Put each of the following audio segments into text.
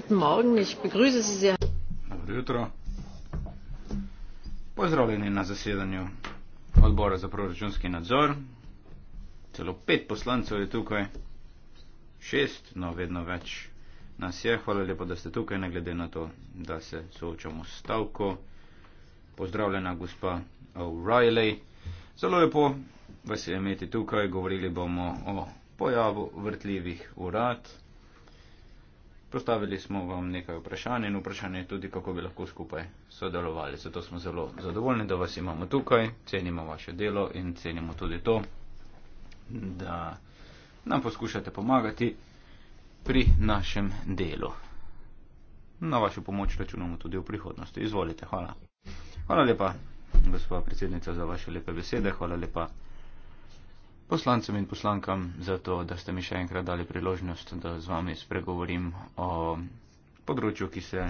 guten Morgen, ich begrüße Sie sehr. Dobro jutro. Pozdravljeni na zasedanju odbora za proračunski nadzor. Celo pet poslancev je tukaj, šest, no vedno več nas je. Hvala lepo, da ste tukaj, ne glede na to, da se soočamo s stavko. Pozdravljena gospa O'Reilly. Zelo lepo vas je imeti tukaj, govorili bomo o pojavu vrtljivih urad. Postavili smo vam nekaj vprašanj in vprašanje je tudi, kako bi lahko skupaj sodelovali. Zato smo zelo zadovoljni, da vas imamo tukaj, cenimo vaše delo in cenimo tudi to, da nam poskušate pomagati pri našem delu. Na vašo pomoč računamo tudi v prihodnosti. Izvolite, hvala. Hvala lepa, gospod predsednica, za vaše lepe besede. Hvala lepa poslancem in poslankam za to, da ste mi še enkrat dali priložnost, da z vami spregovorim o področju, ki se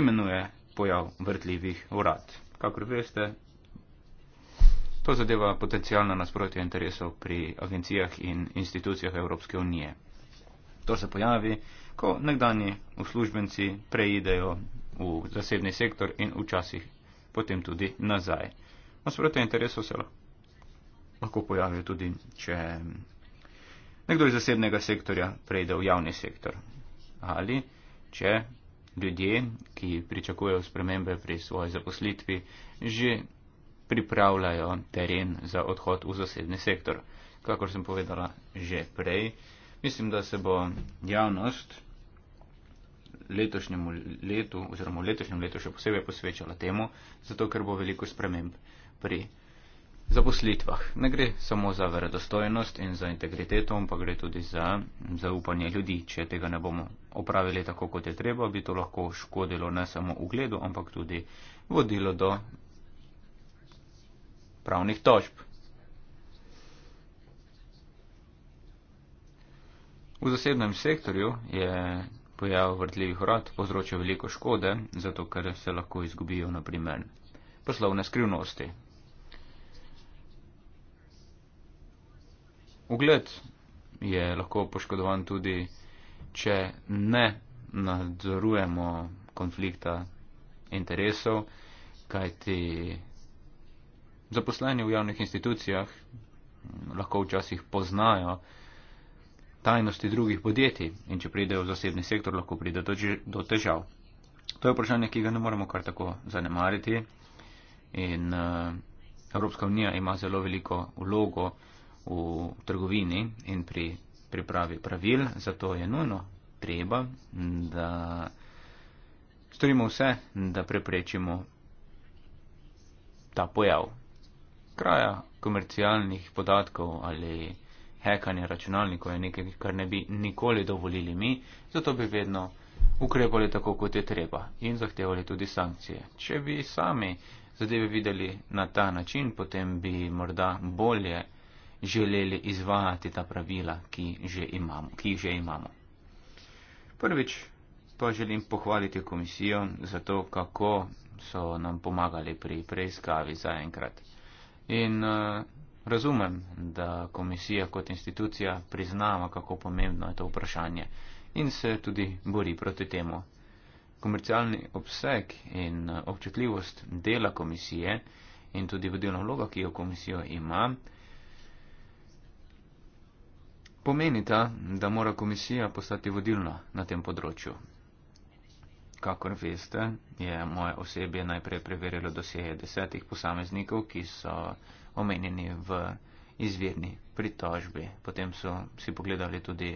imenuje pojav vrtljivih urad. Kakor veste, to zadeva potencijalna nasprotja interesov pri agencijah in institucijah Evropske unije. To se pojavi, ko nekdani uslužbenci preidejo v zasebni sektor in včasih potem tudi nazaj. Nasprotja interesov se lahko lahko pojavijo tudi, če nekdo iz zasebnega sektorja prejde v javni sektor ali če ljudje, ki pričakujejo spremembe pri svoji zaposlitvi, že pripravljajo teren za odhod v zasebni sektor. Kakor sem povedala že prej, mislim, da se bo javnost letošnjemu letu oziroma letošnjem letu še posebej posvečala temu, zato ker bo veliko sprememb pri zaposlitvah. Ne gre samo za verodostojnost in za integriteto, ampak gre tudi za zaupanje ljudi. Če tega ne bomo opravili tako, kot je treba, bi to lahko škodilo ne samo ugledu, ampak tudi vodilo do pravnih tožb. V zasebnem sektorju je pojav vrtljivih vrat povzročil veliko škode, zato ker se lahko izgubijo naprimer poslovne skrivnosti, ugled je lahko poškodovan tudi, če ne nadzorujemo konflikta interesov, kajti zaposleni v javnih institucijah lahko včasih poznajo tajnosti drugih podjetij in če pridejo v zasebni sektor, lahko pride do težav. To je vprašanje, ki ga ne moremo kar tako zanemariti in uh, Evropska unija ima zelo veliko vlogo v trgovini in pri pripravi pravil, zato je nujno treba, da storimo vse, da preprečimo ta pojav. Kraja komercialnih podatkov ali hekanja računalnikov je nekaj, kar ne bi nikoli dovolili mi, zato bi vedno ukrepali tako, kot je treba in zahtevali tudi sankcije. Če bi sami zadeve videli na ta način, potem bi morda bolje želeli izvajati ta pravila, ki, že imamo, ki jih že imamo. Prvič pa želim pohvaliti komisijo za to, kako so nam pomagali pri preiskavi zaenkrat. In uh, razumem, da komisija kot institucija priznava, kako pomembno je to vprašanje in se tudi bori proti temu. Komercialni obseg in eh, občutljivost dela komisije in tudi vodilna vloga, ki jo komisijo ima, pomenita, da mora komisija postati vodilna na tem področju. Kakor veste, je moje osebje najprej preverilo dosjeje desetih posameznikov, ki so omenjeni v izvirni pritožbi. Potem so si pogledali tudi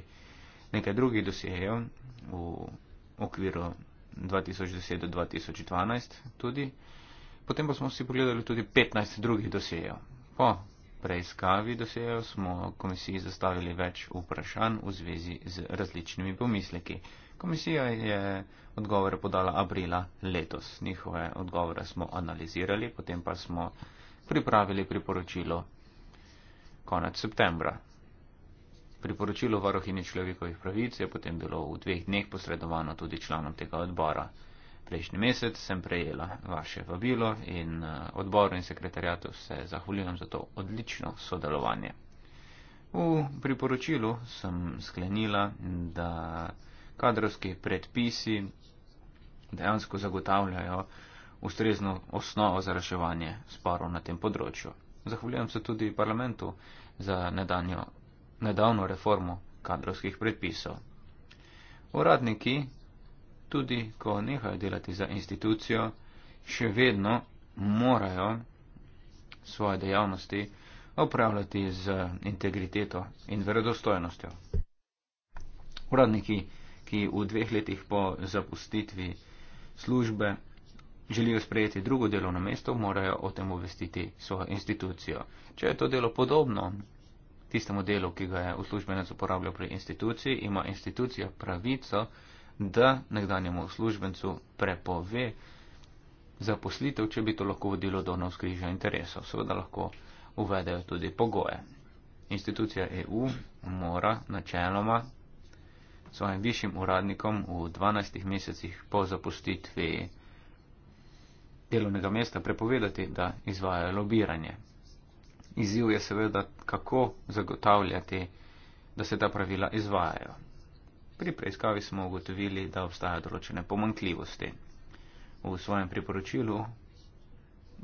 nekaj drugih dosjejev v okviru 2010-2012 tudi. Potem pa smo si pogledali tudi 15 drugih dosjejev. Po preiskavi dosejo smo komisiji zastavili več vprašanj v zvezi z različnimi pomisleki. Komisija je odgovore podala aprila letos. Njihove odgovore smo analizirali, potem pa smo pripravili priporočilo konec septembra. Priporočilo varohine človekovih pravic je potem bilo v dveh dneh posredovano tudi članom tega odbora. Prejšnji mesec sem prejela vaše vabilo in eh, odboru in sekretarjatu se zahvaljujem za to odlično sodelovanje. V priporočilu sem sklenila, da kadrovski predpisi dejansko zagotavljajo ustrezno osnovo za reševanje sporov na tem področju. Zahvaljujem se tudi parlamentu za nedavno reformo kadrovskih predpisov. Uradniki, tudi ko nehajo delati za institucijo, še vedno morajo svoje dejavnosti opravljati z integriteto in verodostojnostjo. Uradniki, ki v dveh letih po zapustitvi službe želijo sprejeti drugo delovno mesto, morajo o tem obvestiti svojo institucijo. Če je to delo podobno tistemu delu, ki ga je uslužbenec uporabljal pri instituciji, ima institucija pravico, da nekdanjemu uslužbencu prepove zaposlitev, če bi to lahko vodilo do navskrižja interesov. Seveda lahko uvedejo tudi pogoje. Institucija EU mora načeloma svojim višjim uradnikom v 12 mesecih po zapustitvi delovnega mesta prepovedati, da izvajajo lobiranje. Izziv je seveda, kako zagotavljati, da se ta pravila izvajajo. Pri preiskavi smo ugotovili, da obstajajo določene pomankljivosti. V svojem priporočilu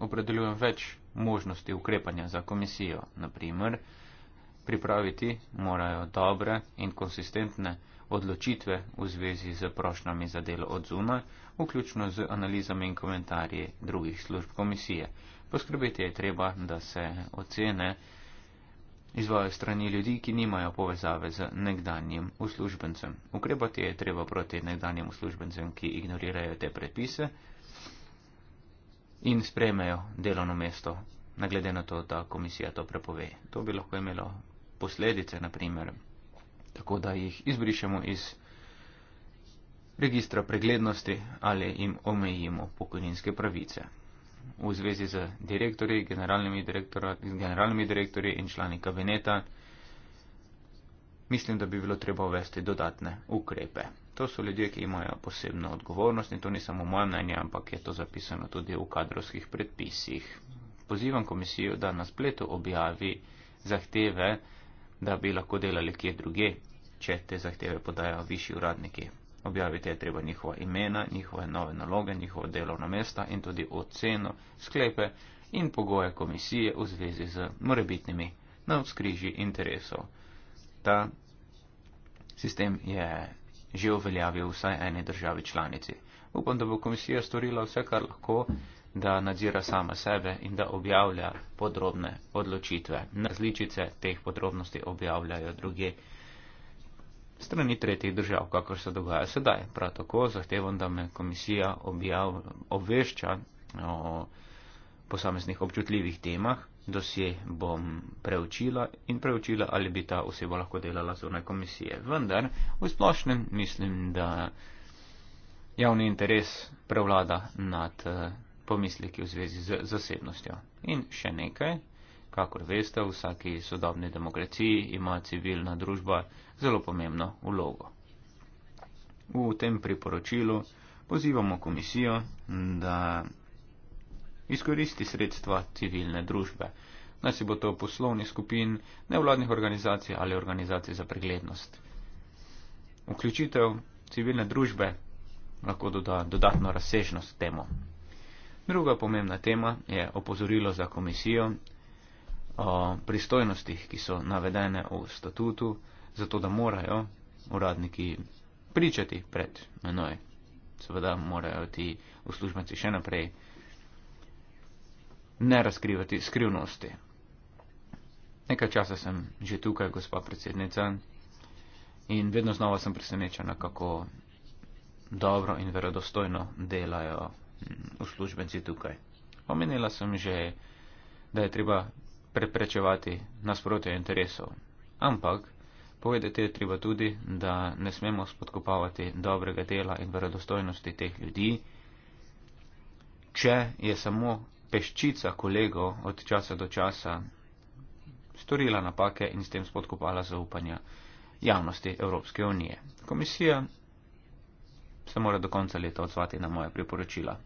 opredeljujem več možnosti ukrepanja za komisijo. Naprimer, pripraviti morajo dobre in konsistentne odločitve v zvezi z prošnjami za delo od zuna, vključno z analizami in komentarji drugih služb komisije. Poskrbeti je treba, da se ocene izvajo strani ljudi, ki nimajo povezave z nekdanjim uslužbencem. Ukrepati je treba proti nekdanjim uslužbencem, ki ignorirajo te predpise in sprejmejo delovno mesto, na glede na to, da komisija to prepove. To bi lahko imelo posledice, naprimer, tako da jih izbrišemo iz registra preglednosti ali jim omejimo pokojninske pravice v zvezi z direktori, generalnimi, generalnimi direktori in člani kabineta, mislim, da bi bilo treba uvesti dodatne ukrepe. To so ljudje, ki imajo posebno odgovornost in to ni samo moje mnenje, ampak je to zapisano tudi v kadrovskih predpisih. Pozivam komisijo, da na spletu objavi zahteve, da bi lahko delali kje druge, če te zahteve podajo višji uradniki. Objaviti je treba njihova imena, njihove nove naloge, njihova delovna mesta in tudi oceno, sklepe in pogoje komisije v zvezi z morebitnimi navskriži interesov. Ta sistem je že uveljavil vsaj eni državi članici. Upam, da bo komisija storila vse, kar lahko, da nadzira sama sebe in da objavlja podrobne odločitve. Različice teh podrobnosti objavljajo druge strani tretjih držav, kakor se dogaja sedaj. Prav tako zahtevam, da me komisija objav, obvešča o posameznih občutljivih temah, dosje bom preučila in preučila, ali bi ta oseba lahko delala zunaj komisije. Vendar v splošnem mislim, da javni interes prevlada nad eh, pomisleki v zvezi z zasebnostjo. In še nekaj, kakor veste, v vsaki sodobni demokraciji ima civilna družba zelo pomembno vlogo. V tem priporočilu pozivamo komisijo, da izkoristi sredstva civilne družbe, naj si bo to poslovni skupin, nevladnih organizacij ali organizacij za preglednost. Vključitev civilne družbe lahko doda dodatno razsežnost temu. Druga pomembna tema je opozorilo za komisijo o pristojnostih, ki so navedene v statutu zato da morajo uradniki pričati pred menoj. Seveda morajo ti uslužbenci še naprej ne razkrivati skrivnosti. Nekaj časa sem že tukaj, gospa predsednica, in vedno znova sem presenečena, kako dobro in verodostojno delajo mm, uslužbenci tukaj. Omenila sem že, da je treba preprečevati nasprotje interesov, ampak Povedati je treba tudi, da ne smemo spodkopavati dobrega dela in verodostojnosti teh ljudi, če je samo peščica kolegov od časa do časa storila napake in s tem spodkopala zaupanja javnosti Evropske unije. Komisija se mora do konca leta odzvati na moje priporočila.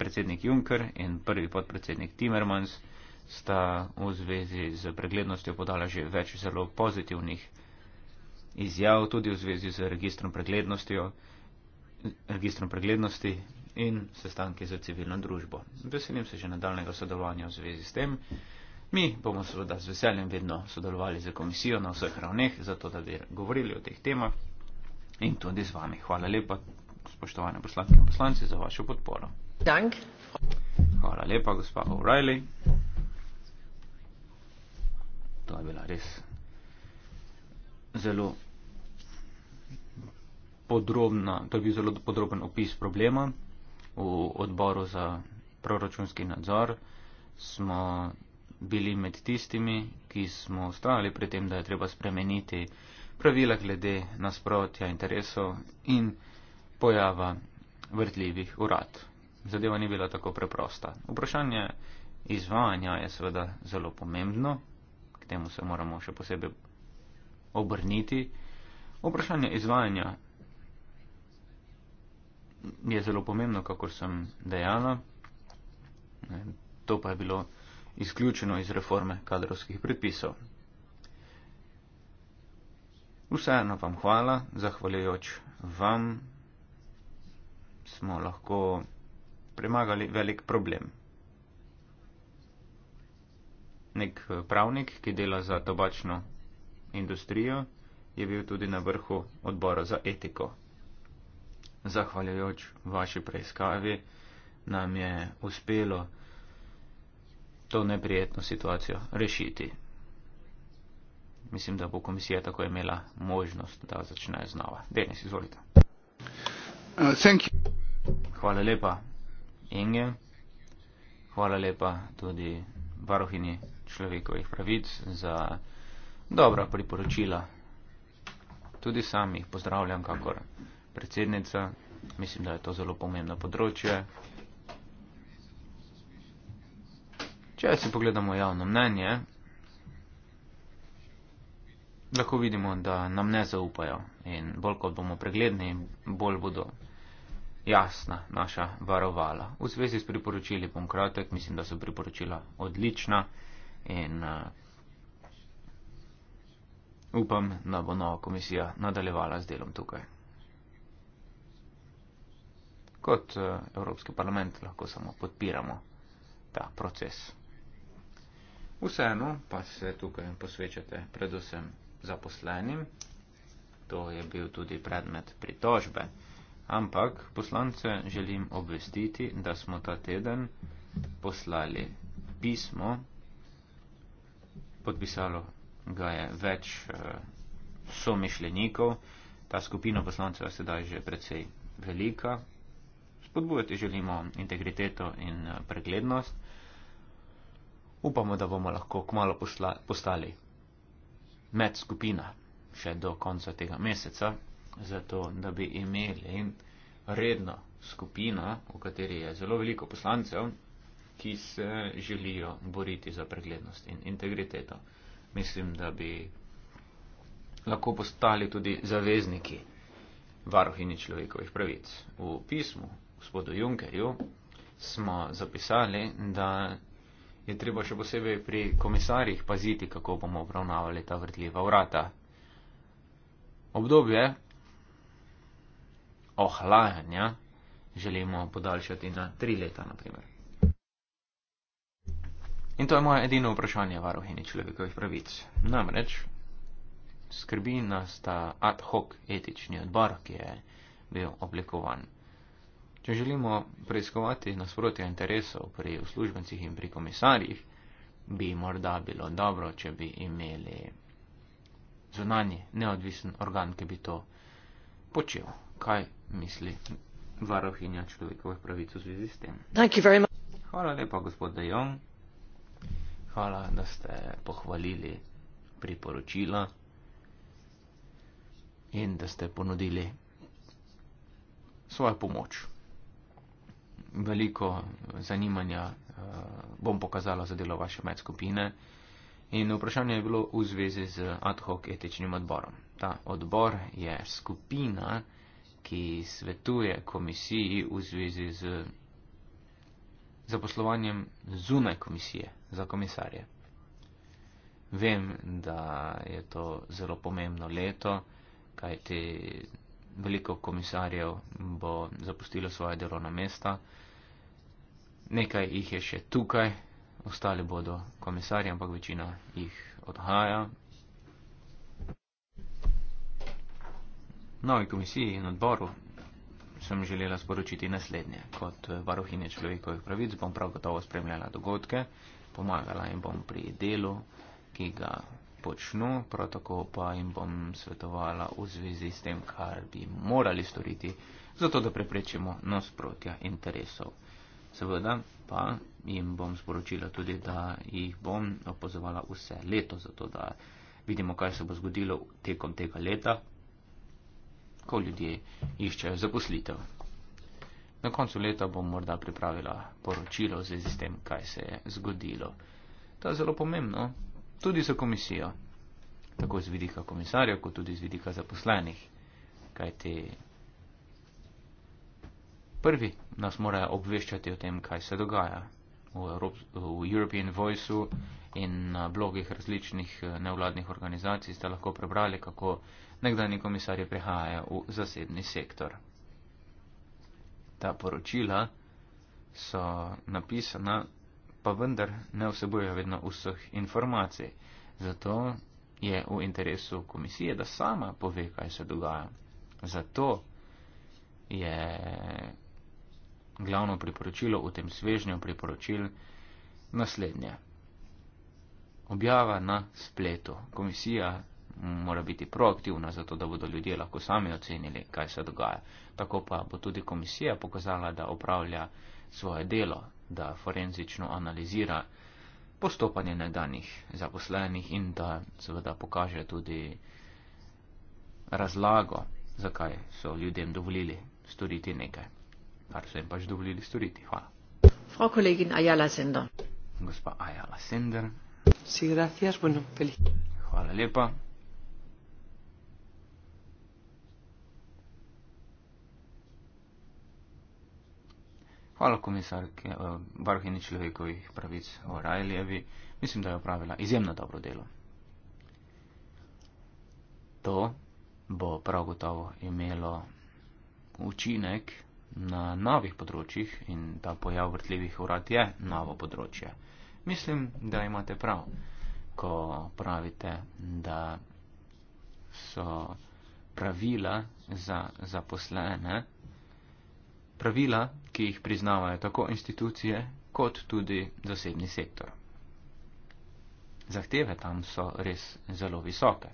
Predsednik Juncker in prvi podpredsednik Timmermans sta v zvezi z preglednostjo podala že več zelo pozitivnih izjav, tudi v zvezi z registrom, registrom preglednosti in sestanki za civilno družbo. Veselim se že nadaljnega sodelovanja v zvezi s tem. Mi bomo seveda z veseljem vedno sodelovali z komisijo na vseh ravneh, zato da bi govorili o teh temah in tudi z vami. Hvala lepa, spoštovane poslanke in poslanci, za vašo podporo. Dank. Hvala lepa, gospa O'Reilly to je bila res zelo podrobna, to je bil zelo podroben opis problema. V odboru za proračunski nadzor smo bili med tistimi, ki smo ustrajali pri tem, da je treba spremeniti pravila glede nasprotja interesov in pojava vrtljivih urad. Zadeva ni bila tako preprosta. Vprašanje izvajanja je seveda zelo pomembno temu se moramo še posebej obrniti. Vprašanje izvajanja je zelo pomembno, kakor sem dejala. To pa je bilo izključeno iz reforme kadrovskih predpisov. Vseeno vam hvala, zahvaljujoč vam smo lahko premagali velik problem nek eh, pravnik, ki dela za tobačno industrijo, je bil tudi na vrhu odbora za etiko. Zahvaljujoč vaši preiskavi nam je uspelo to neprijetno situacijo rešiti. Mislim, da bo komisija tako imela možnost, da začne znova. Denis, izvolite. Uh, hvala lepa, Inge. Hvala lepa tudi varuhini človekovih pravic, za dobra priporočila. Tudi sam jih pozdravljam, kakor predsednica. Mislim, da je to zelo pomembno področje. Če si pogledamo javno mnenje, lahko vidimo, da nam ne zaupajo in bolj kot bomo pregledni, bolj bodo jasna naša varovala. V zvezi s priporočili bom kratek, mislim, da so priporočila odlična in uh, upam, da bo nova komisija nadaljevala z delom tukaj. Kot uh, Evropski parlament lahko samo podpiramo ta proces. Vseeno pa se tukaj posvečate predvsem zaposlenim. To je bil tudi predmet pritožbe. Ampak poslance želim obvestiti, da smo ta teden poslali pismo podpisalo ga je več uh, somišljenikov. Ta skupina poslancev je sedaj že precej velika. Spodbujati želimo integriteto in eh, preglednost. Upamo, da bomo lahko kmalo posla, postali med skupina še do konca tega meseca, zato da bi imeli redno skupino, v kateri je zelo veliko poslancev, ki se želijo boriti za preglednost in integriteto. Mislim, da bi lahko postali tudi zavezniki varuhini človekovih pravic. V pismu gospodu Junkerju smo zapisali, da je treba še posebej pri komisarjih paziti, kako bomo obravnavali ta vrtljiva vrata. Obdobje ohlajanja želimo podaljšati na tri leta, naprimer. In to je moje edino vprašanje varuhini človekovih pravic. Namreč skrbi nas ta ad hoc etični odbor, ki je bil oblikovan. Če želimo preiskovati nasprotja interesov pri uslužbencih in pri komisarjih, bi morda bilo dobro, če bi imeli zunanji neodvisen organ, ki bi to počel. Kaj misli varuhinja človekovih pravic v zvezi s tem? Hvala lepa, gospod Dejong hvala, da ste pohvalili priporočila in da ste ponudili svojo pomoč. Veliko zanimanja uh, bom pokazala za delo vaše medskupine in vprašanje je bilo v zvezi z ad hoc etičnim odborom. Ta odbor je skupina, ki svetuje komisiji v zvezi z za poslovanjem zunaj komisije za komisarje. Vem, da je to zelo pomembno leto, kajti veliko komisarjev bo zapustilo svoje delovna mesta. Nekaj jih je še tukaj, ostali bodo komisarji, ampak večina jih odhaja. Novi komisiji in odboru sem želela sporočiti naslednje. Kot eh, varohinja človekovih pravic bom prav gotovo spremljala dogodke, pomagala jim bom pri delu, ki ga počnu, prav tako pa jim bom svetovala v zvezi s tem, kar bi morali storiti, zato da preprečimo nasprotja interesov. Seveda pa jim bom sporočila tudi, da jih bom opozovala vse leto, zato da vidimo, kaj se bo zgodilo tekom tega leta, ko ljudje iščejo zaposlitev. Na koncu leta bom morda pripravila poročilo v zvezi s tem, kaj se je zgodilo. To je zelo pomembno, tudi za komisijo, tako z vidika komisarja, kot tudi z vidika zaposlenih, kaj te prvi nas morajo obveščati o tem, kaj se dogaja v, Evrop v European Voice-u in na blogih različnih eh, nevladnih organizacij, ste lahko prebrali, kako nekdani komisarji prihajajo v zasebni sektor. Ta poročila so napisana, pa vendar ne vsebojo vedno vseh informacij. Zato je v interesu komisije, da sama pove, kaj se dogaja. Zato je glavno priporočilo v tem svežnju priporočil naslednje. Objava na spletu. Komisija mora biti proaktivna, zato da bodo ljudje lahko sami ocenili, kaj se dogaja. Tako pa bo tudi komisija pokazala, da opravlja svoje delo, da forenzično analizira postopanje nedanih zaposlenih in da seveda pokaže tudi razlago, zakaj so ljudem dovolili storiti nekaj, kar so jim pač dovolili storiti. Hvala. Frau Kollegin Ayala Sender. Gospa Ayala Sender. Sí, gracias. Bueno, feliz. Hvala lepa. Hvala komisarki eh, Varhini človekovih pravic o Rajljevi. Mislim, da je opravila izjemno dobro delo. To bo prav gotovo imelo učinek na novih področjih in ta pojav vrtljivih urad je novo področje. Mislim, da imate prav, ko pravite, da so pravila za zaposlene pravila, ki jih priznavajo tako institucije, kot tudi zasebni sektor. Zahteve tam so res zelo visoke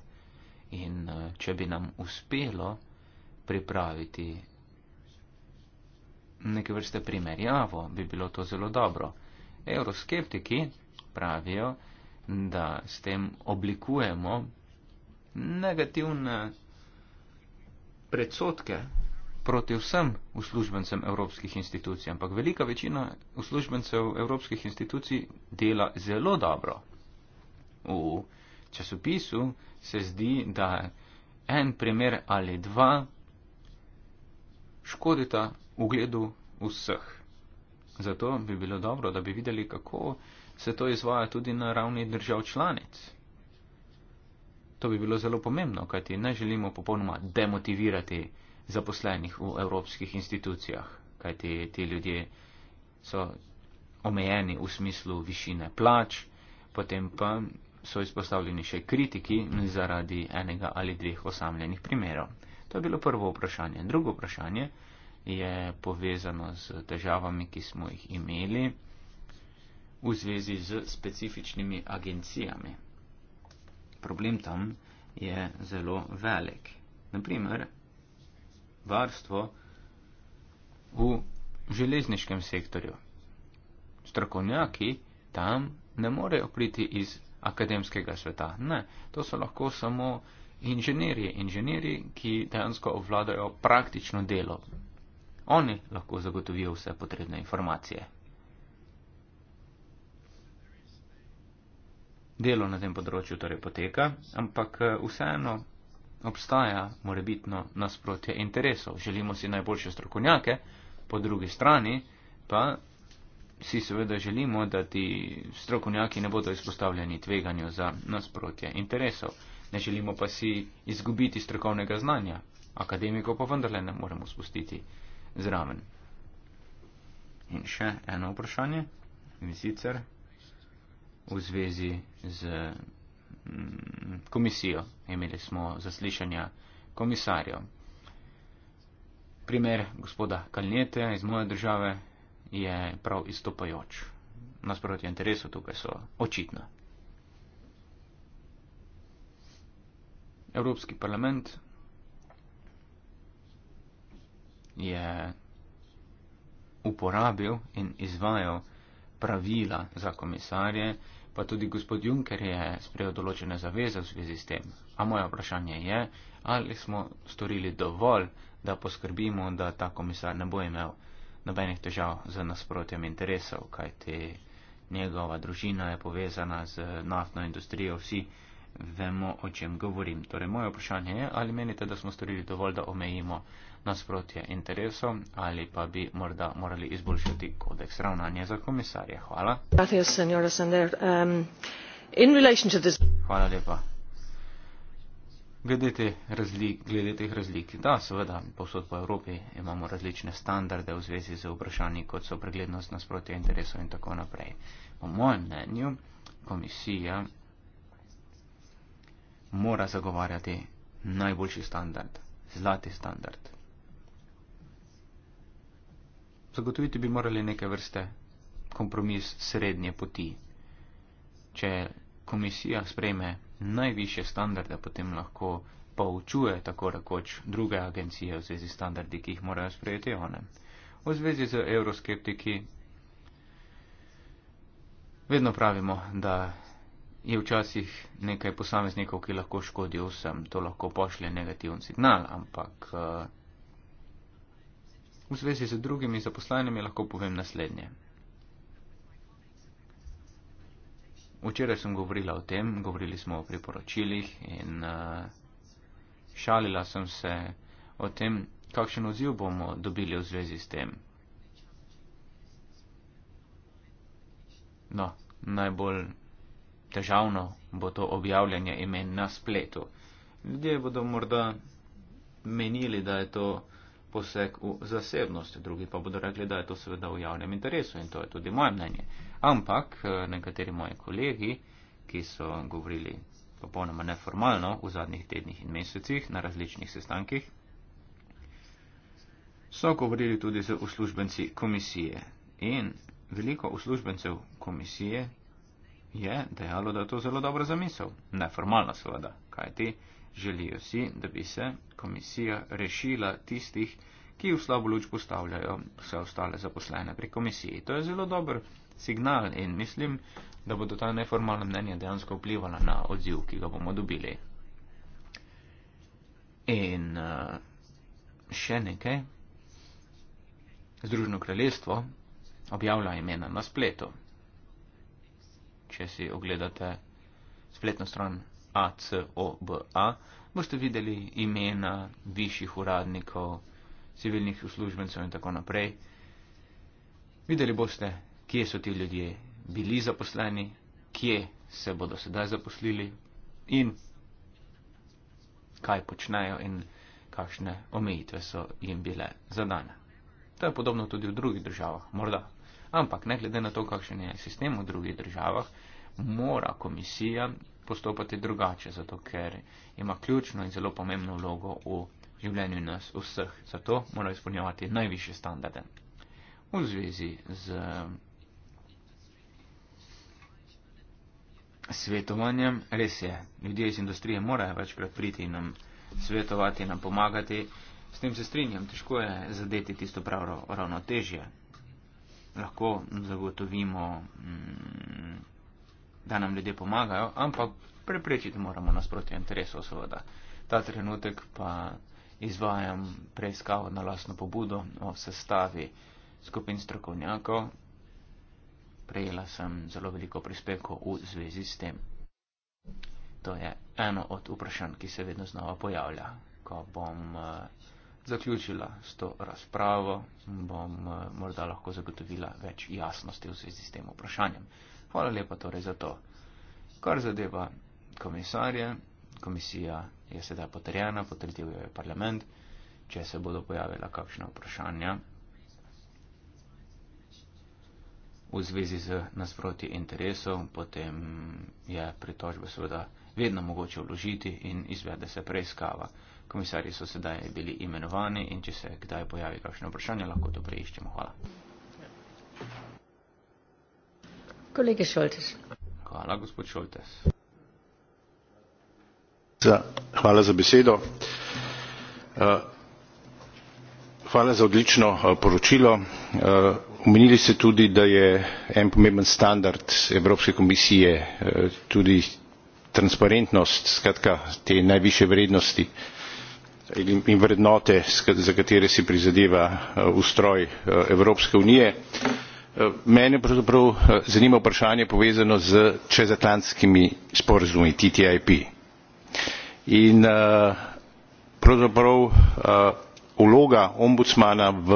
in eh, če bi nam uspelo pripraviti neke vrste primerjavo, bi bilo to zelo dobro. Euroskeptiki pravijo, da s tem oblikujemo negativne predsotke proti vsem uslužbencem evropskih institucij, ampak velika večina uslužbencev evropskih institucij dela zelo dobro. V časopisu se zdi, da en primer ali dva škodita ugledu vseh. Zato bi bilo dobro, da bi videli, kako se to izvaja tudi na ravni držav članic. To bi bilo zelo pomembno, kajti ne želimo popolnoma demotivirati zaposlenih v evropskih institucijah, kajti ti ljudje so omejeni v smislu višine plač, potem pa so izpostavljeni še kritiki zaradi enega ali dveh osamljenih primerov. To je bilo prvo vprašanje. Drugo vprašanje je povezano z težavami, ki smo jih imeli v zvezi z specifičnimi agencijami. Problem tam je zelo velik. Naprimer, varstvo v železniškem sektorju. Strokovnjaki tam ne morejo priti iz akademskega sveta. Ne, to so lahko samo inženirji, inženirji, ki dejansko obvladajo praktično delo. Oni lahko zagotovijo vse potrebne informacije. Delo na tem področju torej poteka, ampak eh, vseeno obstaja morebitno nasprotje interesov. Želimo si najboljše strokovnjake, po drugi strani pa si seveda želimo, da ti strokovnjaki ne bodo izpostavljeni tveganju za nasprotje interesov. Ne želimo pa si izgubiti strokovnega znanja, akademiko pa vendarle ne moremo spustiti zraven. In še eno vprašanje, in sicer v zvezi z Mm, komisijo, imeli smo zaslišanja komisarjev. Primer gospoda Kalnete iz moje države je prav istopajoč. Nasprotje interesov tukaj so očitna. Evropski parlament je uporabil in izvajal pravila za komisarje, pa tudi gospod Juncker je sprejel določene zaveze v zvezi s tem. A moje vprašanje je, ali smo storili dovolj, da poskrbimo, da ta komisar ne bo imel nobenih težav z nasprotjem interesov, kajti njegova družina je povezana z naftno industrijo, vsi vemo, o čem govorim. Torej, moje vprašanje je, ali menite, da smo storili dovolj, da omejimo nasprotje interesov ali pa bi morda morali izboljšati kodeks ravnanja za komisarje. Hvala. Um, Hvala lepa. Glede, te razlik, glede teh razlik, da, seveda, povsod po Evropi imamo različne standarde v zvezi z vprašanji, kot so preglednost nasprotja interesov in tako naprej. Po mojem mnenju, komisija mora zagovarjati najboljši standard, zlati standard, zagotoviti bi morali neke vrste kompromis srednje poti. Če komisija sprejme najviše standarde, potem lahko poučuje tako rekoč druge agencije v zvezi s standardi, ki jih morajo sprejeti one. V zvezi z euroskeptiki vedno pravimo, da je včasih nekaj posameznikov, ki lahko škodijo vsem, to lahko pošlje negativen signal, ampak. Uh, V zvezi z drugimi zaposlenimi lahko povem naslednje. Včeraj sem govorila o tem, govorili smo o priporočilih in uh, šalila sem se o tem, kakšen odziv bomo dobili v zvezi s tem. No, najbolj težavno bo to objavljanje imen na spletu. Ljudje bodo morda menili, da je to poseg v zasebnost, drugi pa bodo rekli, da je to seveda v javnem interesu in to je tudi moje mnenje. Ampak eh, nekateri moji kolegi, ki so govorili popolnoma neformalno v zadnjih tednih in mesecih na različnih sestankih, so govorili tudi z uslužbenci komisije. In veliko uslužbencev komisije je dejalo, da je to zelo dobro zamisel. Neformalno seveda, kajti želijo si, da bi se komisija rešila tistih, ki v slabo luč postavljajo vse ostale zaposlene pri komisiji. To je zelo dober signal in mislim, da bodo ta neformalna mnenja dejansko vplivala na odziv, ki ga bomo dobili. In uh, še nekaj. Združeno kraljestvo objavlja imena na spletu. Če si ogledate spletno stran ACOBA, boste videli imena višjih uradnikov, civilnih uslužbencev in tako naprej. Videli boste, kje so ti ljudje bili zaposleni, kje se bodo sedaj zaposlili in kaj počnejo in kakšne omejitve so jim bile zadane. To je podobno tudi v drugih državah, morda. Ampak ne glede na to, kakšen je sistem v drugih državah, mora komisija postopati drugače, zato ker ima ključno in zelo pomembno vlogo v življenju nas vseh. Zato mora izpolnjevati najviše standarde. V zvezi z svetovanjem, res je, ljudje iz industrije morajo večkrat priti in nam svetovati, nam pomagati. S tem se strinjam, težko je zadeti tisto pravo ravnotežje. Lahko zagotovimo. Mm, da nam ljudje pomagajo, ampak preprečiti moramo nasprotje interesov, seveda. Ta trenutek pa izvajam preiskavo na lasno pobudo o sestavi skupin strokovnjakov. Prejela sem zelo veliko prispevkov v zvezi s tem. To je eno od vprašanj, ki se vedno znova pojavlja. Ko bom uh, zaključila s to razpravo, bom uh, morda lahko zagotovila več jasnosti v zvezi s tem vprašanjem. Hvala lepa torej za to. Kar zadeva komisarje, komisija je sedaj potrjena, potrdil jo je parlament, če se bodo pojavila kakšna vprašanja v zvezi z nasproti interesov, potem je pritožbo seveda vedno mogoče vložiti in izvede se preiskava. Komisarji so sedaj bili imenovani in če se kdaj pojavi kakšno vprašanje, lahko to preiščemo. Hvala. kolega Šoltes. Hvala, gospod Šoltes. Hvala za besedo. Eh, hvala za odlično eh, poročilo. Eh, omenili ste tudi, da je en pomemben standard Evropske komisije tudi transparentnost, skratka te najviše vrednosti in vrednote, za katere si prizadeva ustroj Evropske unije mene pravzaprav eh, zanima vprašanje povezano s čezatlantskimi sporazumi ttip in eh, pravzaprav eh, vloga ombudsmana v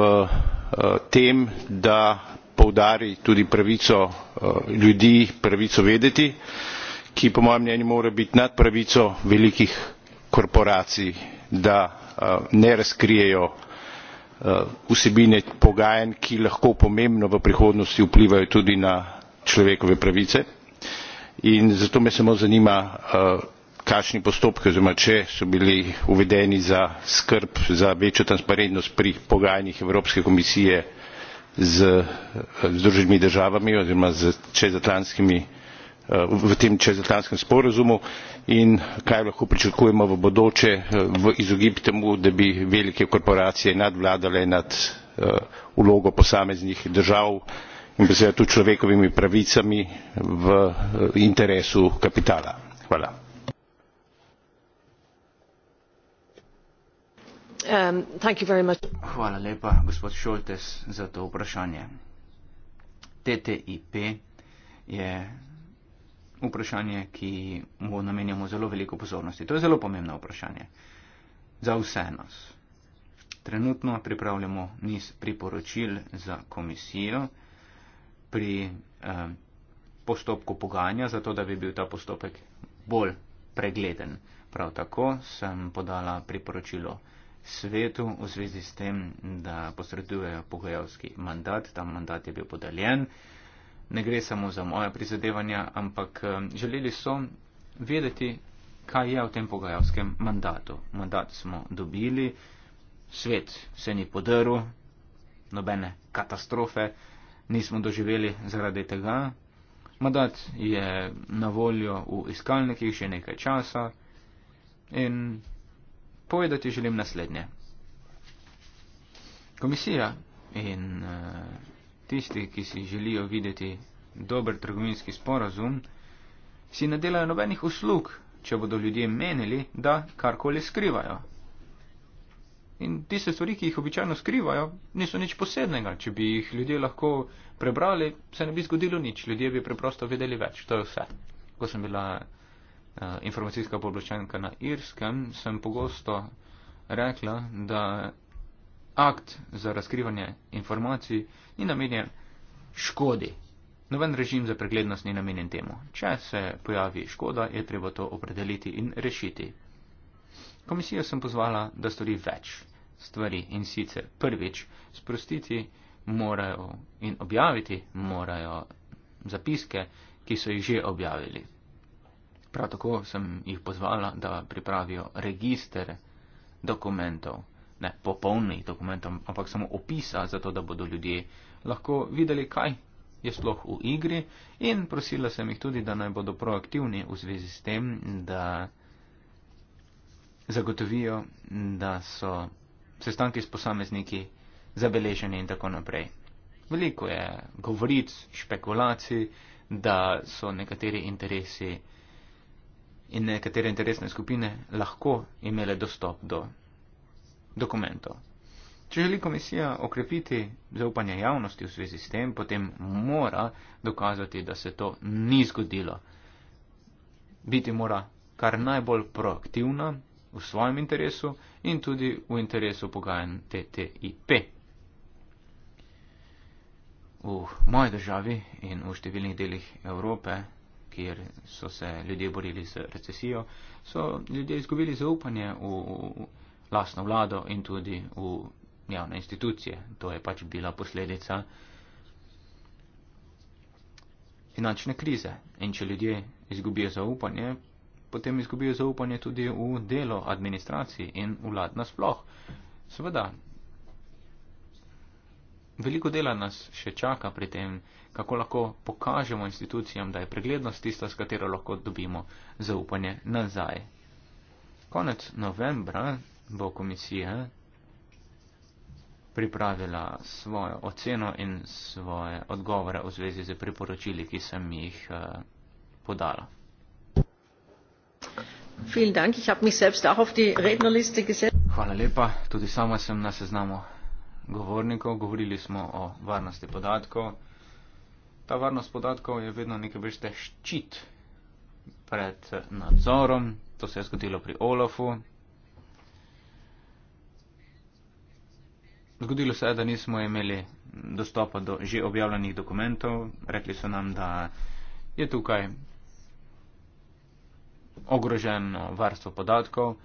tem da poudari tudi pravico ljudi pravico vedeti ki po mojem mnenju mora biti nad pravico velikih korporacij da ne razkrijejo Eh, vsebine pogajanj ki lahko pomembno v prihodnosti vplivajo tudi na človekove pravice in zato me samo zanima eh, kakšni postopki oziroma če so bili uvedeni za skrb za večjo transparentnost pri pogajanjih evropske komisije z eh, združenimi državami oziroma s čezatlantskimi v tem čezatlantskem sporazumu in kaj lahko pričakujemo v bodoče eh, v izogib temu da bi velike korporacije nadvladale nad eh, vlogo posameznih držav in pa seveda tudi človekovimi pravicami v eh, interesu kapitala. hvala um, lepa gospod scholz za to vprašanje. ttip je vprašanje, ki mu namenjamo zelo veliko pozornosti. To je zelo pomembno vprašanje za vse nas. Trenutno pripravljamo niz priporočil za komisijo pri eh, postopku pogajanja, zato da bi bil ta postopek bolj pregleden. Prav tako sem podala priporočilo svetu v zvezi s tem, da posredujejo pogajalski mandat. Ta mandat je bil podeljen. Eh, ne gre samo za moja prizadevanja, ampak eh, želeli so vedeti, kaj je v tem pogajalskem mandatu. Mandat smo dobili, svet se ni podrl, nobene katastrofe nismo doživeli zaradi tega. Mandat je na voljo v iskalnikih že nekaj časa in povedati želim naslednje. Komisija in uh, tisti, ki si želijo videti dober trgovinski sporazum, si ne delajo nobenih uslug, če bodo ljudje menili, da karkoli skrivajo. In tiste stvari, ki jih običajno skrivajo, niso nič posebnega. Če bi jih ljudje lahko prebrali, se ne bi zgodilo nič. Ljudje bi preprosto vedeli več. To je vse. Ko sem bila uh, informacijska pooblaščenka na Irskem, sem pogosto rekla, da akt za razkrivanje informacij ni namenjen škodi. Noben režim za preglednost ni namenjen temu. Če se pojavi škoda, je treba to opredeliti in rešiti. Komisijo sem pozvala, da stori več stvari in sicer prvič sprostiti morajo in objaviti morajo zapiske, ki so jih že objavili. Prav tako sem jih pozvala, da pripravijo register dokumentov ne popolni dokument, ampak samo opisa, zato da bodo ljudje lahko videli, kaj je sploh v igri in prosila sem jih tudi, da naj bodo proaktivni v zvezi s tem, da zagotovijo, da so sestanki s posamezniki zabeleženi in tako naprej. Veliko je govoric, špekulacij, da so nekateri interesi in nekatere interesne skupine lahko imele dostop do dokumentov. Če želi komisija okrepiti zaupanje javnosti v zvezi s tem, potem mora dokazati, da se to ni zgodilo. Biti mora kar najbolj proaktivna v svojem interesu in tudi v interesu pogajan TTIP. V moji državi in v številnih delih Evrope, kjer so se ljudje borili z recesijo, so ljudje izgubili zaupanje v. v lastno vlado in tudi v javne institucije. To je pač bila posledica finančne krize. In če ljudje izgubijo zaupanje, potem izgubijo zaupanje tudi v delo administracije in vlad nasploh. Seveda, veliko dela nas še čaka pri tem, kako lahko pokažemo institucijam, da je preglednost tista, s katero lahko dobimo zaupanje nazaj. Konec novembra bo komisija pripravila svojo oceno in svoje odgovore v zvezi z priporočili, ki sem jih eh, podala. Hvala lepa. Tudi sama sem na seznamu govornikov. Govorili smo o varnosti podatkov. Ta varnost podatkov je vedno nekaj vrste ščit pred eh, nadzorom. To se je zgodilo pri Olafu, Zgodilo se je, da nismo imeli dostopa do že objavljenih dokumentov. Rekli so nam, da je tukaj ogroženo varstvo podatkov.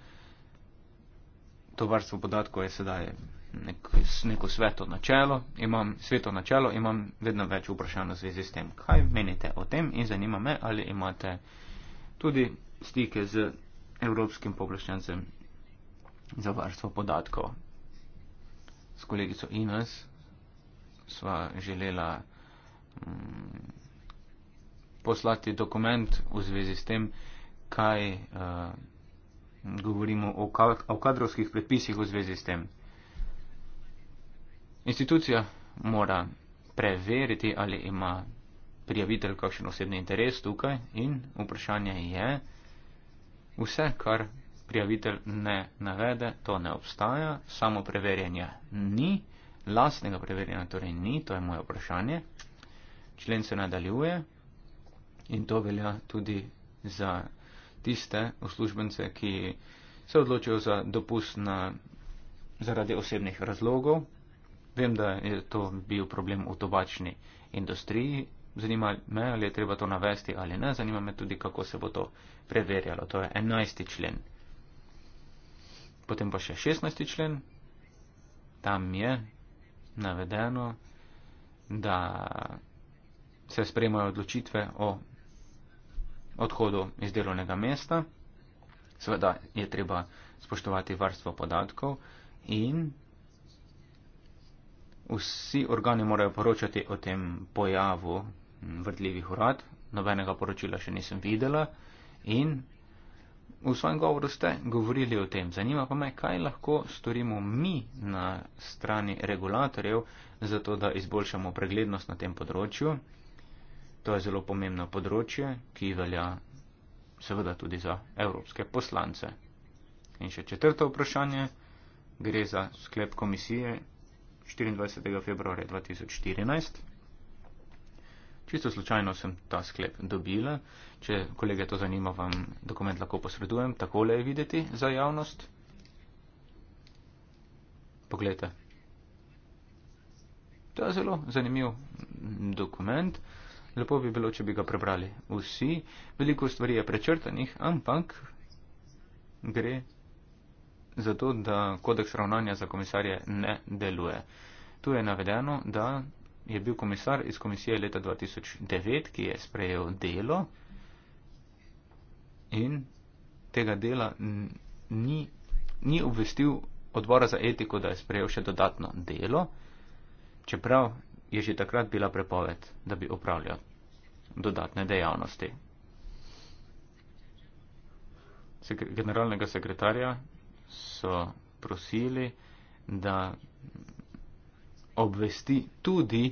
To varstvo podatkov je sedaj nek, neko sveto načelo. Imam sveto načelo, imam vedno več vprašanj v zvezi s tem, kaj menite o tem in zanima me, ali imate tudi stike z evropskim poglašnjacem za varstvo podatkov s kolegico Ines sva želela mm, poslati dokument v zvezi s tem, kaj uh, govorimo o, ka o kadrovskih predpisih v zvezi s tem. Institucija mora preveriti, ali ima prijavitelj kakšen osebni interes tukaj in vprašanje je vse, kar prijavitelj ne navede, to ne obstaja, samo preverjanje ni, lastnega preverjanja torej ni, to je moje vprašanje. Člen se nadaljuje in to velja tudi za tiste uslužbence, ki se odločijo za dopust na, zaradi osebnih razlogov. Vem, da je to bil problem v tobačni industriji. Zanima me, ali je treba to navesti ali ne. Zanima me tudi, kako se bo to preverjalo. To je 11. člen. Potem pa še 16. člen. Tam je navedeno, da se spremajo odločitve o odhodu iz delovnega mesta. Seveda je treba spoštovati varstvo podatkov in vsi organi morajo poročati o tem pojavu vrtljivih urad. Nobenega poročila še nisem videla in v svojem govoru ste govorili o tem. Zanima pa me, kaj lahko storimo mi na strani regulatorjev, zato da izboljšamo preglednost na tem področju. To je zelo pomembno področje, ki velja seveda tudi za evropske poslance. In še četrto vprašanje. Gre za sklep komisije 24. februarja 2014. Čisto slučajno sem ta sklep dobila. Če kolege to zanima, vam dokument lahko posredujem. Takole je videti za javnost. Poglejte. To je zelo zanimiv dokument. Lepo bi bilo, če bi ga prebrali vsi. Veliko stvari je prečrtanih, ampak gre za to, da kodeks ravnanja za komisarje ne deluje. Tu je navedeno, da je bil komisar iz komisije leta 2009, ki je sprejel delo in tega dela ni, ni obvestil odbora za etiko, da je sprejel še dodatno delo, čeprav je že takrat bila prepoved, da bi upravljal dodatne dejavnosti. Generalnega sekretarja so prosili, da obvesti tudi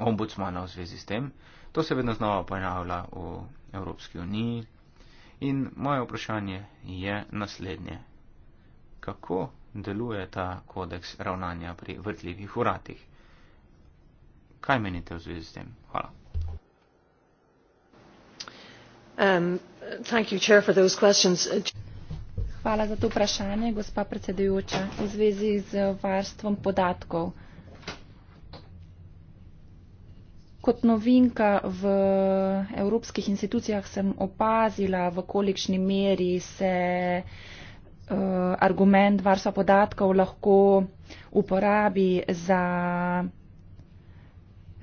ombudsmana v zvezi s tem. To se vedno znova pojavlja v Evropski uniji. In moje vprašanje je naslednje. Kako deluje ta kodeks ravnanja pri vrtljivih uratih? Kaj menite v zvezi s tem? Hvala. Um, Hvala za to vprašanje, gospa predsedujoča, v zvezi z varstvom podatkov. Kot novinka v evropskih institucijah sem opazila, v kolikšni meri se uh, argument varstva podatkov lahko uporabi za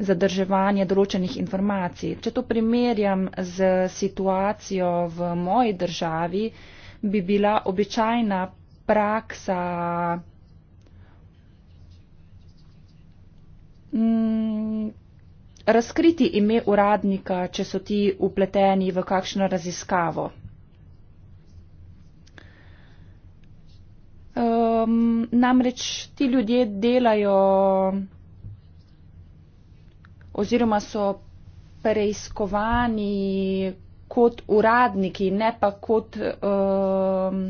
zadrževanje določenih informacij. Če to primerjam z situacijo v moji državi, bi bila običajna praksa. Mm, razkriti ime uradnika, če so ti upleteni v kakšno raziskavo. Um, namreč ti ljudje delajo oziroma so preiskovani kot uradniki, ne pa kot um,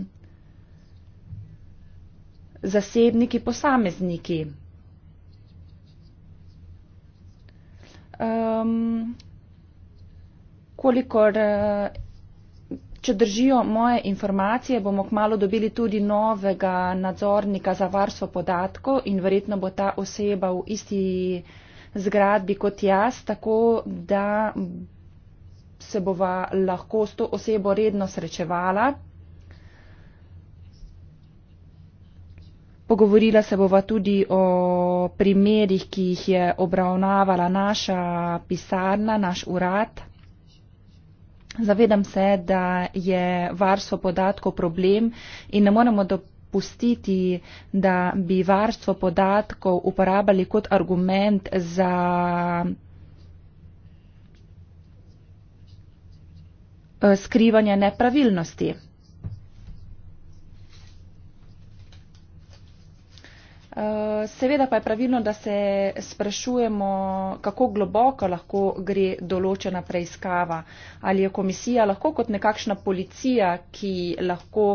zasebniki, posamezniki. um, kolikor, eh, če držijo moje informacije, bomo kmalo dobili tudi novega nadzornika za varstvo podatkov in verjetno bo ta oseba v isti zgradbi kot jaz, tako da se bova lahko s to osebo redno srečevala. Pogovorila se bova tudi o primerih, ki jih je obravnavala naša pisarna, naš urad. Zavedam se, da je varstvo podatkov problem in ne moremo dopustiti, da bi varstvo podatkov uporabljali kot argument za skrivanje nepravilnosti. Eh, seveda pa je pravilno, da se sprašujemo, kako globoko lahko gre določena preiskava. Ali je komisija lahko kot nekakšna policija, ki lahko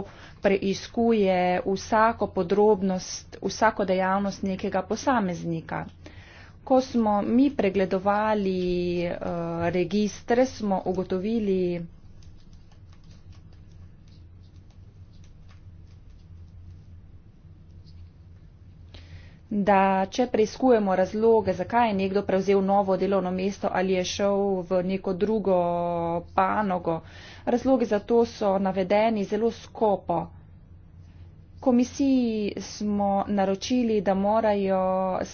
preiskuje vsako podrobnost, vsako dejavnost nekega posameznika. Ko smo mi pregledovali uh, registre, smo ugotovili, da če preizkujemo razloge, zakaj je nekdo prevzel novo delovno mesto ali je šel v neko drugo panogo, razloge za to so navedeni zelo skopo. Komisiji smo naročili, da morajo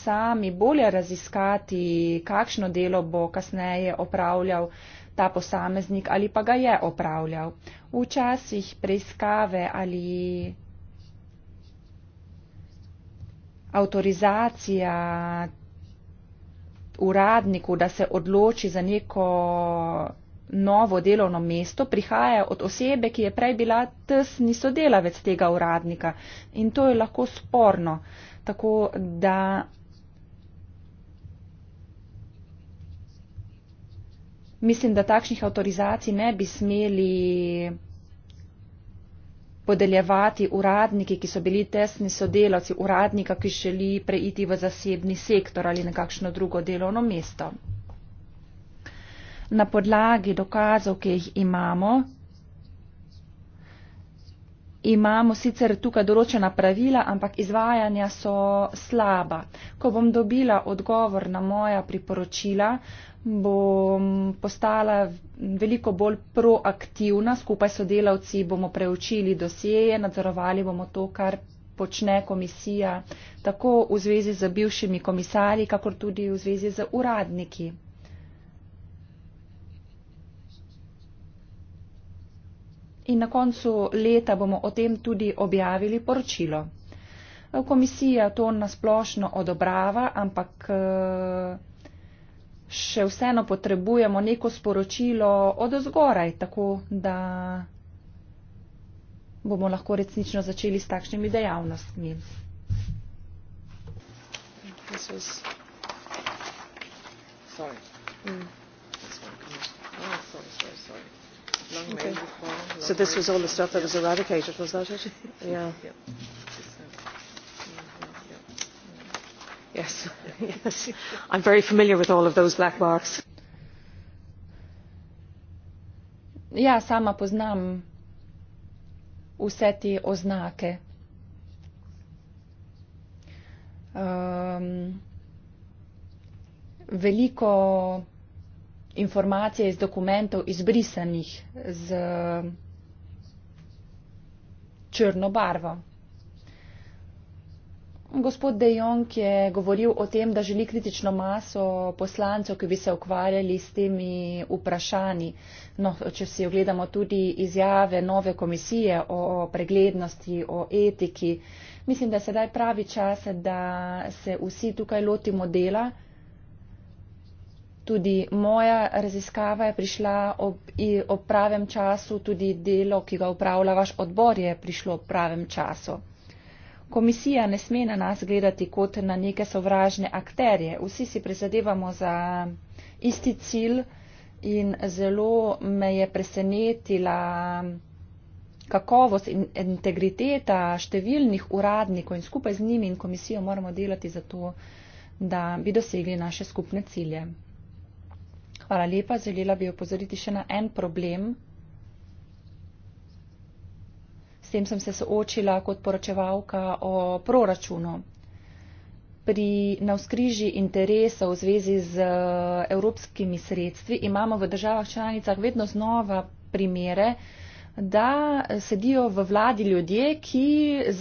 sami bolje raziskati, kakšno delo bo kasneje opravljal ta posameznik ali pa ga je opravljal. Včasih preiskave ali avtorizacija uradniku, da se odloči za neko novo delovno mesto, prihaja od osebe, ki je prej bila tesni sodelavec tega uradnika. In to je lahko sporno. Tako da mislim, da takšnih avtorizacij ne bi smeli podeljevati uradniki, ki so bili tesni sodelavci uradnika, ki želi preiti v zasebni sektor ali nekakšno drugo delovno mesto. Na podlagi dokazov, ki jih imamo, imamo sicer tukaj določena pravila, ampak izvajanja so slaba. Ko bom dobila odgovor na moja priporočila, bom postala veliko bolj proaktivna, skupaj s sodelavci bomo preučili dosjeje, nadzorovali bomo to, kar počne komisija, tako v zvezi z bivšimi komisarji, kakor tudi v zvezi z uradniki. In na koncu leta bomo o tem tudi objavili poročilo. Komisija to nasplošno odobrava, ampak eh, še vseeno potrebujemo neko sporočilo od ozgoraj, tako da bomo lahko resnično začeli s takšnimi dejavnostmi. Mm. Oh, so this was all the stuff that was eradicated, was that it? Yeah. yeah. Yes, yes. I'm very familiar with all of those black marks. Ja, sama poznam vse te oznake. Um, veliko informacije iz dokumentov izbrisanih z eh, črno barvo. Gospod De Jong je govoril o tem, da želi kritično maso poslancev, ki bi se ukvarjali s temi vprašanji. No, če si ogledamo tudi izjave nove komisije o preglednosti, o etiki, mislim, da je sedaj pravi čas, da se vsi tukaj lotimo dela. Tudi moja raziskava je prišla ob, ob pravem času, tudi delo, ki ga upravlja vaš odbor, je prišlo ob pravem času. Komisija ne sme na nas gledati kot na neke sovražne akterje. Vsi si prizadevamo za isti cilj in zelo me je presenetila kakovost in integriteta številnih uradnikov in skupaj z njimi in komisijo moramo delati za to, da bi dosegli naše skupne cilje. Hvala lepa, želela bi opozoriti še na en problem. S tem sem se soočila kot poročevalka o proračunu. Pri navskriži interesov v zvezi z eh, evropskimi sredstvi imamo v državah članicah vedno znova primere, da sedijo v vladi ljudje, ki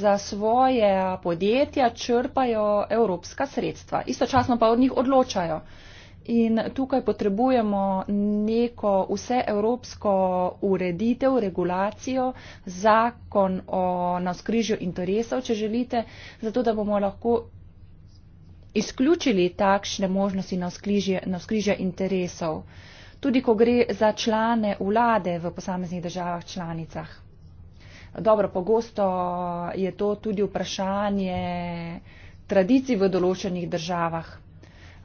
za svoje podjetja črpajo evropska sredstva. Istočasno pa od njih odločajo. In tukaj potrebujemo neko vseevropsko ureditev, regulacijo, zakon o navskrižju interesov, če želite, zato da bomo lahko izključili takšne možnosti navskrižja interesov, tudi ko gre za člane vlade v posameznih državah članicah. Dobro, pogosto je to tudi vprašanje tradicij v določenih državah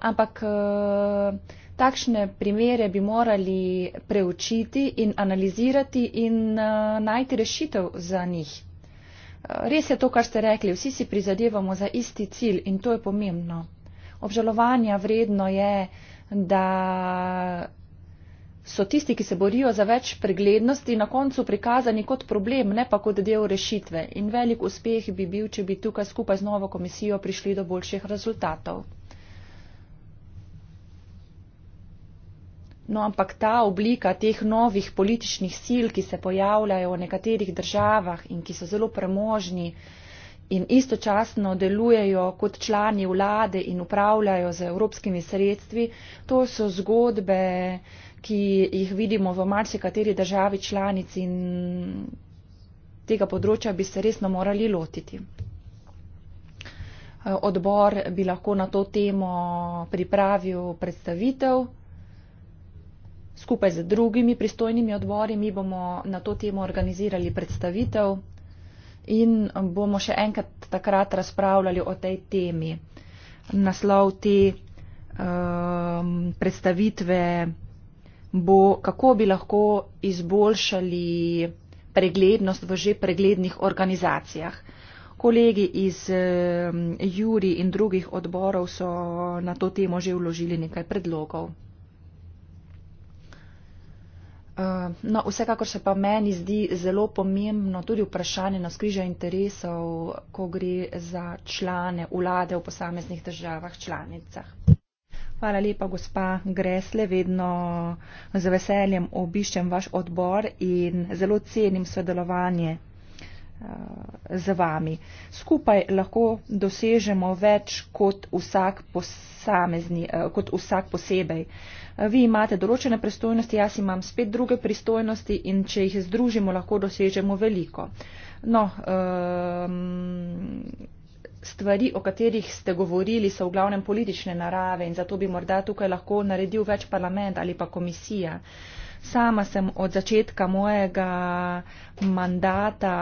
ampak eh, takšne primere bi morali preučiti in analizirati in eh, najti rešitev za njih. Eh, res je to, kar ste rekli, vsi si prizadevamo za isti cilj in to je pomembno. Obžalovanja vredno je, da so tisti, ki se borijo za več preglednosti, na koncu prikazani kot problem, ne pa kot del rešitve. In velik uspeh bi bil, če bi tukaj skupaj z novo komisijo prišli do boljših rezultatov. No, ampak ta oblika teh novih političnih sil, ki se pojavljajo v nekaterih državah in ki so zelo premožni in istočasno delujejo kot člani vlade in upravljajo z evropskimi sredstvi, to so zgodbe, ki jih vidimo v marsikateri državi članici in tega področja bi se resno morali lotiti. Odbor bi lahko na to temo pripravil predstavitev. Skupaj z drugimi pristojnimi odbori mi bomo na to temo organizirali predstavitev in bomo še enkrat takrat razpravljali o tej temi. Naslov te um, predstavitve bo, kako bi lahko izboljšali preglednost v že preglednih organizacijah. Kolegi iz um, Juri in drugih odborov so na to temo že vložili nekaj predlogov. Eh, no, vsekakor se pa meni zdi zelo pomembno tudi vprašanje na skrižja interesov, ko gre za člane vlade v posameznih državah članicah. Hvala lepa, gospa Gresle, vedno z veseljem obiščem vaš odbor in zelo cenim sodelovanje eh, z vami. Skupaj lahko dosežemo več kot vsak, posamezni, eh, kot vsak posebej vi imate določene pristojnosti, jaz imam spet druge pristojnosti in če jih združimo, lahko dosežemo veliko. No, um, stvari, o katerih ste govorili, so v glavnem politične narave in zato bi morda tukaj lahko naredil več parlament ali pa komisija. Sama sem od začetka mojega mandata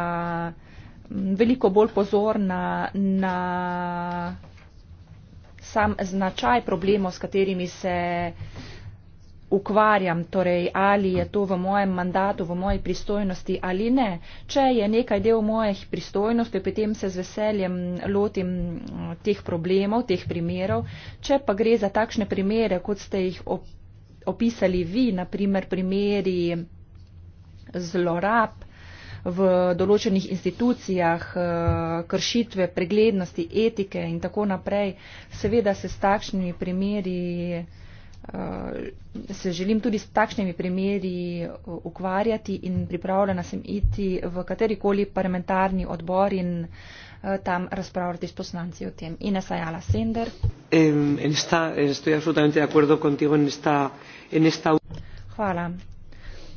veliko bolj pozorna na sam značaj problemov, s katerimi se uh, ukvarjam, torej ali je to v mojem mandatu, v moji pristojnosti ali ne. Če je nekaj del mojih pristojnosti, potem se z veseljem lotim mm, teh problemov, teh primerov. Če pa gre za takšne primere, kot ste jih opisali vi, naprimer primeri zlorab v določenih institucijah, eh, kršitve, preglednosti, etike in tako naprej, seveda se s takšnimi primeri Eh, se želim tudi s takšnimi primeri eh, ukvarjati in pripravljena sem iti v katerikoli parlamentarni odbor in eh, tam razpravljati s poslanci o tem. Ina Sajala Sender. Hvala.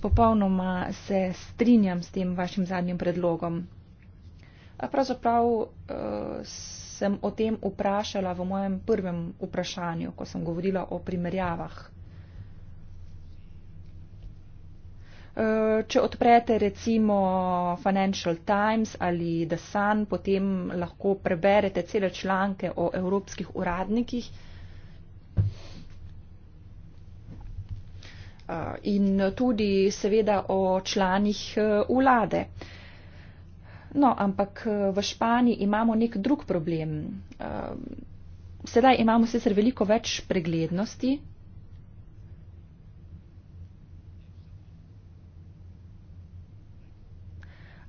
Popolnoma se strinjam s tem vašim zadnjim predlogom. Pravzaprav uh, sem o tem vprašala v mojem prvem vprašanju, ko sem govorila o primerjavah. E, če odprete recimo Financial Times ali The Sun, potem lahko preberete cele članke o evropskih uradnikih. E, in tudi seveda o članih e, vlade. Uh, No, ampak eh, v Španiji imamo nek drug problem. Eh, sedaj imamo sicer veliko več preglednosti.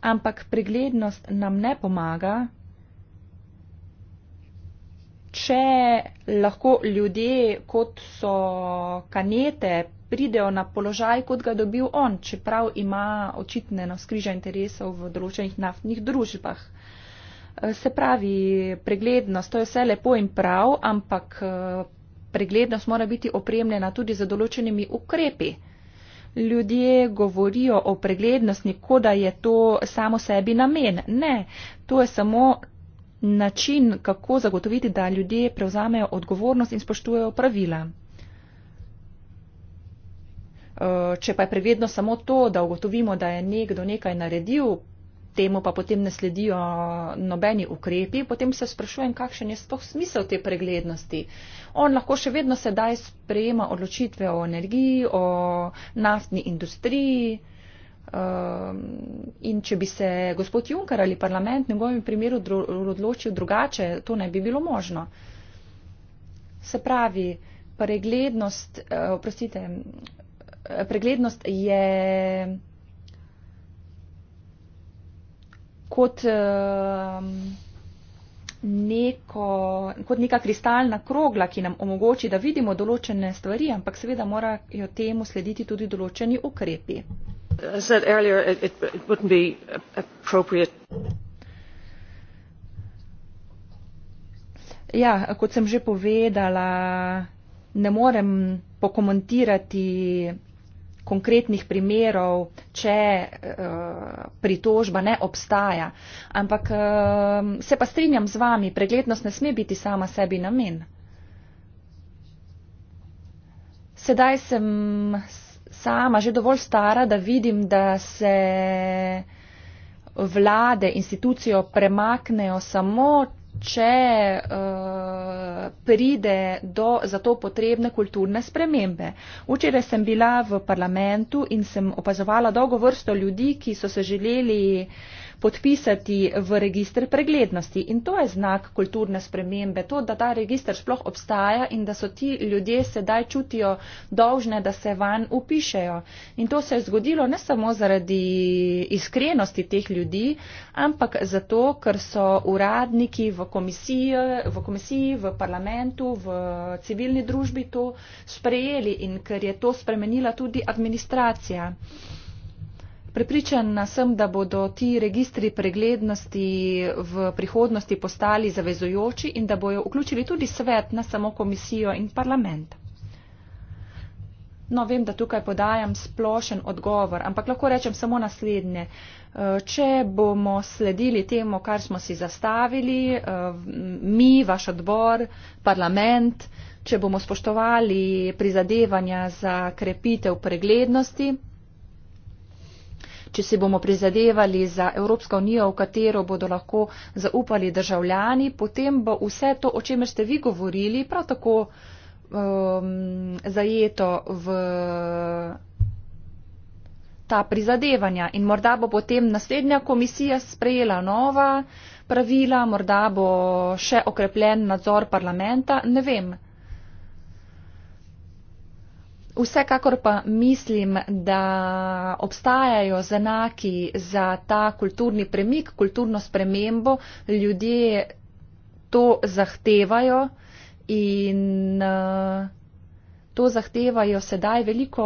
Ampak preglednost nam ne pomaga, če lahko ljudje, kot so kanete, pridejo na položaj, kot ga dobil on, čeprav ima očitne navskrižja interesov v določenih naftnih družbah. Eh, se pravi, preglednost, to je vse lepo in prav, ampak eh, preglednost mora biti opremljena tudi z določenimi ukrepi. Ljudje govorijo o preglednosti, kot da je to samo sebi namen. Ne, to je samo način, kako zagotoviti, da ljudje prevzamejo odgovornost in spoštujejo pravila. Eh, če pa je previdno samo to, da ugotovimo, da je nekdo nekaj naredil, temu pa potem ne sledijo nobeni ukrepi, potem se sprašujem, kakšen je sploh smisel te preglednosti. On lahko še vedno sedaj sprejema odločitve o energiji, o naftni industriji. Ehm, in če bi se gospod Juncker ali parlament v njegovem primeru odločil drugače, to ne bi bilo možno. Se pravi, preglednost, eh, oprostite, preglednost je kot, ehm, neko, kot neka kristalna krogla, ki nam omogoči, da vidimo določene stvari, ampak seveda morajo temu slediti tudi določeni ukrepi. Ja, kot sem že povedala, ne morem pokomentirati konkretnih primerov, če uh, pritožba ne obstaja. Ampak uh, se pa strinjam z vami, preglednost ne sme biti sama sebi namen. Sedaj sem sama že dovolj stara, da vidim, da se vlade, institucijo premaknejo samo, če uh, pride do za to potrebne kulturne spremembe. Včeraj sem bila v parlamentu in sem opazovala dolgo vrsto ljudi, ki so se želeli uh, podpisati v registr preglednosti. In to je znak kulturne spremembe, to, da ta registr sploh obstaja in da so ti ljudje sedaj čutijo dolžne, da se van upišejo. In to se je zgodilo ne samo zaradi iskrenosti teh ljudi, ampak zato, ker so uradniki v komisiji, v komisiji, v parlamentu, v civilni družbi to sprejeli in ker je to spremenila tudi administracija. Pripričana sem, da bodo ti registri preglednosti v prihodnosti postali zavezojoči in da bojo vključili tudi svet, ne samo komisijo in parlament. No, vem, da tukaj podajam splošen odgovor, ampak lahko rečem samo naslednje. Če bomo sledili temu, kar smo si zastavili, mi, vaš odbor, parlament, če bomo spoštovali prizadevanja za krepitev preglednosti, če se bomo prizadevali za Evropsko unijo, v katero bodo lahko zaupali državljani, potem bo vse to, o čemer ste vi govorili, prav tako um, zajeto v ta prizadevanja. In morda bo potem naslednja komisija sprejela nova pravila, morda bo še okrepljen nadzor parlamenta, ne vem. Vsekakor pa mislim, da obstajajo znaki za ta kulturni premik, kulturno spremembo, ljudje to zahtevajo in eh, to zahtevajo sedaj veliko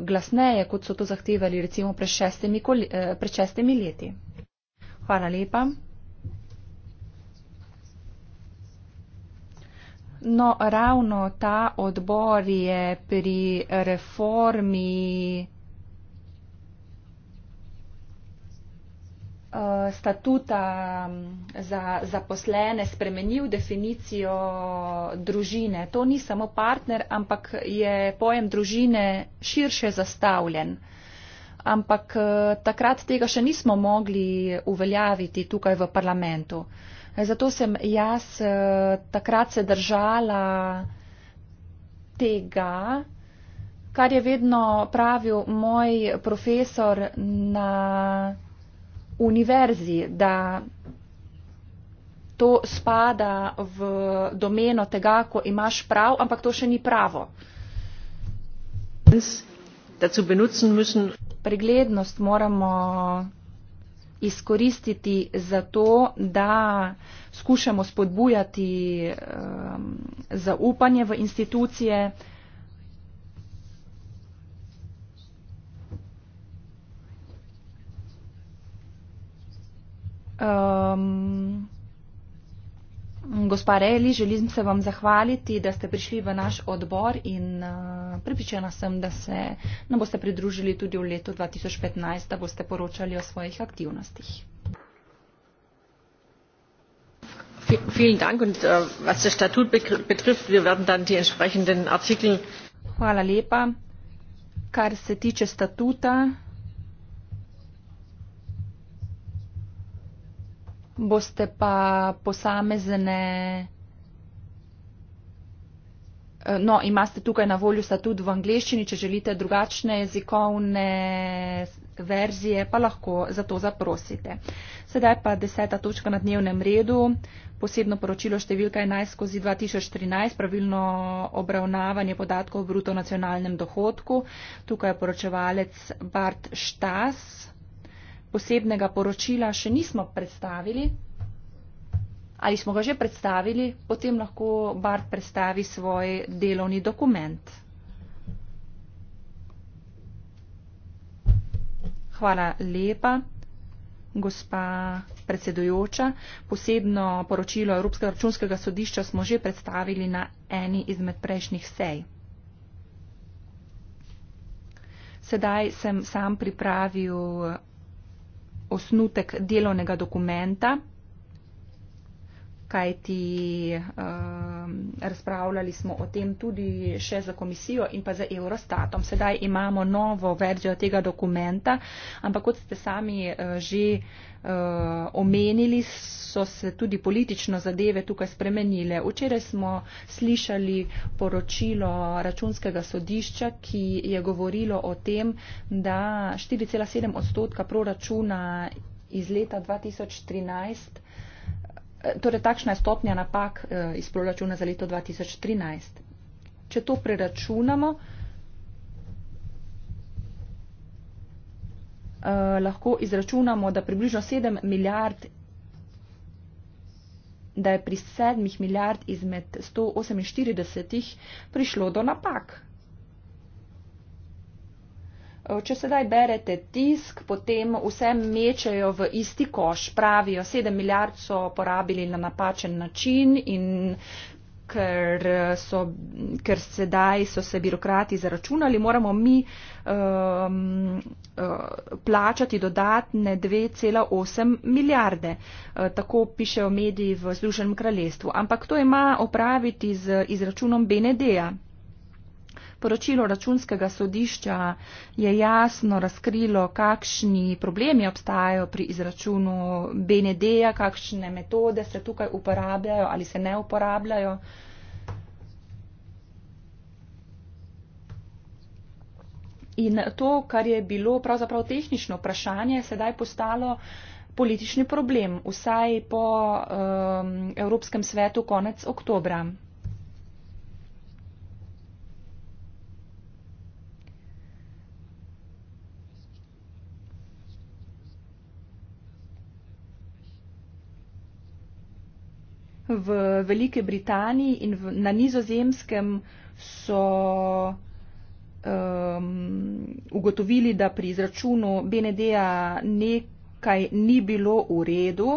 glasneje, kot so to zahtevali recimo pred šestimi, eh, pred šestimi leti. Hvala lepa. No, ravno ta odbor je pri reformi eh, statuta za zaposlene spremenil definicijo družine. To ni samo partner, ampak je pojem družine širše zastavljen. Ampak eh, takrat tega še nismo mogli uveljaviti tukaj v parlamentu. Uh, Zato sem jaz eh, takrat se držala tega, kar je vedno pravil moj profesor na univerzi, da to spada v domeno tega, ko imaš prav, ampak to še ni pravo. Preglednost moramo izkoristiti za to, da skušamo spodbujati um, zaupanje v institucije. Um, Gospa Reli, želim se vam zahvaliti, da ste prišli v naš odbor in eh, pripričana sem, da se nam boste pridružili tudi v letu 2015, da boste poročali o svojih aktivnostih. Äh, Hvala lepa. Kar se tiče statuta, boste pa posamezne. Eh, no, imate tukaj na voljo sta tudi v angleščini, če želite drugačne jezikovne verzije, pa lahko za to zaprosite. Sedaj pa deseta točka na dnevnem redu, posebno poročilo številka 11 skozi 2013, pravilno obravnavanje podatkov o bruto nacionalnem dohodku. Tukaj je poročevalec Bart Štas posebnega poročila še nismo predstavili. Ali smo ga že predstavili, potem lahko Bart predstavi svoj delovni dokument. Hvala lepa, gospa predsedujoča. Posebno poročilo Evropskega računskega sodišča smo že predstavili na eni izmed prejšnjih sej. Sedaj sem sam pripravil osnutek delovnega dokumenta, kajti um, razpravljali smo o tem tudi še za komisijo in pa za Eurostatom. Sedaj imamo novo verzijo tega dokumenta, ampak kot ste sami uh, že uh, omenili, so se tudi politično zadeve tukaj spremenile. Včeraj smo slišali poročilo računskega sodišča, ki je govorilo o tem, da 4,7 odstotka proračuna iz leta 2013 torej takšna je stopnja napak eh, iz proračuna za leto 2013. Če to preračunamo, eh, lahko izračunamo, da približno 7 milijard, da je pri 7 milijard izmed 148 prišlo do napak. Eh, če sedaj berete tisk, potem vse mečejo v isti koš, pravijo, 7 milijard so porabili na napačen način in ker, eh, so, ker sedaj so se birokrati zaračunali, moramo mi um, plačati dodatne 2,8 milijarde. Tako pišejo mediji v Združenem kraljestvu. Ampak to ima opraviti z izračunom BND-ja. Poročilo računskega sodišča je jasno razkrilo, kakšni problemi obstajajo pri izračunu BND-ja, kakšne metode se tukaj uporabljajo ali se ne uporabljajo. In to, kar je bilo pravzaprav tehnično vprašanje, je sedaj postalo politični problem, vsaj po um, Evropskem svetu konec oktobra. V Veliki Britaniji in v, na nizozemskem so um, ugotovili, da pri izračunu BND-ja nekaj ni bilo v redu.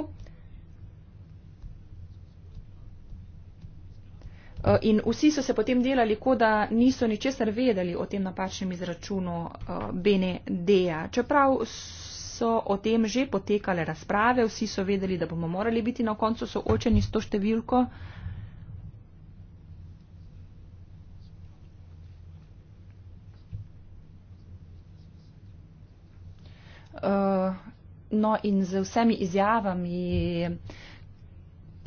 Uh, in vsi so se potem delali, kot da niso ničesar vedeli o tem napačnem izračunu uh, BND-ja. Čeprav so o tem že potekale razprave, vsi so vedeli, da bomo morali biti na koncu soočeni s to številko. Uh, no in z vsemi izjavami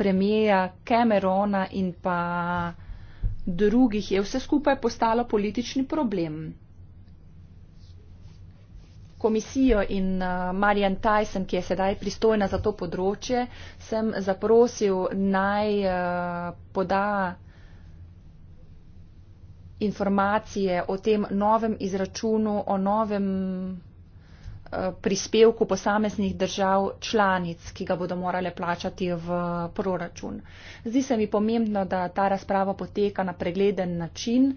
premijeja Camerona in pa drugih je vse skupaj postalo politični problem komisijo in eh, Marian Tyson, ki je sedaj pristojna za to področje, sem zaprosil naj eh, poda informacije o tem novem izračunu, o novem eh, prispevku posameznih držav članic, ki ga bodo morale plačati v proračun. Zdi se mi pomembno, da ta razprava poteka na pregleden način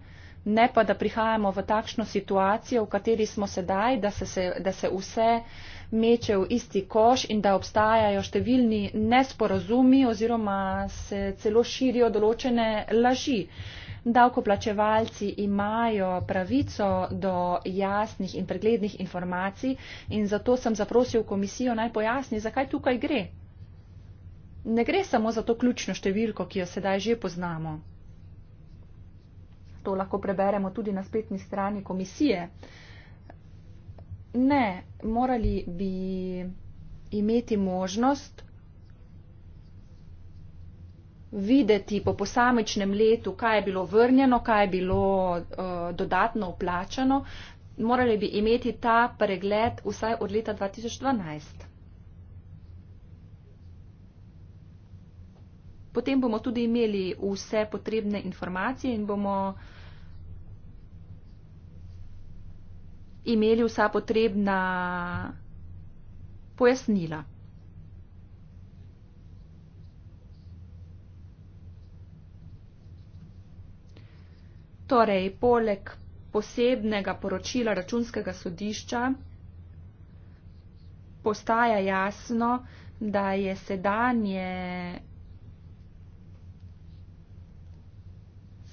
ne pa da prihajamo v takšno situacijo, v kateri smo sedaj, da se, da se vse meče v isti koš in da obstajajo številni nesporazumi oziroma se celo širijo določene laži. Davkoplačevalci imajo pravico do jasnih in preglednih informacij in zato sem zaprosil komisijo naj pojasni, zakaj tukaj gre. Ne gre samo za to ključno številko, ki jo sedaj že poznamo to lahko preberemo tudi na spletni strani komisije. Ne, morali bi imeti možnost videti po posamičnem letu, kaj je bilo vrnjeno, kaj je bilo uh, dodatno uplačano. Morali bi imeti ta pregled vsaj od leta 2012. Potem bomo tudi imeli vse potrebne informacije in bomo imeli vsa potrebna pojasnila. Torej, poleg posebnega poročila računskega sodišča postaja jasno, da je sedanje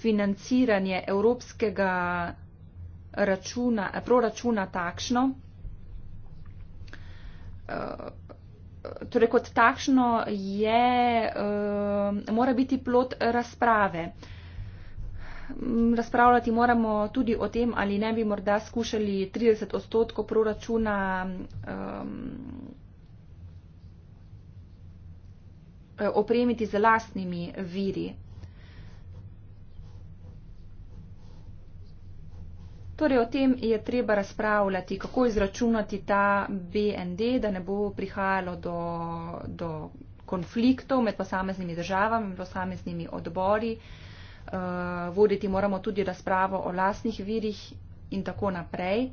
financiranje evropskega računa, proračuna takšno, eh, torej kot takšno je, eh, mora biti plot razprave. Mm, razpravljati moramo tudi o tem, ali ne bi morda skušali 30 odstotkov proračuna um, opremiti z lastnimi viri. Torej, o tem je treba razpravljati, kako izračunati ta BND, da ne bo prihajalo do, do konfliktov med posameznimi državami in posameznimi odbori. Uh, voditi moramo tudi razpravo o lastnih virih in tako naprej.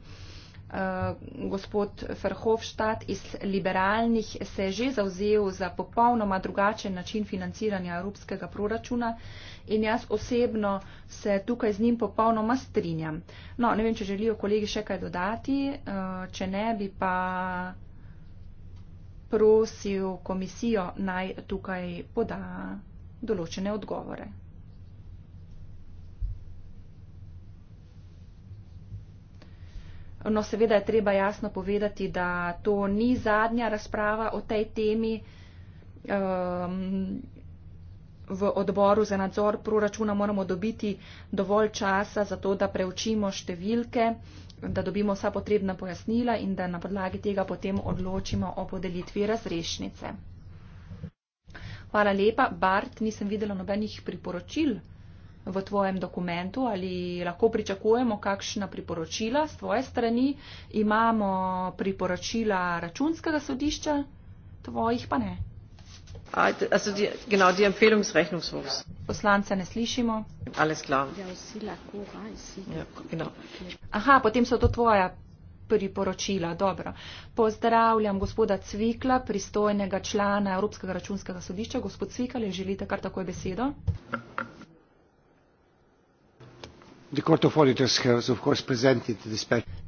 Uh, gospod Ferhofštat iz liberalnih se je že zauzel za popolnoma drugačen način financiranja evropskega proračuna, in jaz osebno se tukaj z njim popolnoma strinjam. No, ne vem, če želijo kolegi še kaj dodati, eh, če ne bi pa prosil komisijo naj tukaj poda določene odgovore. No, seveda je treba jasno povedati, da to ni zadnja razprava o tej temi. Um, v odboru za nadzor proračuna moramo dobiti dovolj časa za to, da preučimo številke, da dobimo vsa potrebna pojasnila in da na podlagi tega potem odločimo o podelitvi razrešnice. Hvala lepa. Bart, nisem videla nobenih priporočil v tvojem dokumentu. Ali lahko pričakujemo kakšna priporočila s tvoje strani? Imamo priporočila računskega sodišča, tvojih pa ne. Ah, die empfehlung des rechnungshofs. alles klar. Ja, ja, aha potem so to tvoja priporočila dobro. pozdravljam gospoda cvikla pristojnega člana evropskega računskega sodišča gospod cvikal želite kar takoj besedo?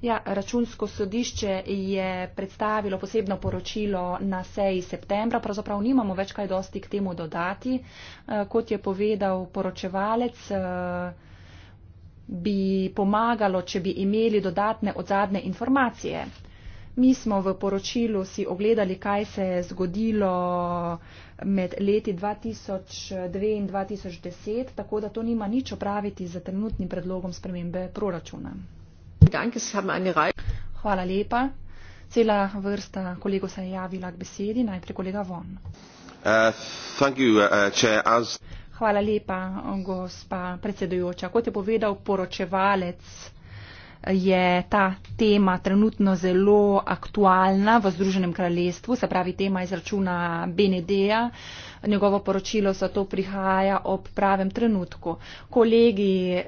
Ja, računsko sodišče je predstavilo posebno poročilo na seji septembra, pravzaprav nimamo več kaj dosti k temu dodati. Eh, kot je povedal poročevalec, eh, bi pomagalo, če bi imeli dodatne odzadne informacije. Mi smo v poročilu si ogledali, kaj se je zgodilo med leti 2002 in 2010, tako da to nima nič opraviti z trenutnim predlogom spremembe proračuna. Hvala lepa. Cela vrsta kolegov se je javila k besedi, najprej kolega Von. Hvala lepa, gospa predsedujoča. Kot je povedal poročevalec, je ta tema trenutno zelo aktualna v Združenem kraljestvu, se pravi tema izračuna Benedeja. Njegovo poročilo za to prihaja ob pravem trenutku. Kolegi,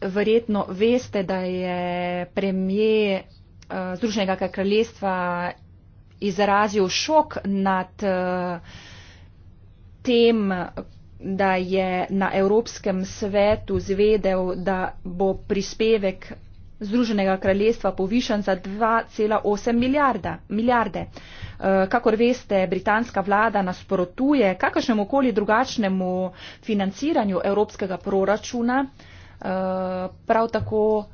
verjetno veste, da je premijer eh, Združenega kraljestva izrazil šok nad eh, tem, da je na Evropskem svetu zvedel, da bo prispevek Združenega kraljestva povišan za 2,8 milijarde. milijarde. Eh, kakor veste, britanska vlada nasprotuje kakršnemu koli drugačnemu financiranju evropskega proračuna. Eh, prav tako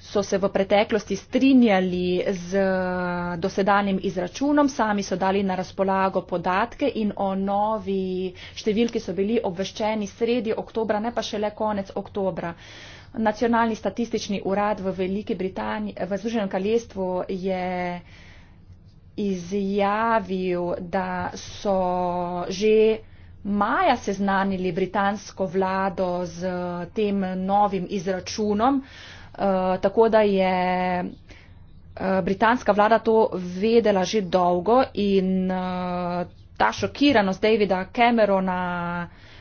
so se v preteklosti strinjali z eh, dosedanjem izračunom, sami so dali na razpolago podatke in o novi številki so bili obveščeni sredi oktobra, ne pa šele konec oktobra. Uh, Nacionalni statistični urad v Veliki Britaniji, v Združenem kraljestvu je izjavil, da so že maja seznanili britansko vlado z tem novim izračunom, eh, tako da je eh, britanska vlada to vedela že dolgo in eh, ta šokiranost Davida Camerona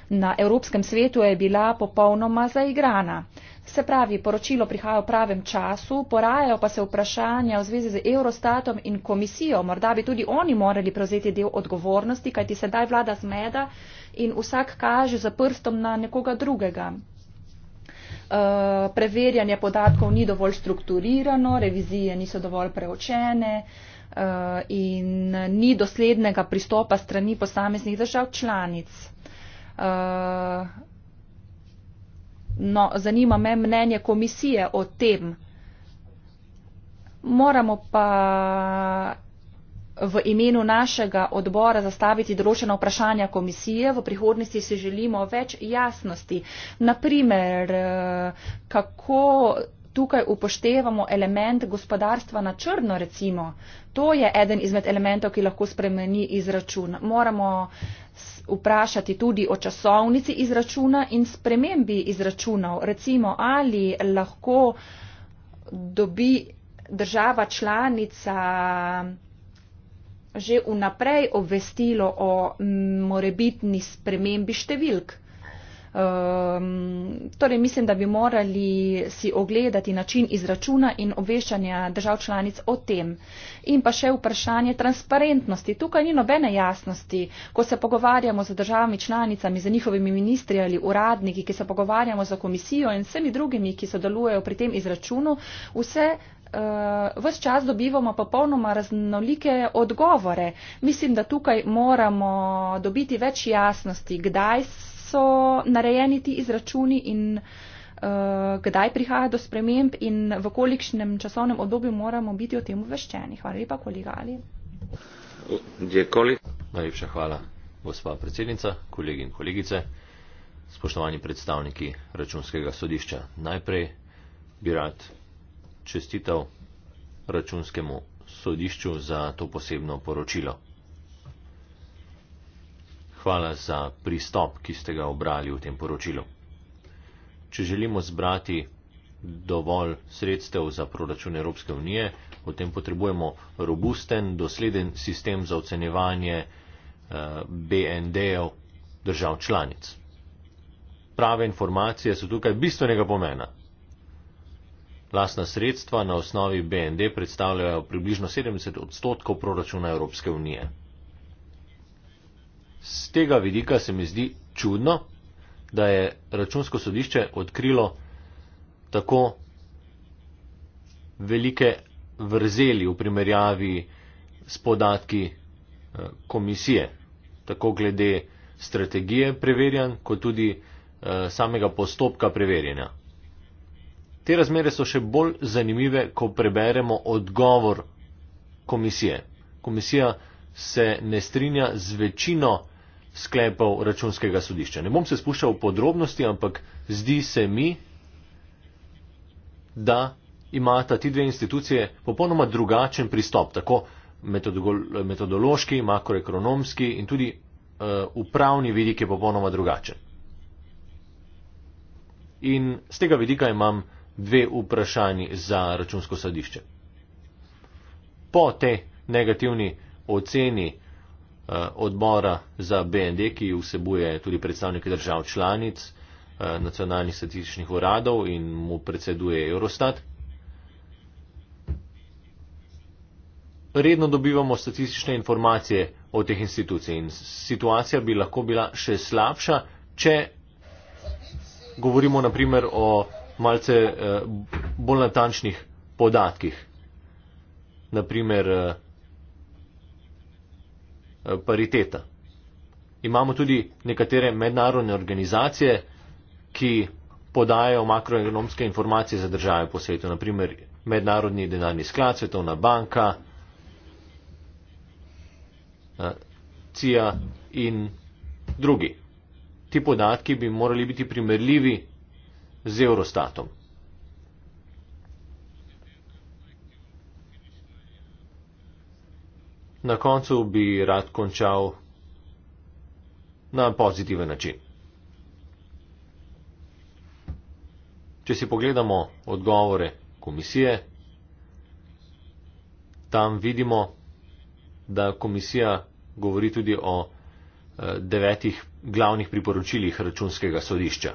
Na Evropskem svetu je bila popolnoma zaigrana. Se pravi, poročilo prihaja v pravem času, porajajo pa se vprašanja v zvezi z Eurostatom in komisijo. Morda bi tudi oni morali prevzeti del odgovornosti, kajti sedaj vlada zmeda in vsak kaže za prstom na nekoga drugega. Uh, preverjanje podatkov ni dovolj strukturirano, revizije niso dovolj preočene uh, eh, in ni doslednega pristopa strani posameznih držav članic. Eh, no, zanima me mnenje komisije o tem. Moramo pa v imenu našega odbora zastaviti določena vprašanja komisije. V prihodnosti si želimo več jasnosti. Naprimer, eh, kako tukaj upoštevamo element gospodarstva na črno, recimo. To je eden izmed elementov, ki lahko spremeni izračun. Moramo uh, vprašati tudi o časovnici izračuna in spremembi izračunov. Recimo, ali lahko dobi država članica že vnaprej obvestilo o morebitni spremembi številk. Um, torej, mislim, da bi morali si ogledati način izračuna in obveščanja držav članic o tem. In pa še vprašanje transparentnosti. Tukaj ni nobene jasnosti, ko se pogovarjamo z državami članicami, z njihovimi ministri ali uradniki, ki se pogovarjamo z komisijo in vsemi drugimi, ki sodelujejo pri tem izračunu. Vse Uh, Ves čas dobivamo popolnoma raznolike odgovore. Mislim, da tukaj moramo dobiti več jasnosti, kdaj so narejeni ti izračuni in eh, kdaj prihaja do sprememb in v kolikšnem časovnem obdobju moramo biti o tem uveščeni. Hvala lepa, kolega Ali. Dekoli. Najlepša hvala, gospa predsednica, kolegi in kolegice, spoštovani predstavniki računskega sodišča. Najprej bi rad čestital računskemu sodišču za to posebno poročilo hvala za pristop, ki ste ga obrali v tem poročilu. Če želimo zbrati dovolj sredstev za proračun Evropske unije, potem potrebujemo robusten, dosleden sistem za ocenjevanje eh, BND-ev držav članic. Prave informacije so tukaj bistvenega pomena. Vlastna sredstva na osnovi BND predstavljajo približno 70 odstotkov proračuna Evropske unije. Z tega vidika se mi zdi čudno, da je računsko sodišče odkrilo tako velike vrzeli v primerjavi s podatki eh, komisije, tako glede strategije preverjanj, kot tudi eh, samega postopka preverjanja. Te razmere so še bolj zanimive, ko preberemo odgovor komisije. Komisija se ne strinja z večino sklepov računskega sodišča. Ne bom se spuščal v podrobnosti, ampak zdi se mi, da imata ti dve institucije popolnoma drugačen pristop, tako metodološki, makroekonomski in tudi uh, upravni vidik je popolnoma drugačen. In z tega vidika imam dve vprašanji za računsko sodišče. Po te negativni oceni Eh, odbora za BND, ki vsebuje tudi predstavnike držav članic, eh, nacionalnih statističnih uradov in mu predseduje Eurostat. Redno dobivamo statistične informacije o teh institucijah in situacija bi lahko bila še slabša, če govorimo naprimer o malce eh, bolj natančnih podatkih. Naprimer, Eh, pariteta. Imamo tudi nekatere mednarodne organizacije, ki podajajo makroekonomske informacije za države po svetu, naprimer Mednarodni denarni sklad, Svetovna banka, eh, CIA in drugi. Ti podatki bi morali biti primerljivi z Eurostatom. Na koncu bi rad končal na pozitiven način. Če si pogledamo odgovore komisije, tam vidimo, da komisija govori tudi o eh, devetih glavnih priporočilih računskega sodišča.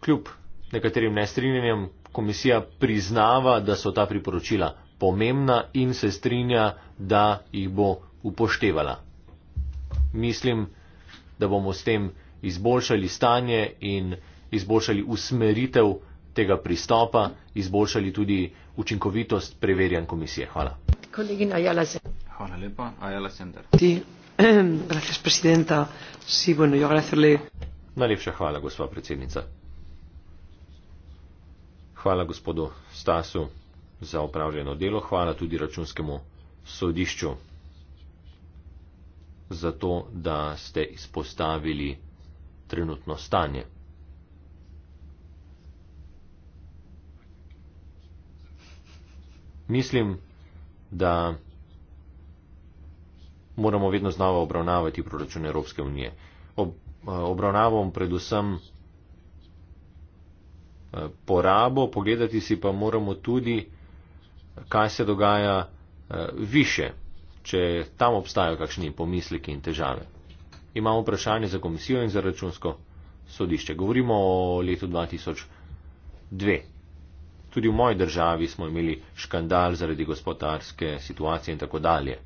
Kljub nekaterim nestrinjenjem komisija priznava, da so ta priporočila pomembna in se strinja, da jih bo upoštevala. Mislim, da bomo s tem izboljšali stanje in izboljšali usmeritev tega pristopa, izboljšali tudi učinkovitost preverjan komisije. Hvala. Kolegina Ajala Sender. Hvala lepa, Ajala Sender. Ti, gracias, presidenta, si bo nujo gracerle. Najlepša hvala, gospa predsednica. Hvala gospodu Stasu za upravljeno delo, hvala tudi računskemu sodišču za to, da ste izpostavili trenutno stanje. Mislim, da moramo vedno znova obravnavati proračun Evropske unije. Ob, eh, obravnavam predvsem Eh, porabo, pogledati si pa moramo tudi, kaj se dogaja eh, više, če tam obstajajo kakšni pomisleki in težave. Imamo vprašanje za komisijo in za računsko sodišče. Govorimo o letu 2002. Tudi v moji državi smo imeli škandal zaradi gospodarske situacije in tako dalje.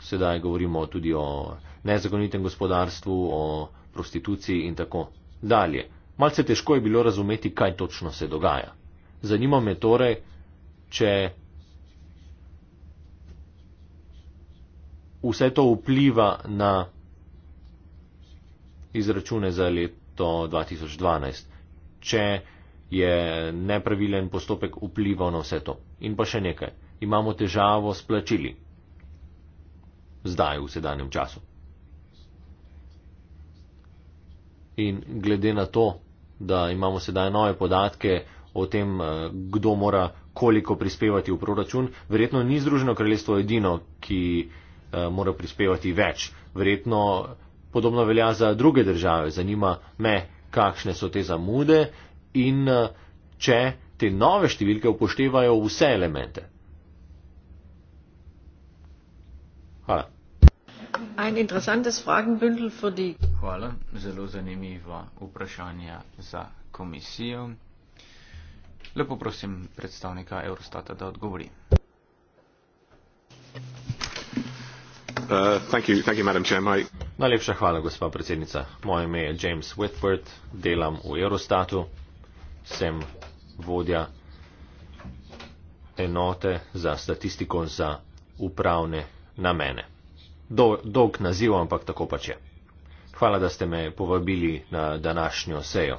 Sedaj govorimo tudi o nezakonitem gospodarstvu, o prostituciji in tako dalje. Malce težko je bilo razumeti, kaj točno se dogaja. Zanima me torej, če vse to vpliva na izračune za leto 2012, če je nepravilen postopek vplival na vse to. In pa še nekaj, imamo težavo s plačili. Zdaj, v sedanjem času. In glede na to, da imamo sedaj nove podatke o tem, eh, kdo mora koliko prispevati v proračun. Verjetno ni Združeno kraljestvo edino, ki eh, mora prispevati več. Verjetno podobno velja za druge države. Zanima me, kakšne so te zamude in eh, če te nove številke upoštevajo vse elemente. Ein interessantes Fragenbündel für die Hvala. Zelo zanimiva vprašanja za komisijo. Lepo prosim predstavnika Eurostata, da odgovori. Uh, thank you, thank you, Madam Chair. My... Najlepša hvala, gospa predsednica. Moje ime je James Whitworth, delam v Eurostatu, sem vodja enote za statistiko za upravne namene. Do, dolg naziv, ampak tako pač je. Hvala, da ste me povabili na današnjo sejo.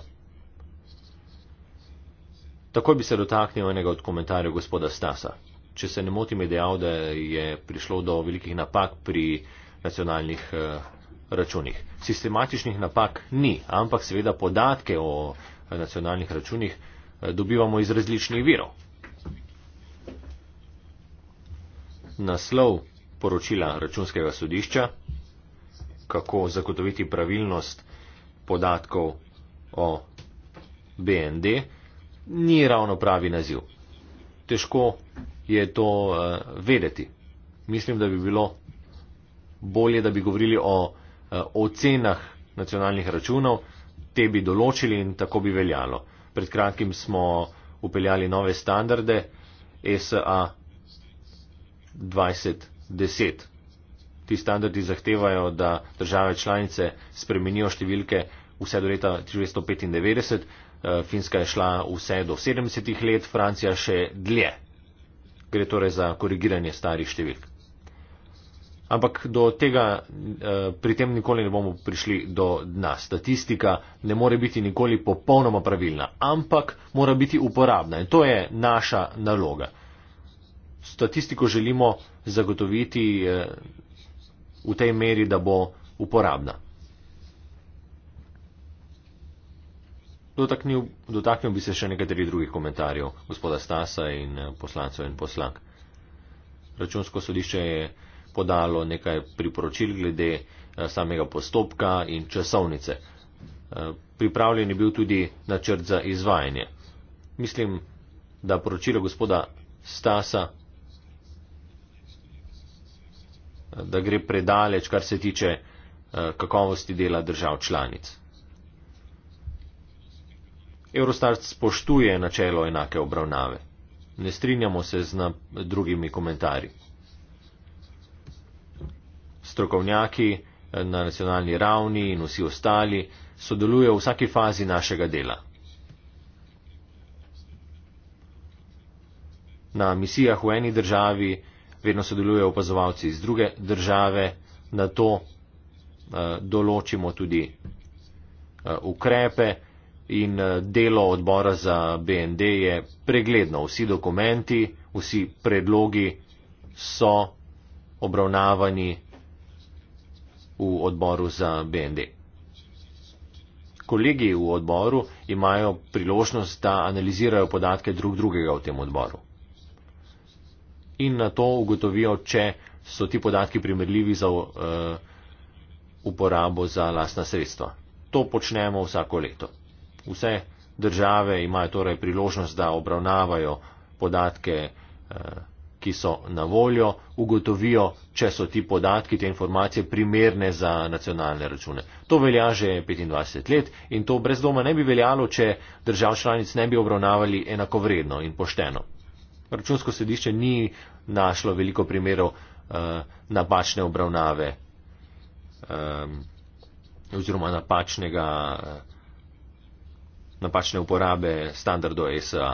Takoj bi se dotaknil enega od komentarjev gospoda Stasa. Če se ne motim, je dejal, da je prišlo do velikih napak pri nacionalnih eh, računih. Sistematičnih napak ni, ampak seveda podatke o nacionalnih računih eh, dobivamo iz različnih virov. Naslov poročila računskega sodišča kako zagotoviti pravilnost podatkov o BND, ni ravno pravi naziv. Težko je to uh, vedeti. Mislim, da bi bilo bolje, da bi govorili o uh, ocenah nacionalnih računov, te bi določili in tako bi veljalo. Pred kratkim smo upeljali nove standarde SA 2010 ti standardi zahtevajo, da države članice spremenijo številke vse do leta 1995, eh, Finska je šla vse do 70 let, Francija še dlje. Gre torej za korigiranje starih številk. Ampak do tega eh, pri tem nikoli ne bomo prišli do dna. Statistika ne more biti nikoli popolnoma pravilna, ampak mora biti uporabna in to je naša naloga. Statistiko želimo zagotoviti eh, v tej meri, da bo uporabna. Dotaknil, dotaknil bi se še nekaterih drugih komentarjev gospoda Stasa in eh, poslancev in poslank. Računsko sodišče je podalo nekaj priporočil glede eh, samega postopka in časovnice. Eh, pripravljen je bil tudi načrt za izvajanje. Mislim, da poročilo gospoda Stasa da gre predaleč, kar se tiče eh, kakovosti dela držav članic. Eurostart spoštuje načelo enake obravnave. Ne strinjamo se z drugimi komentarji. Strokovnjaki eh, na nacionalni ravni in vsi ostali sodelujejo v vsaki fazi našega dela. Na misijah v eni državi vedno sodelujejo opazovalci iz druge države, na to eh, določimo tudi eh, ukrepe in eh, delo odbora za BND je pregledno. Vsi dokumenti, vsi predlogi so obravnavani v odboru za BND. Kolegi v odboru imajo priložnost, da analizirajo podatke drug drugega v tem odboru in na to ugotovijo, če so ti podatki primerljivi za eh, uporabo za lastna sredstva. To počnemo vsako leto. Vse države imajo torej priložnost, da obravnavajo podatke, eh, ki so na voljo, ugotovijo, če so ti podatki, te informacije primerne za nacionalne račune. To velja že 25 let in to brez doma ne bi veljalo, če držav članic ne bi obravnavali enako vredno in pošteno. Računsko sodišče ni našlo veliko primerov uh, napačne obravnave um, oziroma napačnega, eh, napačne uporabe standardov e SA.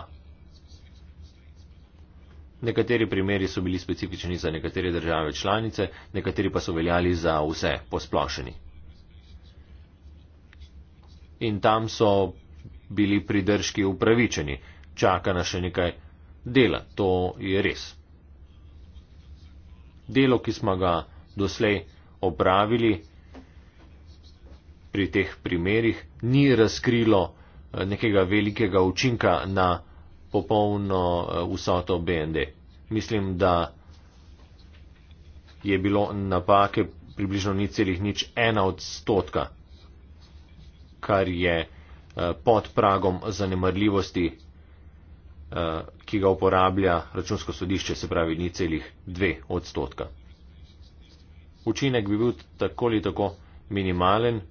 Nekateri primeri so bili specifični za nekatere države članice, nekateri pa so veljali za vse posplošeni. In tam so bili pridržki upravičeni. Čaka na še nekaj dela, to je res. Delo, ki smo ga doslej opravili pri teh primerjih, ni razkrilo eh, nekega velikega učinka na popolno eh, vsoto BND. Mislim, da je bilo napake približno ni celih nič ena odstotka, kar je eh, pod pragom zanemrljivosti Eh, ki ga uporablja računsko sodišče, se pravi 0,2 odstotka. Učinek bi bil tako ali tako minimalen,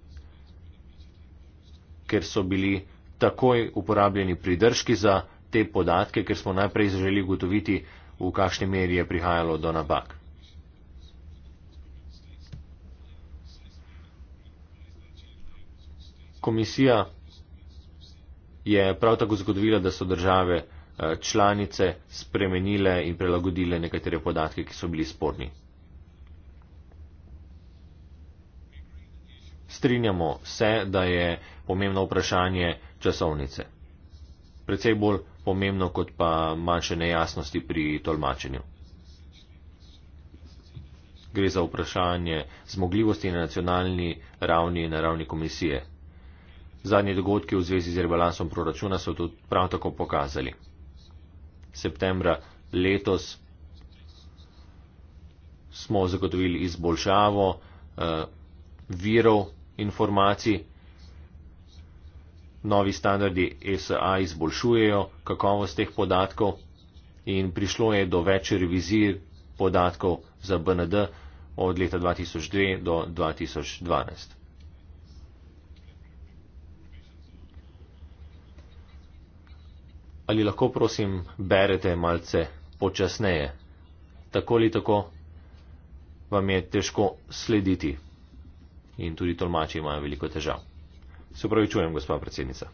ker so bili takoj uporabljeni pridržki za te podatke, ker smo najprej želeli ugotoviti, v kakšni meri je prihajalo do napak. Komisija je prav tako zagotovila, da so države Eh, članice spremenile in prilagodile nekatere podatke, ki so bili sporni. Strinjamo se, da je pomembno vprašanje časovnice. Predvsej bolj pomembno kot pa manjše nejasnosti pri tolmačenju. Gre za vprašanje zmogljivosti na nacionalni ravni in na ravni komisije. Zadnji dogodki v zvezi z rebalansom proračuna so to prav tako pokazali septembra letos smo zagotovili izboljšavo uh, virov informacij. Novi standardi SA izboljšujejo kakovost teh podatkov in prišlo je do več revizij podatkov za BND od leta 2002 do 2012. Ali lahko prosim berete malce počasneje? Tako ali tako vam je težko slediti in tudi tolmači imajo veliko težav. Se pravi, čujem, gospa predsednica.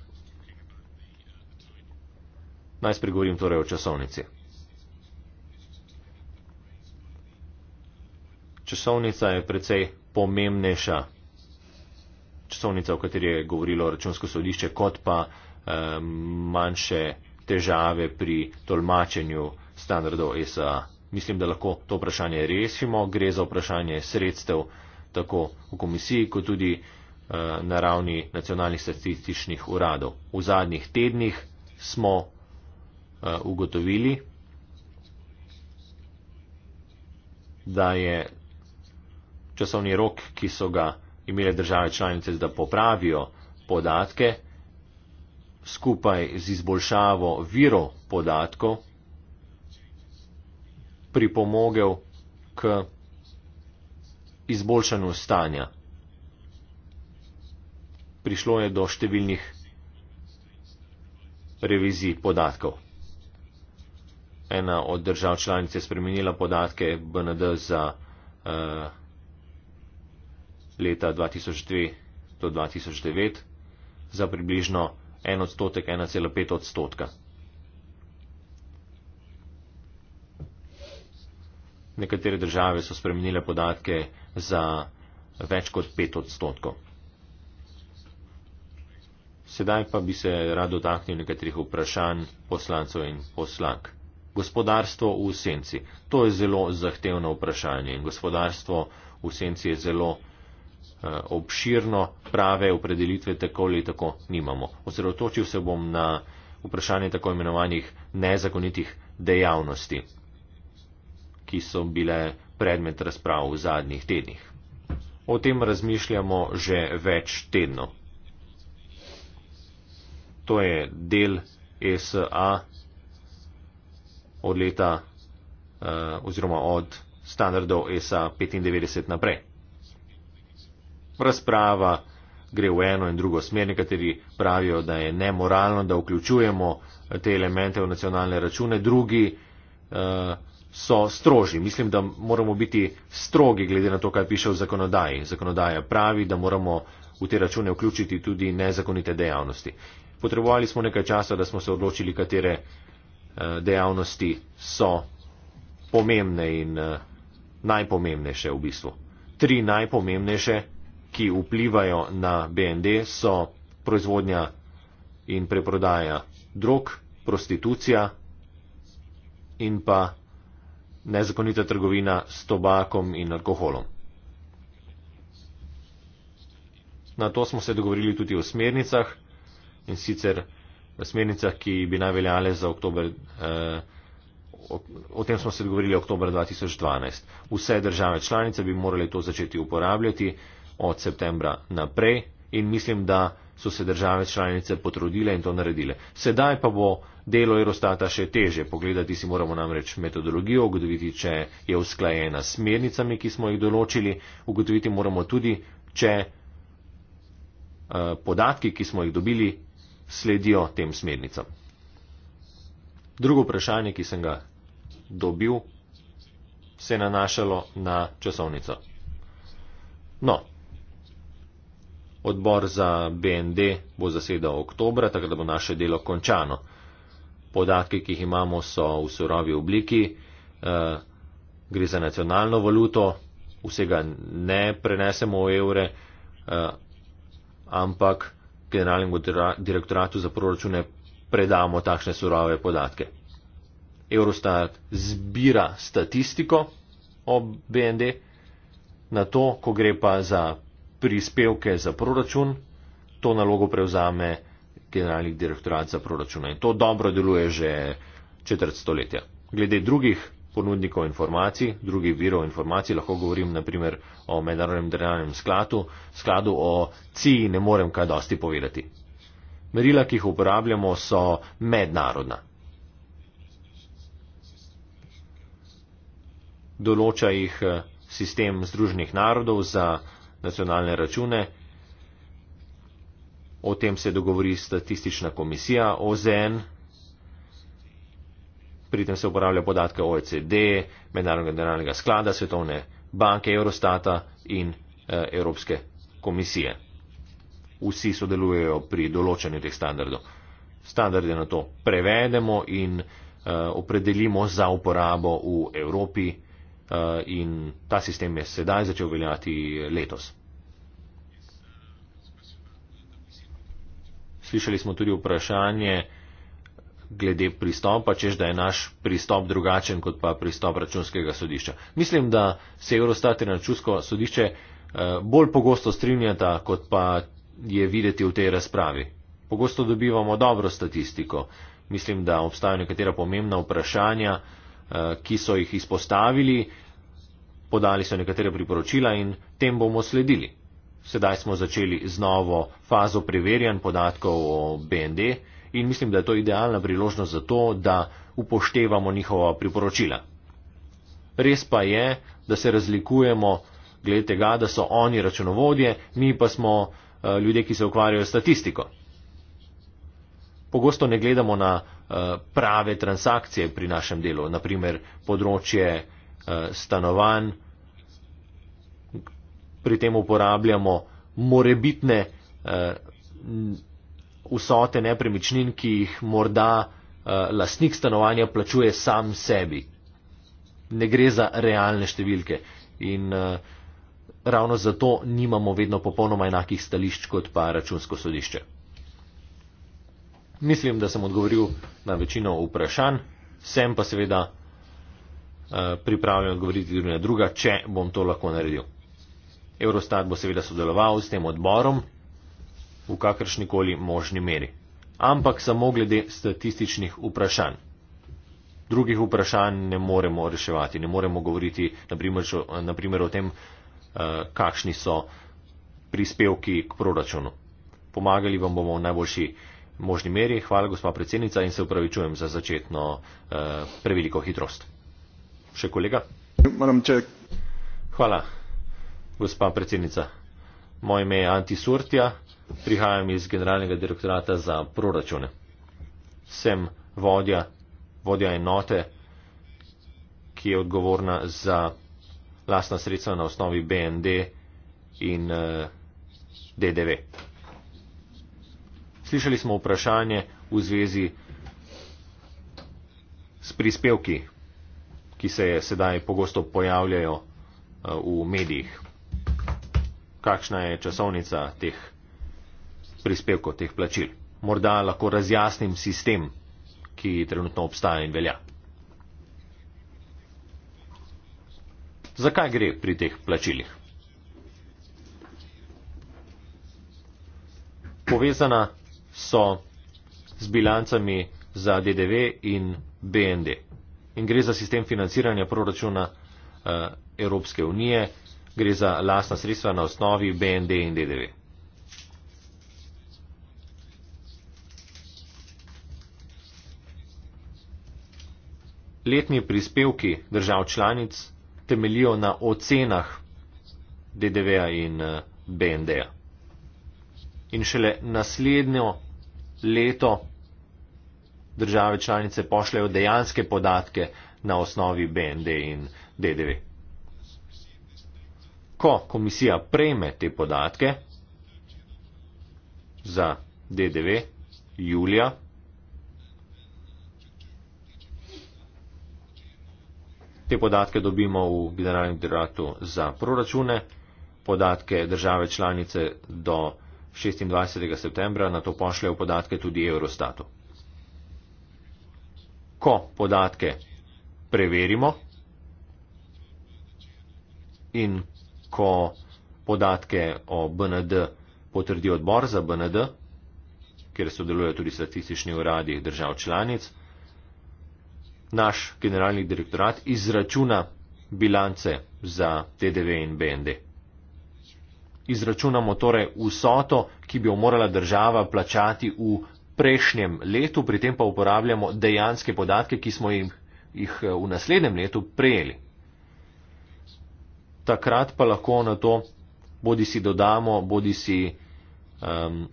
Naj spregovorim torej o časovnici. Časovnica je precej pomembnejša časovnica, o kateri je govorilo računsko sodišče, kot pa eh, manjše težave pri tolmačenju standardov SA. Mislim, da lahko to vprašanje rešimo. Gre za vprašanje sredstev tako v komisiji, kot tudi eh, na ravni nacionalnih statističnih uradov. V zadnjih tednih smo eh, ugotovili, da je časovni rok, ki so ga imele države članice, da popravijo podatke, skupaj z izboljšavo viro podatkov pripomogel k izboljšanju stanja. Prišlo je do številnih revizij podatkov. Ena od držav članic je spremenila podatke BND za uh, leta 2002-2009 za približno en odstotek 1,5 odstotka. Nekatere države so spremenile podatke za več kot 5 odstotkov. Sedaj pa bi se rad dotaknil nekaterih vprašanj poslancov in poslank. Gospodarstvo v senci. To je zelo zahtevno vprašanje in gospodarstvo v senci je zelo zahtevno. Eh, obširno prave opredelitve tako ali tako nimamo. Osredotočil se bom na vprašanje tako imenovanih nezakonitih dejavnosti, ki so bile predmet razprav v zadnjih tednih. O tem razmišljamo že več tedno. To je del SA od leta eh, oziroma od standardov SA 95 naprej razprava gre v eno in drugo smer. Nekateri pravijo, da je nemoralno, da vključujemo te elemente v nacionalne račune, drugi uh, so stroži. Mislim, da moramo biti strogi glede na to, kaj piše v zakonodaji. Zakonodaja pravi, da moramo v te račune vključiti tudi nezakonite dejavnosti. Potrebovali smo nekaj časa, da smo se odločili, katere uh, dejavnosti so pomembne in uh, najpomembnejše v bistvu. Tri najpomembnejše ki vplivajo na BND, so proizvodnja in preprodaja drog, prostitucija in pa nezakonita trgovina s tobakom in alkoholom. Na to smo se dogovorili tudi v smernicah in sicer v smernicah, ki bi naj veljale za oktober. Eh, O tem smo se dogovorili oktober 2012. Vse države članice bi morali to začeti uporabljati od septembra naprej in mislim, da so se države članice potrudile in to naredile. Sedaj pa bo delo Eurostata še teže. Pogledati si moramo namreč metodologijo, ugotoviti, če je usklajena s smernicami, ki smo jih določili, ugotoviti moramo tudi, če uh, podatki, ki smo jih dobili, sledijo tem smernicam. Drugo vprašanje, ki sem ga dobil, se je nanašalo na časovnico. No, Odbor za BND bo zasedal oktobra, tako da bo naše delo končano. Podatki, ki jih imamo, so v surovi obliki, eh, gre za nacionalno valuto, vsega ne prenesemo v evre, eh, ampak generalnemu direktoratu za proračune predamo takšne surove podatke. Eurostat zbira statistiko o BND, na to, ko gre pa za prispevke za proračun, to nalogo prevzame generalnih direktorat za proračun in to dobro deluje že četrt stoletja. Glede drugih ponudnikov informacij, drugih virov informacij, lahko govorim naprimer o mednarodnem denarnem skladu, skladu o CIA ne morem kaj dosti povedati. Merila, ki jih uporabljamo, so mednarodna. Določa jih eh, sistem Združenih narodov za nacionalne račune. O tem se dogovori statistična komisija OZN. Pri tem se uporabljajo podatke OECD, Mednarodnega generalnega sklada, Svetovne banke, Eurostata in e, Evropske komisije. Vsi sodelujejo pri določanju teh standardov. Standarde na to prevedemo in e, opredelimo za uporabo v Evropi. Eh, in ta sistem je sedaj začel veljati letos. Slišali smo tudi vprašanje glede pristopa, čež da je naš pristop drugačen kot pa pristop računskega sodišča. Mislim, da se Eurostat in računsko sodišče eh, bolj pogosto strinjata, kot pa je videti v tej razpravi. Pogosto dobivamo dobro statistiko. Mislim, da obstajajo nekatera pomembna vprašanja, Eh, ki so jih izpostavili, podali so nekatere priporočila in tem bomo sledili. Sedaj smo začeli z novo fazo preverjanj podatkov o BND in mislim, da je to idealna priložnost za to, da upoštevamo njihova priporočila. Res pa je, da se razlikujemo glede tega, da so oni računovodje, mi pa smo eh, ljudje, ki se ukvarjajo s statistiko pogosto ne gledamo na eh, prave transakcije pri našem delu, naprimer področje eh, stanovanj. Pri tem uporabljamo morebitne eh, vsote nepremičnin, ki jih morda lastnik stanovanja plačuje sam sebi. Ne gre za realne številke in ravno zato nimamo vedno popolnoma enakih stališč kot pa računsko sodišče mislim, da sem odgovoril na večino vprašanj, sem pa seveda eh, pripravljen odgovoriti tudi na druga, če bom to lahko naredil. Eurostat bo seveda sodeloval s tem odborom v kakršnikoli možni meri, ampak samo glede statističnih vprašanj. Drugih vprašanj ne moremo reševati, ne moremo govoriti naprimer, naprimer o tem, eh, kakšni so prispevki k proračunu. Pomagali vam bomo v najboljši možni meri. Hvala, gospa predsednica, in se upravičujem za začetno eh, preveliko hitrost. Še kolega? Hvala, gospa predsednica. Moje ime je Anti Surtja, prihajam iz Generalnega direktorata za proračune. Sem vodja, vodja enote, ki je odgovorna za lastna sredstva na osnovi BND in eh, DDV. Slišali smo vprašanje v zvezi s prispevki, ki se sedaj pogosto pojavljajo eh, v medijih. Kakšna je časovnica teh prispevkov, teh plačil? Morda lahko razjasnim sistem, ki trenutno obstaja in velja. Zakaj gre pri teh plačilih? Povezana so z bilancami za DDV in BND. In gre za sistem financiranja proračuna eh, Evropske unije, gre za lasna sredstva na osnovi BND in DDV. Letni prispevki držav članic temeljijo na ocenah DDV-ja in eh, BND-ja. In šele naslednjo leto države članice pošljajo dejanske podatke na osnovi BND in DDV. Ko komisija prejme te podatke za DDV julija, te podatke dobimo v generalnem diratu za proračune, podatke države članice do 26. septembra na to pošljajo podatke tudi Eurostatu. Ko podatke preverimo in ko podatke o BND potrdi odbor za BND, kjer sodelujo tudi statistični uradi držav članic, naš generalni direktorat izračuna bilance za TDV in BND izračunamo torej vsoto, ki bi jo morala država plačati v prejšnjem letu, pri tem pa uporabljamo dejanske podatke, ki smo jih, jih eh, v naslednjem letu prejeli. Takrat pa lahko na to bodi si dodamo, bodi si um, ehm,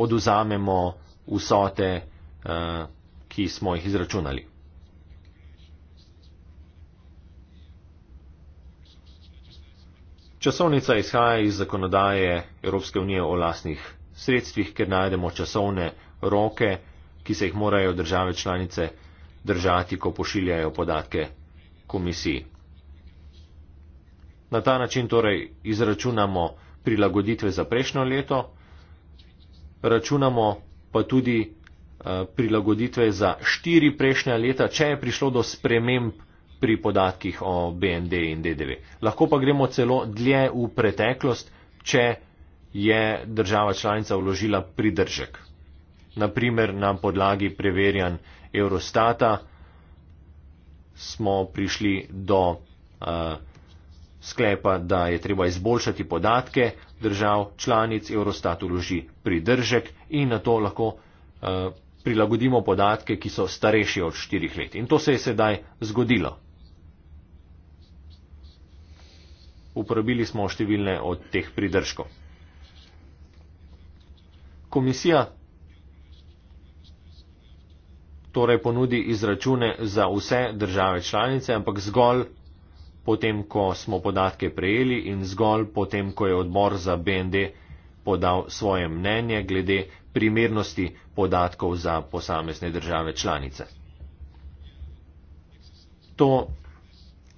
oduzamemo vsote, uh, ki smo jih izračunali. Časovnica izhaja iz zakonodaje Evropske unije o lastnih sredstvih, ker najdemo časovne roke, ki se jih morajo države članice držati, ko pošiljajo podatke komisiji. Na ta način torej izračunamo prilagoditve za prejšnjo leto, računamo pa tudi eh, prilagoditve za štiri prejšnja leta, če je prišlo do sprememb pri podatkih o BND in DDV. Lahko pa gremo celo dlje v preteklost, če je država članica vložila pridržek. Naprimer, na podlagi preverjan Eurostata smo prišli do uh, sklepa, da je treba izboljšati podatke držav članic, Eurostat vloži pridržek in na to lahko uh, prilagodimo podatke, ki so starejši od 4 let. In to se je sedaj zgodilo. uporabili smo številne od teh pridržkov. Komisija torej ponudi izračune za vse države članice, ampak zgolj potem, ko smo podatke prejeli in zgolj potem, ko je odbor za BND podal svoje mnenje glede primernosti podatkov za posamezne države članice. To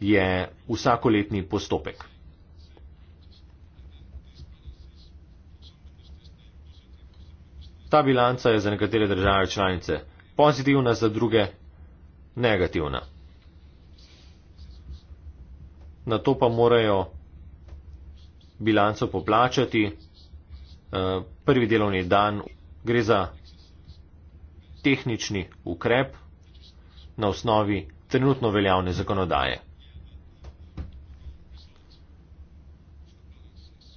je vsakoletni postopek. Ta bilanca je za nekatere države članice pozitivna, za druge negativna. Na to pa morajo bilanco poplačati eh, prvi delovni dan. Gre za tehnični ukrep na osnovi trenutno veljavne zakonodaje.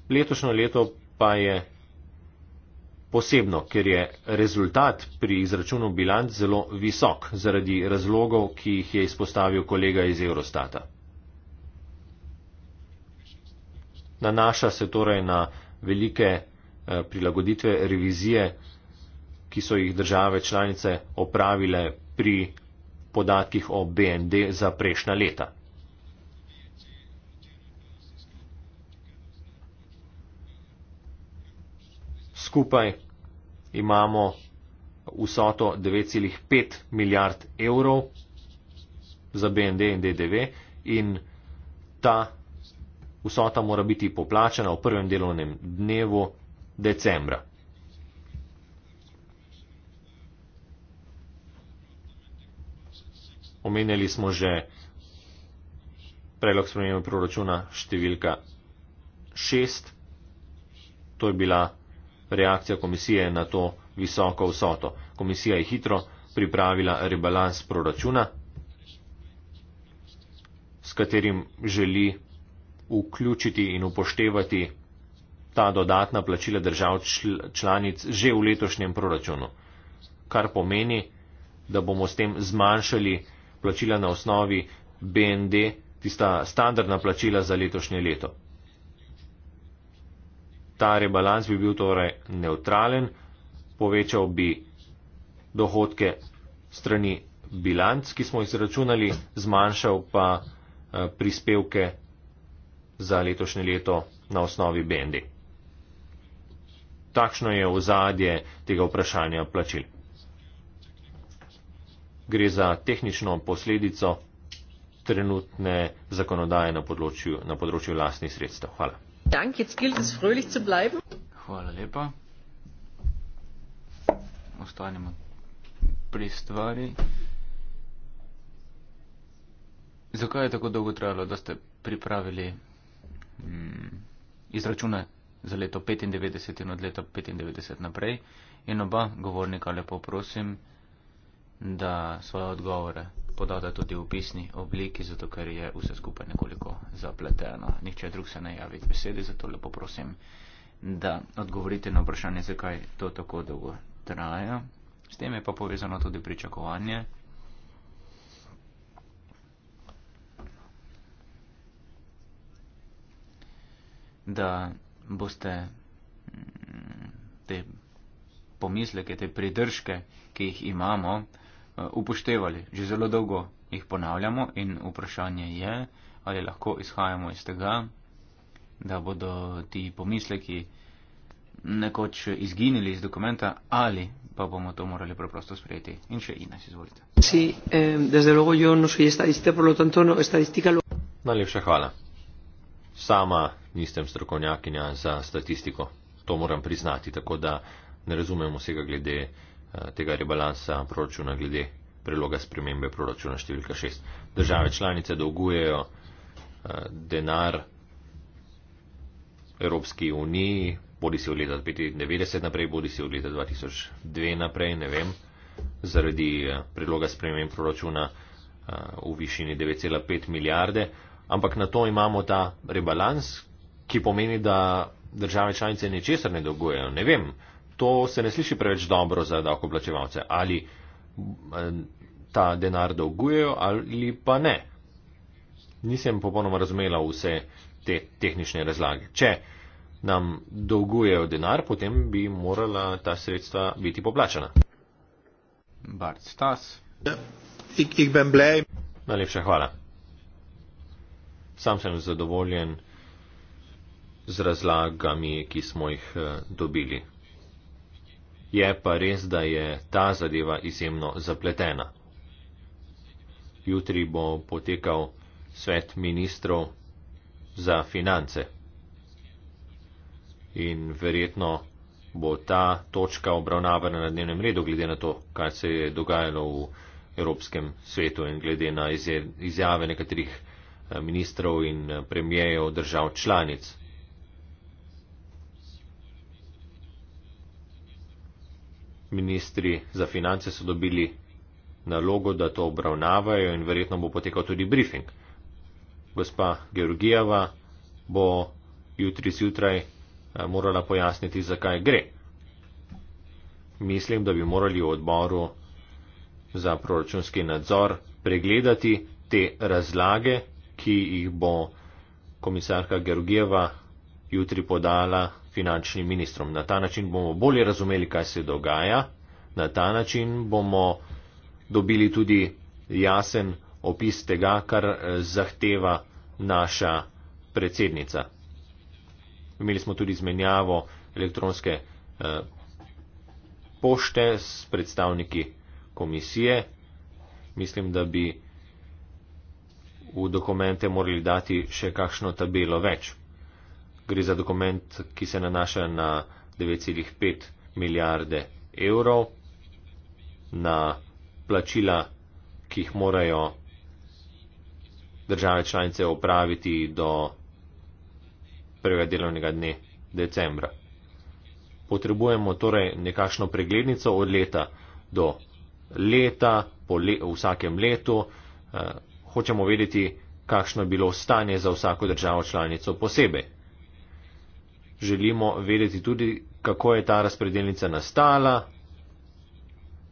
Letošnje leto pa je posebno, ker je rezultat pri izračunu bilanc zelo visok zaradi razlogov, ki jih je izpostavil kolega iz Eurostata. Nanaša se torej na velike eh, prilagoditve revizije, ki so jih države članice opravile pri podatkih o BND za prejšnja leta. Skupaj imamo vsoto 9,5 milijard evrov za BND in DDV in ta vsota mora biti poplačena v prvem delovnem dnevu decembra. Omenjali smo že predlog spremenjenja proračuna številka 6. To je bila reakcija komisije na to visoko vsoto. Komisija je hitro pripravila rebalans proračuna, s katerim želi vključiti in upoštevati ta dodatna plačila držav članic že v letošnjem proračunu, kar pomeni, da bomo s tem zmanjšali plačila na osnovi BND, tista standardna plačila za letošnje leto ta rebalans bi bil torej neutralen, povečal bi dohodke strani bilanc, ki smo jih zračunali, zmanjšal pa eh, prispevke za letošnje leto na osnovi bendi. Takšno je ozadje tega vprašanja plačil. Gre za tehnično posledico trenutne zakonodaje na področju, na področju lastnih sredstev. Hvala. Dank. Jetzt gilt es, fröhlich zu bleiben. Hvala lepa. Ostanimo pri stvari. Zakaj je tako dolgo trajalo, da ste pripravili mm, izračune za leto 95 in od leta 95 naprej? In oba govornika lepo prosim, da svoje odgovore podata tudi v pisni obliki, zato ker je vse skupaj nekoliko zapleteno. Nihče drug se ne javi v besedi, zato lepo prosim, da odgovorite na vprašanje, zakaj to tako dolgo traja. S tem je pa povezano tudi pričakovanje. da boste mm, te pomisleke, te pridržke, ki jih imamo, Eh, upoštevali. Že zelo dolgo jih ponavljamo in vprašanje je, ali lahko izhajamo iz tega, da bodo ti pomisleki nekoč izginili iz dokumenta ali pa bomo to morali preprosto sprejeti. In še Ines, izvolite. No no, Najlepša hvala. Sama nisem strokovnjakinja za statistiko. To moram priznati, tako da ne razumem vsega glede Eh, tega rebalansa proračuna glede preloga spremembe proračuna številka 6. Države članice dolgujejo eh, denar Evropski uniji, bodi si od leta 1995 naprej, bodi si od leta 2002 naprej, ne vem, zaradi eh, predloga spremembe proračuna v višini 9,5 milijarde, ampak na to imamo ta rebalans, ki pomeni, da države članice ničesar ne dolgujejo. Ne vem, to se ne sliši preveč dobro za davkoplačevalce. Ali eh, ta denar dolgujejo ali pa ne. Nisem popolnoma razumela vse te tehnične razlage. Če nam dolgujejo denar, potem bi morala ta sredstva biti poplačana. Bart Stas. Ik, ik ben blij. Najlepša hvala. Sam sem zadovoljen z razlagami, ki smo jih eh, dobili. Je pa res, da je ta zadeva izjemno zapletena. Jutri bo potekal svet ministrov za finance. In verjetno bo ta točka obravnavana na dnevnem redu, glede na to, kaj se je dogajalo v Evropskem svetu in glede na izjave nekaterih eh, ministrov in eh, premijejev držav članic. ministri za finance so dobili nalogo, da to obravnavajo in verjetno bo potekal tudi briefing. Gospa Georgijeva bo jutri zjutraj eh, morala pojasniti, zakaj gre. Mislim, da bi morali v odboru za proračunski nadzor pregledati te razlage, ki jih bo komisarka Georgijeva jutri podala finančnim ministrom. Na ta način bomo bolje razumeli, kaj se dogaja, na ta način bomo dobili tudi jasen opis tega, kar eh, zahteva naša predsednica. Imeli smo tudi izmenjavo elektronske eh, pošte s predstavniki komisije. Mislim, da bi v dokumente morali dati še kakšno tabelo več gre za dokument, ki se nanaša na 9,5 milijarde evrov, na plačila, ki jih morajo države članice opraviti do prvega delovnega dne decembra. Potrebujemo torej nekakšno preglednico od leta do leta, po le, vsakem letu. Eh, hočemo vedeti, kakšno je bilo stanje za vsako državo članico posebej želimo vedeti tudi, kako je ta razpredelnica nastala,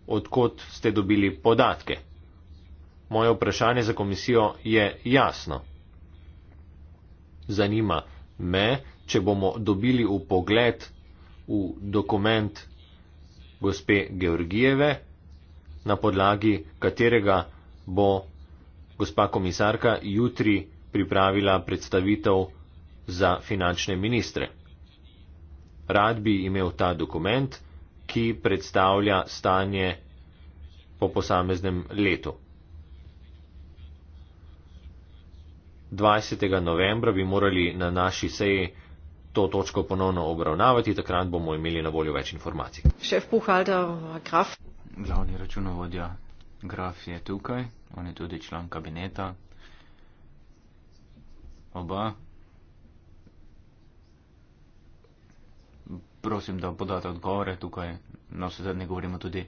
odkot ste dobili podatke. Moje vprašanje za komisijo je jasno. Zanima me, če bomo dobili v pogled v dokument gospe Georgijeve, na podlagi katerega bo gospa komisarka jutri pripravila predstavitev za finančne ministre rad bi imel ta dokument, ki predstavlja stanje po posameznem letu. 20. novembra bi morali na naši seji to točko ponovno obravnavati, takrat bomo imeli na voljo več informacij. Šef Puhalda, graf. Glavni računovodja, graf je tukaj, on je tudi član kabineta. Oba prosim, da podate odgovore tukaj. No, sedaj ne govorimo tudi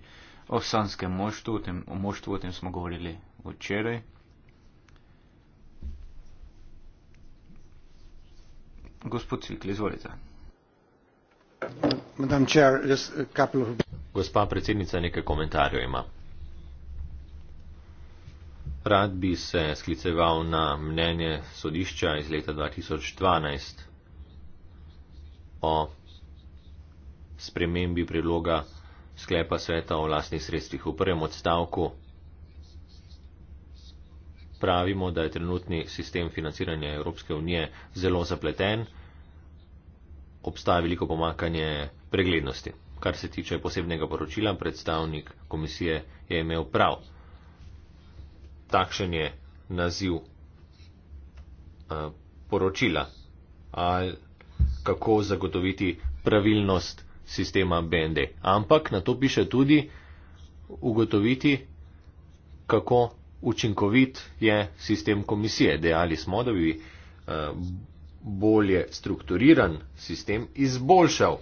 o sanskem moštvu, o, tem, o moštvu, o tem smo govorili včeraj. Gospod Cvikli, izvolite. Chair, of... Gospa predsednica, nekaj komentarjev ima. Rad bi se skliceval na mnenje sodišča iz leta 2012 o spremembi priloga sklepa sveta o vlastnih sredstvih. V prvem odstavku pravimo, da je trenutni sistem financiranja Evropske unije zelo zapleten, obstaja veliko pomakanje preglednosti. Kar se tiče posebnega poročila, predstavnik komisije je imel prav. Takšen je naziv eh, poročila, ali kako zagotoviti pravilnost sistema BND. Ampak na to piše tudi ugotoviti, kako učinkovit je sistem komisije. Dejali smo, da bi eh, bolje strukturiran sistem izboljšal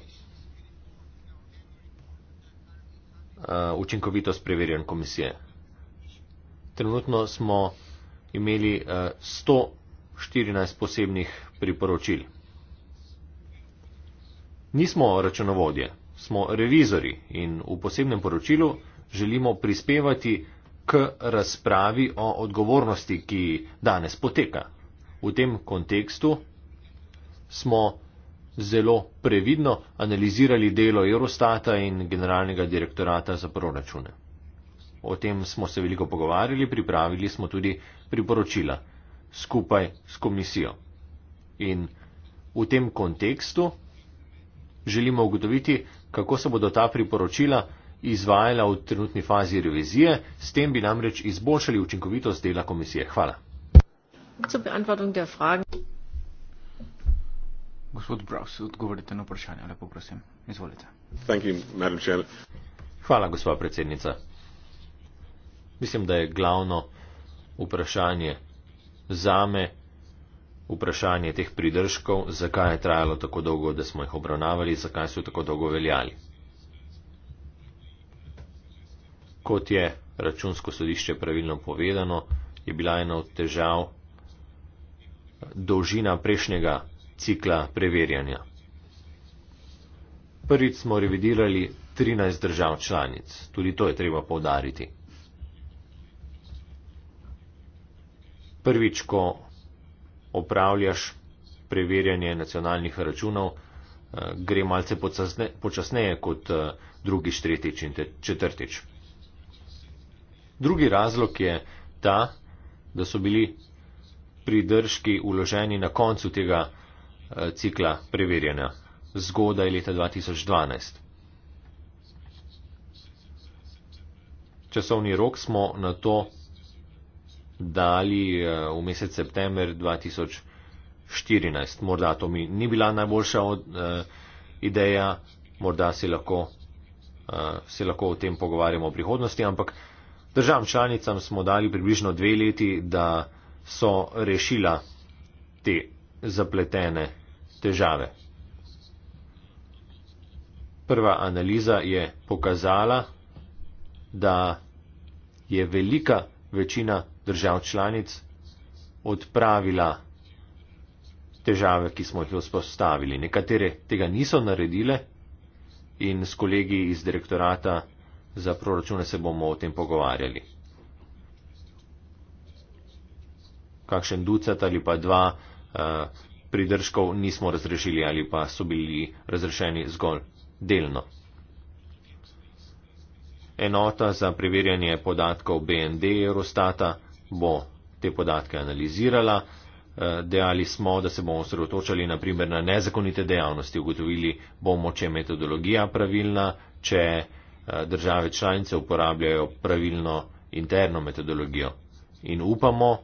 eh, učinkovitost preverjanja komisije. Trenutno smo imeli 114 eh, posebnih priporočil. Nismo računovodje, smo revizori in v posebnem poročilu želimo prispevati k razpravi o odgovornosti, ki danes poteka. V tem kontekstu smo zelo previdno analizirali delo Eurostata in Generalnega direktorata za proračune. O tem smo se veliko pogovarjali, pripravili smo tudi priporočila skupaj s komisijo. In v tem kontekstu želimo ugotoviti, kako se bodo ta priporočila izvajala v trenutni fazi revizije, s tem bi namreč izboljšali učinkovitost dela komisije. Hvala. Gospod Braus, odgovorite na vprašanje, lepo prosim. Izvolite. Hvala, gospa predsednica. Mislim, da je glavno vprašanje zame vprašanje teh pridržkov, zakaj je trajalo tako dolgo, da smo jih obravnavali, zakaj so tako dolgo veljali. Kot je računsko sodišče pravilno povedano, je bila ena od težav dolžina prejšnjega cikla preverjanja. Prvič smo revidirali 13 držav članic, tudi to je treba povdariti. Prvič, ko opravljaš preverjanje nacionalnih računov, eh, gre malce počasne, počasneje kot eh, drugič, tretjič in te, četrtič. Drugi razlog je ta, da so bili pridržki uloženi na koncu tega eh, cikla preverjanja, zgodaj leta 2012. Časovni rok smo na to dali eh, v mesec september 2014. Morda to mi ni bila najboljša od, uh, ideja, morda si lahko, uh, eh, si lahko o tem pogovarjamo v prihodnosti, ampak državam članicam smo dali približno dve leti, da so rešila te zapletene težave. Prva analiza je pokazala, da je velika večina držav članic odpravila težave, ki smo jih vzpostavili. Nekatere tega niso naredile in s kolegi iz direktorata za proračune se bomo o tem pogovarjali. Kakšen ducat ali pa dva uh, pridržkov nismo razrešili ali pa so bili razrešeni zgolj delno enota za preverjanje podatkov BND Eurostata bo te podatke analizirala. Eh, dejali smo, da se bomo osredotočali naprimer na nezakonite dejavnosti, ugotovili bomo, če je metodologija pravilna, če eh, države članice uporabljajo pravilno interno metodologijo. In upamo,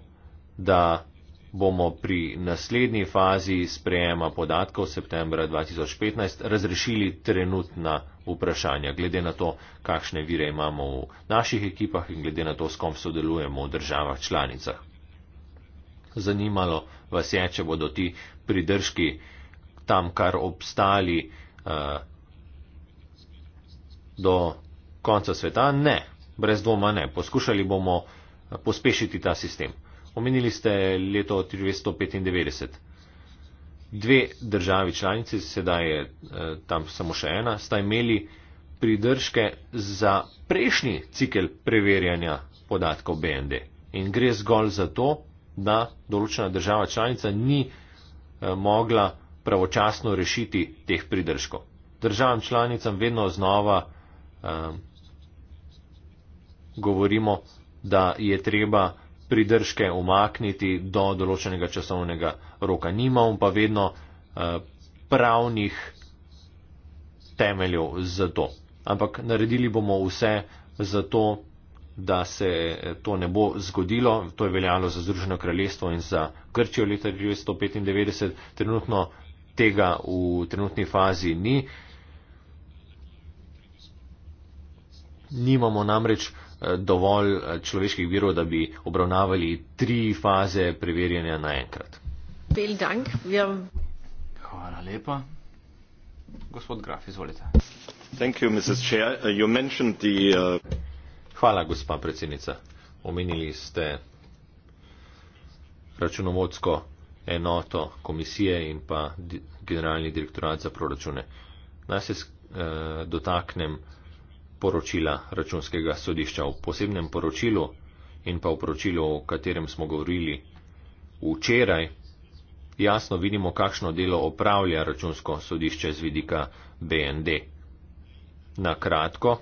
da bomo pri naslednji fazi sprejema podatkov septembra 2015 razrešili trenutna vprašanja, glede na to, kakšne vire imamo v naših ekipah in glede na to, s kom sodelujemo v državah članicah. Zanimalo vas je, če bodo ti pridržki tam, kar obstali uh, do konca sveta? Ne, brez dvoma ne. Poskušali bomo eh, pospešiti ta sistem. Omenili ste leto 1995 dve državi članici, sedaj je eh, tam samo še ena, sta imeli pridržke za prejšnji cikel preverjanja podatkov BND. In gre zgolj za to, da določena država članica ni eh, mogla pravočasno rešiti teh pridržkov. Državam članicam vedno znova um, govorimo, da je treba pridržke omakniti do določenega časovnega roka. Nimam pa vedno eh, pravnih temeljev za to. Ampak naredili bomo vse za to, da se eh, to ne bo zgodilo. To je veljalo za Združeno kraljestvo in za Grčijo leta 1995. Trenutno tega v trenutni fazi ni. Nimamo namreč Eh, dovolj eh, človeških virov, da bi obravnavali tri faze preverjanja naenkrat. Hvala lepa. Gospod Graf, izvolite. You, Chair, uh, the, uh... Hvala, gospa predsednica. Omenili ste računovodsko enoto komisije in pa di generalni direktorat za proračune. Naj se uh, dotaknem poročila računskega sodišča v posebnem poročilu in pa v poročilu, o katerem smo govorili včeraj, jasno vidimo, kakšno delo opravlja računsko sodišče z vidika BND. Na kratko,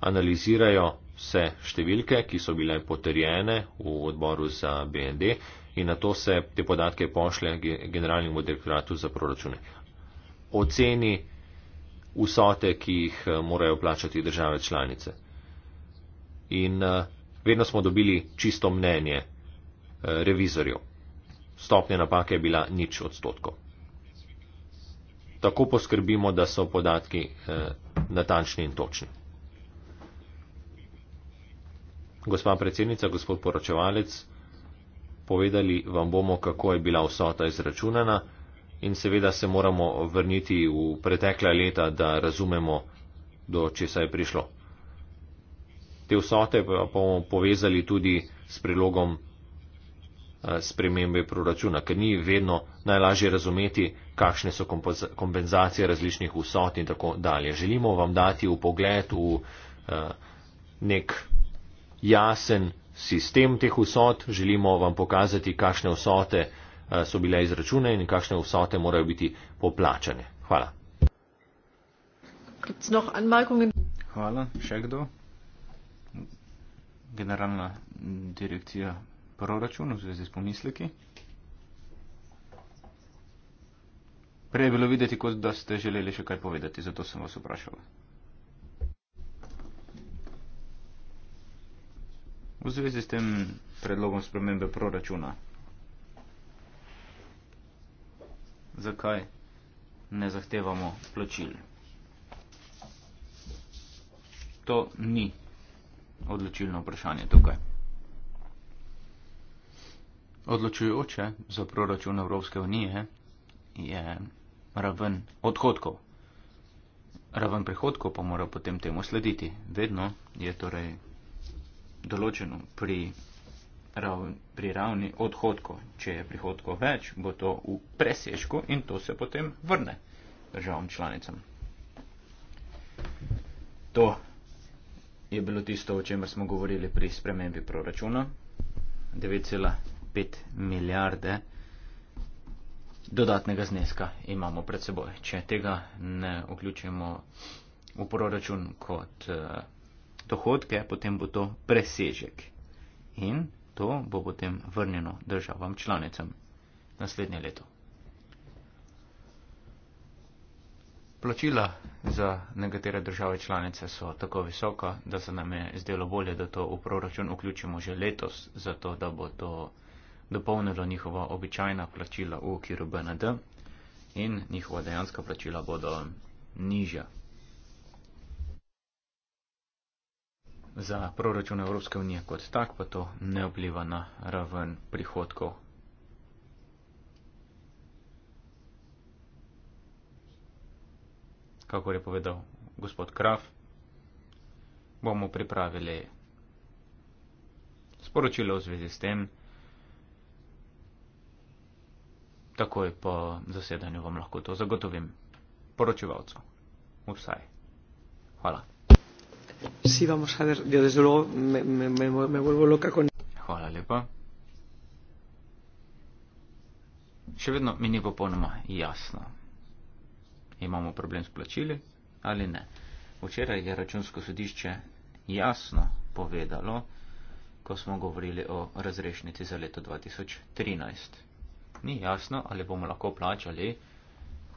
analizirajo vse številke, ki so bile potrjene v odboru za BND in na to se te podatke pošle generalnemu direktoratu za proračune. Oceni, vsote, ki jih eh, morajo plačati države članice. In eh, vedno smo dobili čisto mnenje eh, revizorju. Stopnja napake je bila nič odstotkov. Tako poskrbimo, da so podatki natančni in točni. Gospa predsednica, gospod poročevalec, povedali vam bomo, kako je bila vsota izračunana in seveda se moramo vrniti v pretekla leta, da razumemo, do česa je prišlo. Te vsote pa bomo povezali tudi s prilogom eh, spremembe proračuna, ker ni vedno najlažje razumeti, kakšne so kompenzacije različnih vsot in tako dalje. Želimo vam dati v pogled v eh, nek jasen sistem teh vsot, želimo vam pokazati, kakšne vsote Eh, so bile izračune in kakšne vsote morajo biti poplačane. Hvala. Hvala. Še kdo? Generalna direkcija proračun v zvezi s pomisleki. Prej je bilo videti, kot da ste želeli še kaj povedati, zato sem vas vprašal. V zvezi s tem predlogom spremembe proračuna, zakaj ne zahtevamo plačil. To ni odločilno vprašanje tukaj. Odločujoče za proračun Evropske unije je raven odhodkov. Raven prihodkov pa mora potem temu slediti. Vedno je torej določeno pri pri ravni odhodkov. Če je prihodkov več, bo to v presežku in to se potem vrne državam članicam. To je bilo tisto, o čemer smo govorili pri spremembi proračuna. 9,5 milijarde dodatnega zneska imamo pred seboj. Če tega ne vključimo v proračun kot eh, dohodke, potem bo to presežek. In To bo potem vrnjeno državam članicam naslednje leto. Plačila za nekatere države članice so tako visoka, da se nam je zdelo bolje, da to v proračun vključimo že letos, zato da bo to dopolnilo njihova običajna plačila v okviru BND in njihova dejanska plačila bodo nižja. za proračun Evropske unije kot tak, pa to ne vpliva na raven prihodkov. Kako je povedal gospod Kraf, bomo pripravili sporočilo v zvezi s tem. Takoj po zasedanju vam lahko to zagotovim poročevalcu. Vsaj. Hvala. Sí, vamos a ver. Yo desde luego me, me, me vuelvo loca con. Hvala lepa. Še vedno mi ni popolnoma jasno, imamo problem s plačili ali ne. Včeraj je računsko sodišče jasno povedalo, ko smo govorili o razrešnici za leto 2013. Ni jasno, ali bomo lahko plačali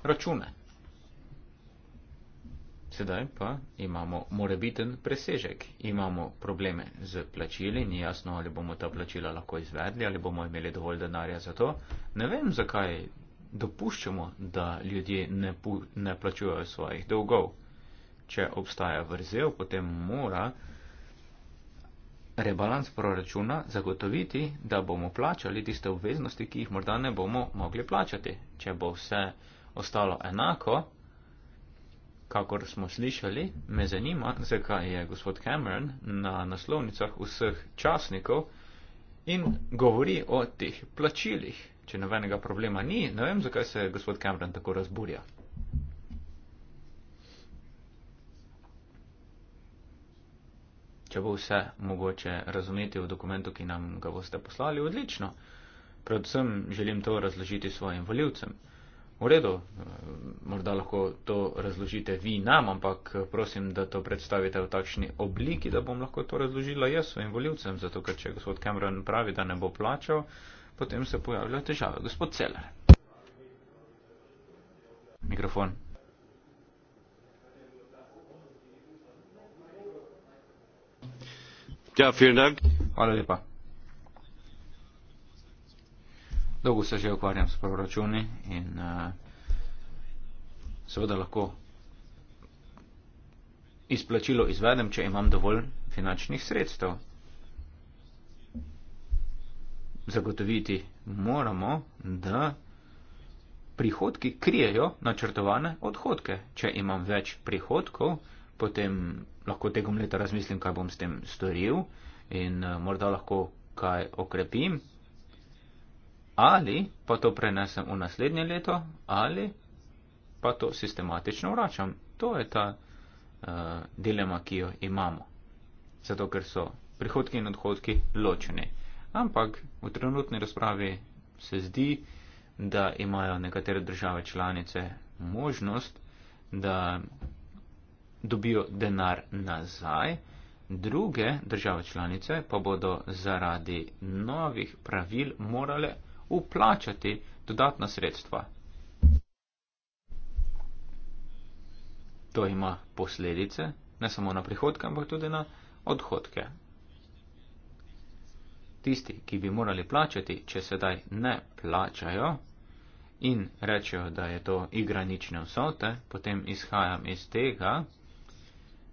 račune. Sedaj pa imamo morebiten presežek. Imamo probleme z plačili, ni jasno, ali bomo ta plačila lahko izvedli, ali bomo imeli dovolj denarja za to. Ne vem, zakaj dopuščamo, da ljudje ne, ne plačujejo svojih dolgov. Če obstaja vrzel, potem mora rebalans proračuna zagotoviti, da bomo plačali tiste obveznosti, ki jih morda ne bomo mogli plačati. Če bo vse ostalo enako, kakor smo slišali, me zanima, zakaj je gospod Cameron na naslovnicah vseh časnikov in govori o teh plačilih. Če nobenega problema ni, ne vem, zakaj se gospod Cameron tako razburja. Če bo vse mogoče razumeti v dokumentu, ki nam ga boste poslali, odlično. Predvsem želim to razložiti svojim voljivcem. V redu, morda lahko to razložite vi nam, ampak prosim, da to predstavite v takšni obliki, da bom lahko to razložila jaz svojim voljivcem, zato ker če gospod Cameron pravi, da ne bo plačal, potem se pojavljajo težave. Gospod Celer. Mikrofon. Ja, vielen Dank. Hvala lepa. dolgo se že ukvarjam s proračuni in uh, seveda lahko izplačilo izvedem, če imam dovolj finančnih sredstev. Zagotoviti moramo, da prihodki krijejo načrtovane odhodke. Če imam več prihodkov, potem lahko tekom leta razmislim, kaj bom s tem storil in uh, morda lahko kaj okrepim, ali pa to prenesem v naslednje leto, ali pa to sistematično vračam. To je ta uh, dilema, ki jo imamo. Zato, ker so prihodki in odhodki ločeni. Ampak v trenutni razpravi se zdi, da imajo nekatere države članice možnost, da dobijo denar nazaj, druge države članice pa bodo zaradi novih pravil morale uplačati dodatna sredstva. To ima posledice ne samo na prihodke, ampak tudi na odhodke. Tisti, ki bi morali plačati, če sedaj ne plačajo in rečejo, da je to igranične vsote, potem izhajam iz tega,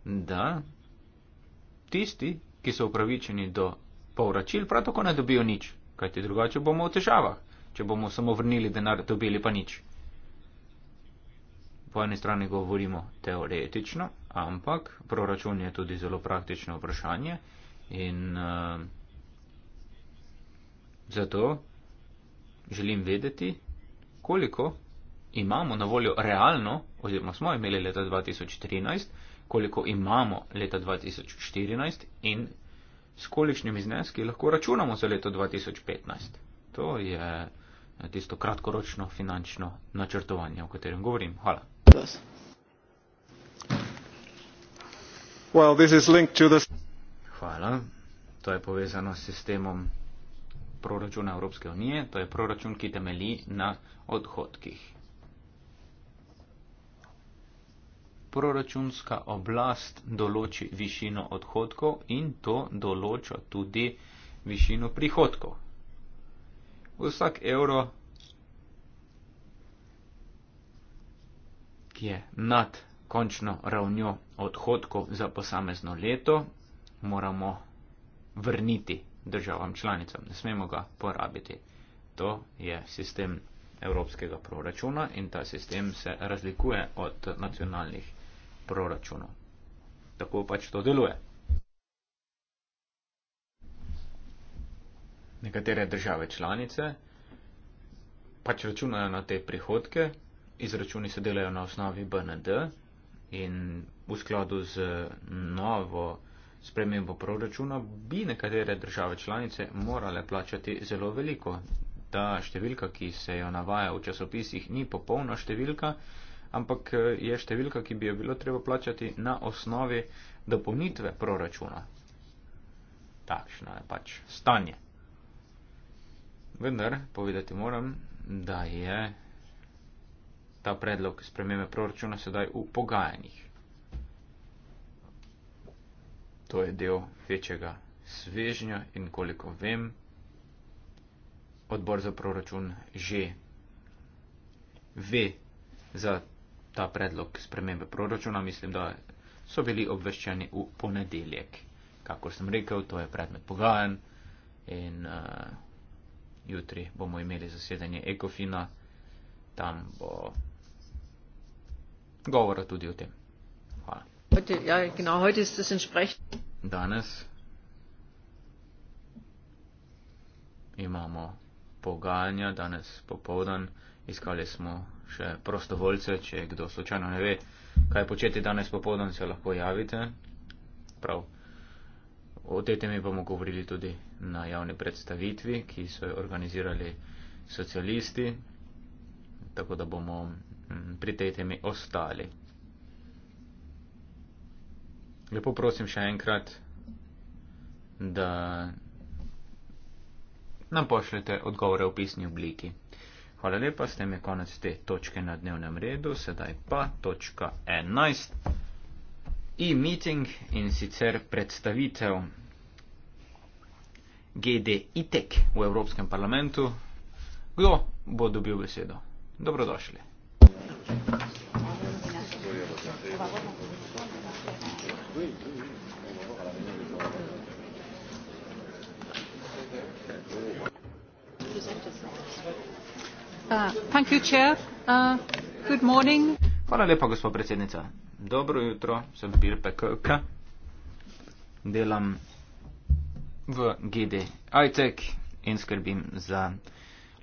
da tisti, ki so upravičeni do povračil, prav tako ne dobijo nič, kajti drugače bomo v težavah, če bomo samo vrnili denar, dobili pa nič. Po eni strani govorimo teoretično, ampak proračun je tudi zelo praktično vprašanje in uh, zato želim vedeti, koliko imamo na voljo realno, oziroma smo imeli leta 2013, koliko imamo leta 2014 in 2014 s kolikšnimi zneski lahko računamo za leto 2015. To je eh, tisto kratkoročno finančno načrtovanje, o katerem govorim. Hvala. Well, this is linked to the... Hvala. To je povezano s sistemom proračuna Evropske unije. To je proračun, ki temelji na odhodkih. proračunska oblast določi višino odhodkov in to določa tudi višino prihodkov. Vsak evro, ki je nad končno ravnjo odhodkov za posamezno leto, moramo vrniti državam članicam. Ne smemo ga porabiti. To je sistem evropskega proračuna in ta sistem se razlikuje od nacionalnih proračunu. Tako pač to deluje. Nekatere države članice pač računajo na te prihodke, izračuni se delajo na osnovi BND in v skladu z novo spremembo proračuna bi nekatere države članice morale plačati zelo veliko. Ta številka, ki se jo navaja v časopisih, ni popolna številka, ampak eh, je številka, ki bi jo bilo treba plačati na osnovi dopolnitve proračuna. Takšno je pač stanje. Vendar povedati moram, da je ta predlog spremembe proračuna sedaj v pogajanjih. To je del večjega svežnja in koliko vem, odbor za proračun že ve za ta predlog spremembe proračuna, mislim, da so bili obveščeni v ponedeljek. Kakor sem rekel, to je predmet pogajanj in uh, jutri bomo imeli zasedanje Ekofina, tam bo govora tudi o tem. Hvala. Ja, genau, heute ist das entsprechend. Danes imamo pogajanja, danes popovdan iskali smo še prostovoljce, če kdo slučajno ne ve, kaj početi danes popoldan, se lahko javite. Prav o tej temi bomo govorili tudi na javni predstavitvi, ki so jo organizirali socialisti, tako da bomo mm, pri tej temi ostali. Lepo prosim še enkrat, da nam pošljete odgovore v pisni obliki. Hvala lepa, s tem je konec te točke na dnevnem redu, sedaj pa točka 11. E-meeting in sicer predstavitev GD ITEK v Evropskem parlamentu. Kdo bo dobil besedo? Dobrodošli. Uh, uh, Hvala lepa, gospod predsednica. Dobro jutro, sem Pirpe Kölke, delam v GD ITEC in skrbim za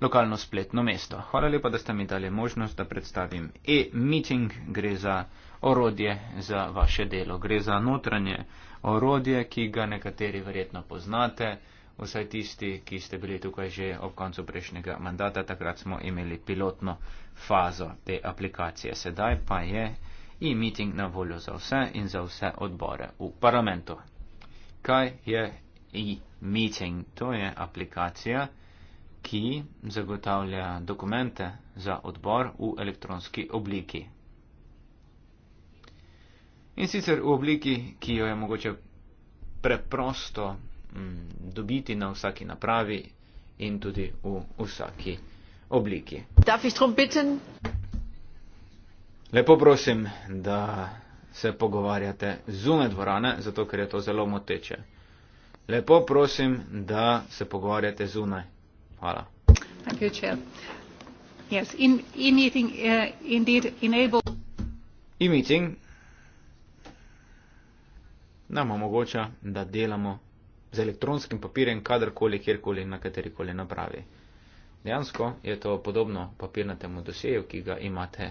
lokalno spletno mesto. Hvala lepa, da ste mi dali možnost, da predstavim e-meeting. Gre za orodje za vaše delo. Gre za notranje orodje, ki ga nekateri verjetno poznate vsaj tisti, ki ste bili tukaj že ob koncu prejšnjega mandata, takrat smo imeli pilotno fazo te aplikacije. Sedaj pa je e-meeting na voljo za vse in za vse odbore v parlamentu. Kaj je e-meeting? To je aplikacija, ki zagotavlja dokumente za odbor v elektronski obliki. In sicer v obliki, ki jo je mogoče preprosto Mm, dobiti na vsaki napravi in tudi v vsaki obliki. Lepo prosim, da se pogovarjate zune dvorane, zato ker je to zelo moteče. Lepo prosim, da se pogovarjate zunaj. Hvala. You, yes, in, in meeting, uh, enable... in meeting nam omogoča, da delamo z elektronskim papirjem kadarkoli, kjerkoli, na kateri koli napravi. Dejansko je to podobno papirnatemu doseju, ki ga imate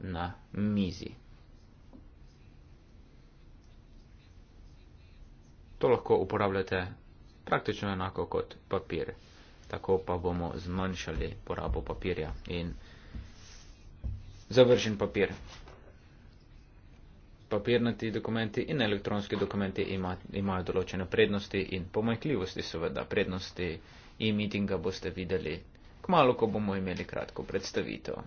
na mizi. To lahko uporabljate praktično enako kot papir. Tako pa bomo zmanjšali porabo papirja in završen papir papirnati dokumenti in elektronski dokumenti ima, imajo določene prednosti in pomanjkljivosti, seveda prednosti e-meetinga boste videli kmalo, ko bomo imeli kratko predstavitev.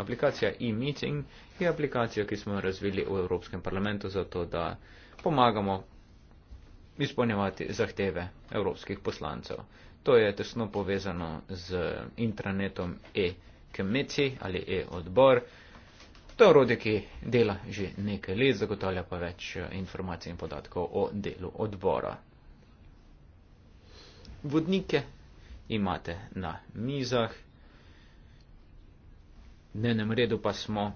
Aplikacija e-meeting je aplikacija, ki smo jo razvili v Evropskem parlamentu zato, da pomagamo izpolnjevati zahteve evropskih poslancev. To je tesno povezano z intranetom e-kemici ali e-odbor. To je orodje, ki dela že nekaj let, zagotavlja pa več eh, informacij in podatkov o delu odbora. Vodnike imate na mizah. Dnevnem redu pa smo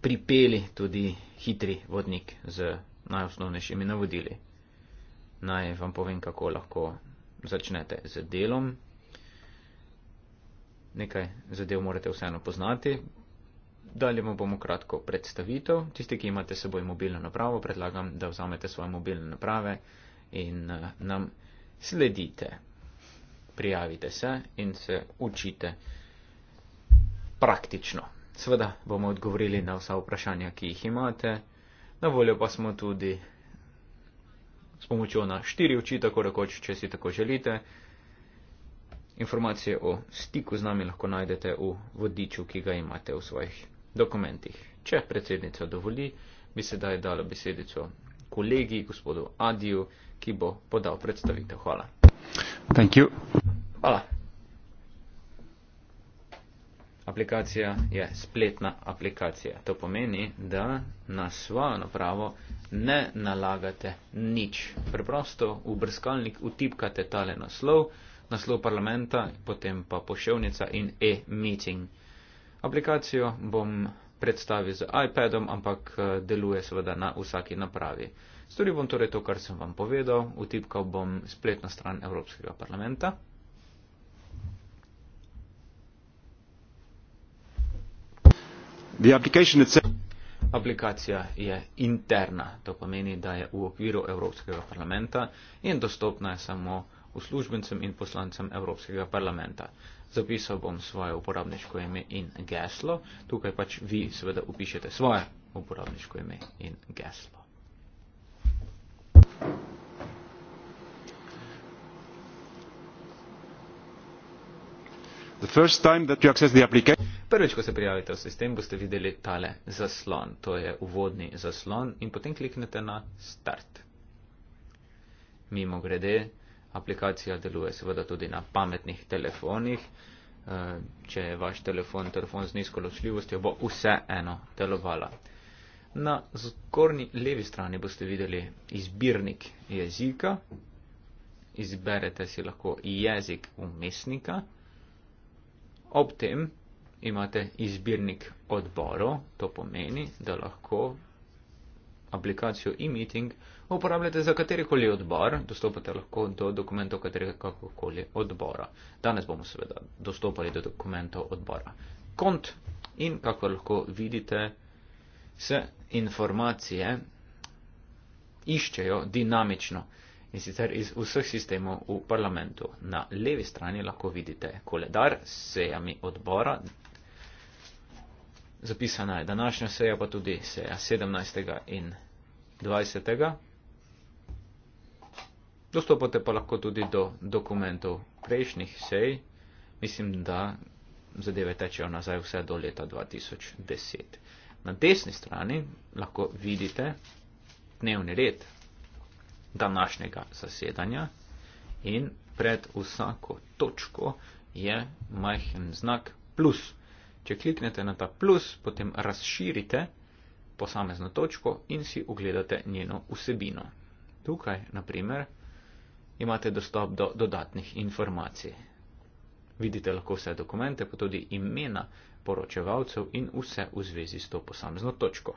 pripeli tudi hitri vodnik z najosnovnejšimi navodili. Naj vam povem, kako lahko začnete z delom. Nekaj zadev morate vseeno poznati, Dalje vam bomo kratko predstavitev. Tisti, ki imate s seboj mobilno napravo, predlagam, da vzamete svoje mobilne naprave in eh, nam sledite. Prijavite se in se učite praktično. Sveda bomo odgovorili na vsa vprašanja, ki jih imate. Na voljo pa smo tudi s pomočjo na štiri oči, tako rekoč, če si tako želite. Informacije o stiku z nami lahko najdete v vodiču, ki ga imate v svojih dokumentih. Če predsednica dovoli, bi sedaj dala besedico kolegi gospodu Adiju, ki bo podal predstavitev. Hvala. Thank you. Hvala. Aplikacija je spletna aplikacija. To pomeni, da na svojo napravo ne nalagate nič. Preprosto v brskalnik utipkate tale naslov, naslov parlamenta, potem pa pošeljnica in e-meeting. Aplikacijo bom predstavil z iPadom, ampak eh, deluje seveda na vsaki napravi. Storil bom torej to, kar sem vam povedal, utipkal bom spletno stran Evropskega parlamenta. Aplikacija je interna, to pomeni, da je v okviru Evropskega parlamenta in dostopna je samo uslužbencem in poslancem Evropskega parlamenta zapisal bom svoje uporabniško ime in geslo, tukaj pač vi seveda upišete svoje uporabniško ime in geslo. Prvič, ko se prijavite v sistem, boste videli tale zaslon. To je uvodni zaslon in potem kliknete na Start. Mimo grede, Aplikacija deluje seveda tudi na pametnih telefonih. Eh, če je vaš telefon, telefon z nizko ločljivostjo, bo vse eno delovala. Na zgornji levi strani boste videli izbirnik jezika. Izberete si lahko jezik umestnika. Ob tem imate izbirnik odborov, to pomeni, da lahko aplikacijo e-meeting uporabljate za katerikoli odbor, dostopate lahko do dokumentov katerikoli odbora. Danes bomo seveda dostopali do dokumentov odbora. Kont in kako lahko vidite, se informacije iščejo dinamično in sicer iz vseh sistemov v parlamentu. Na levi strani lahko vidite koledar s sejami odbora. Zapisana je današnja seja, pa tudi seja 17. in 20. Dostopate pa lahko tudi do dokumentov prejšnjih sej. Mislim, da zadeve tečejo nazaj vse do leta 2010. Na desni strani lahko vidite dnevni red današnjega zasedanja in pred vsako točko je majhen znak plus. Če kliknete na ta plus, potem razširite posamezno točko in si ogledate njeno vsebino. Tukaj, na primer, imate dostop do dodatnih informacij. Vidite lahko vse dokumente, pa tudi imena poročevalcev in vse v zvezi s to posamezno točko.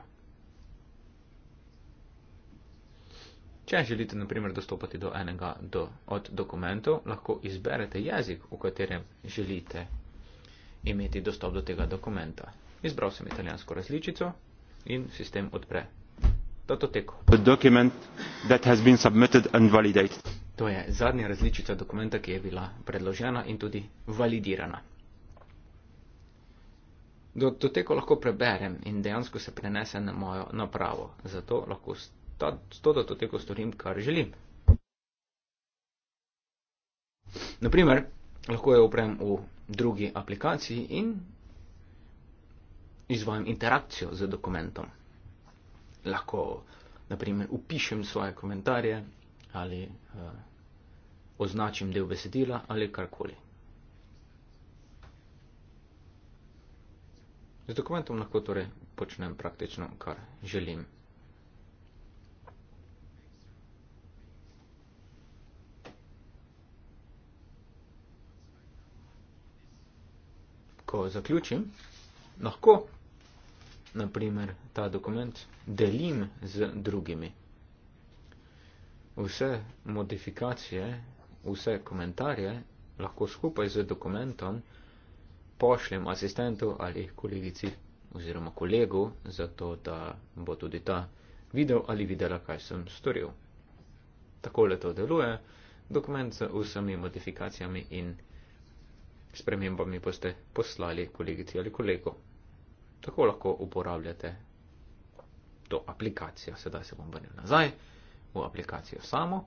Če želite naprimer dostopati do enega do, od dokumentov, lahko izberete jezik, v katerem želite imeti dostop do tega dokumenta. Izbral sem italijansko različico in sistem odpre datoteko. To je zadnja različica dokumenta, ki je bila predložena in tudi validirana. Do, do teko lahko preberem in dejansko se prenese na mojo napravo, zato lahko s to datoteko storim, kar želim. Naprimer, lahko jo uprem v drugi aplikaciji in izvajam interakcijo z dokumentom. Lahko, naprimer, upišem svoje komentarje ali uh, označim del besedila ali karkoli. Z dokumentom lahko torej počnem praktično, kar želim. Ko zaključim, lahko, naprimer, ta dokument delim z drugimi vse modifikacije, vse komentarje lahko skupaj z dokumentom pošljem asistentu ali kolegici oziroma kolegu, zato da bo tudi ta videl ali videla, kaj sem storil. Takole to deluje, dokument z vsemi modifikacijami in spremembami boste poslali kolegici ali kolegu. Tako lahko uporabljate to aplikacijo. Sedaj se bom vrnil nazaj v aplikacijo samo.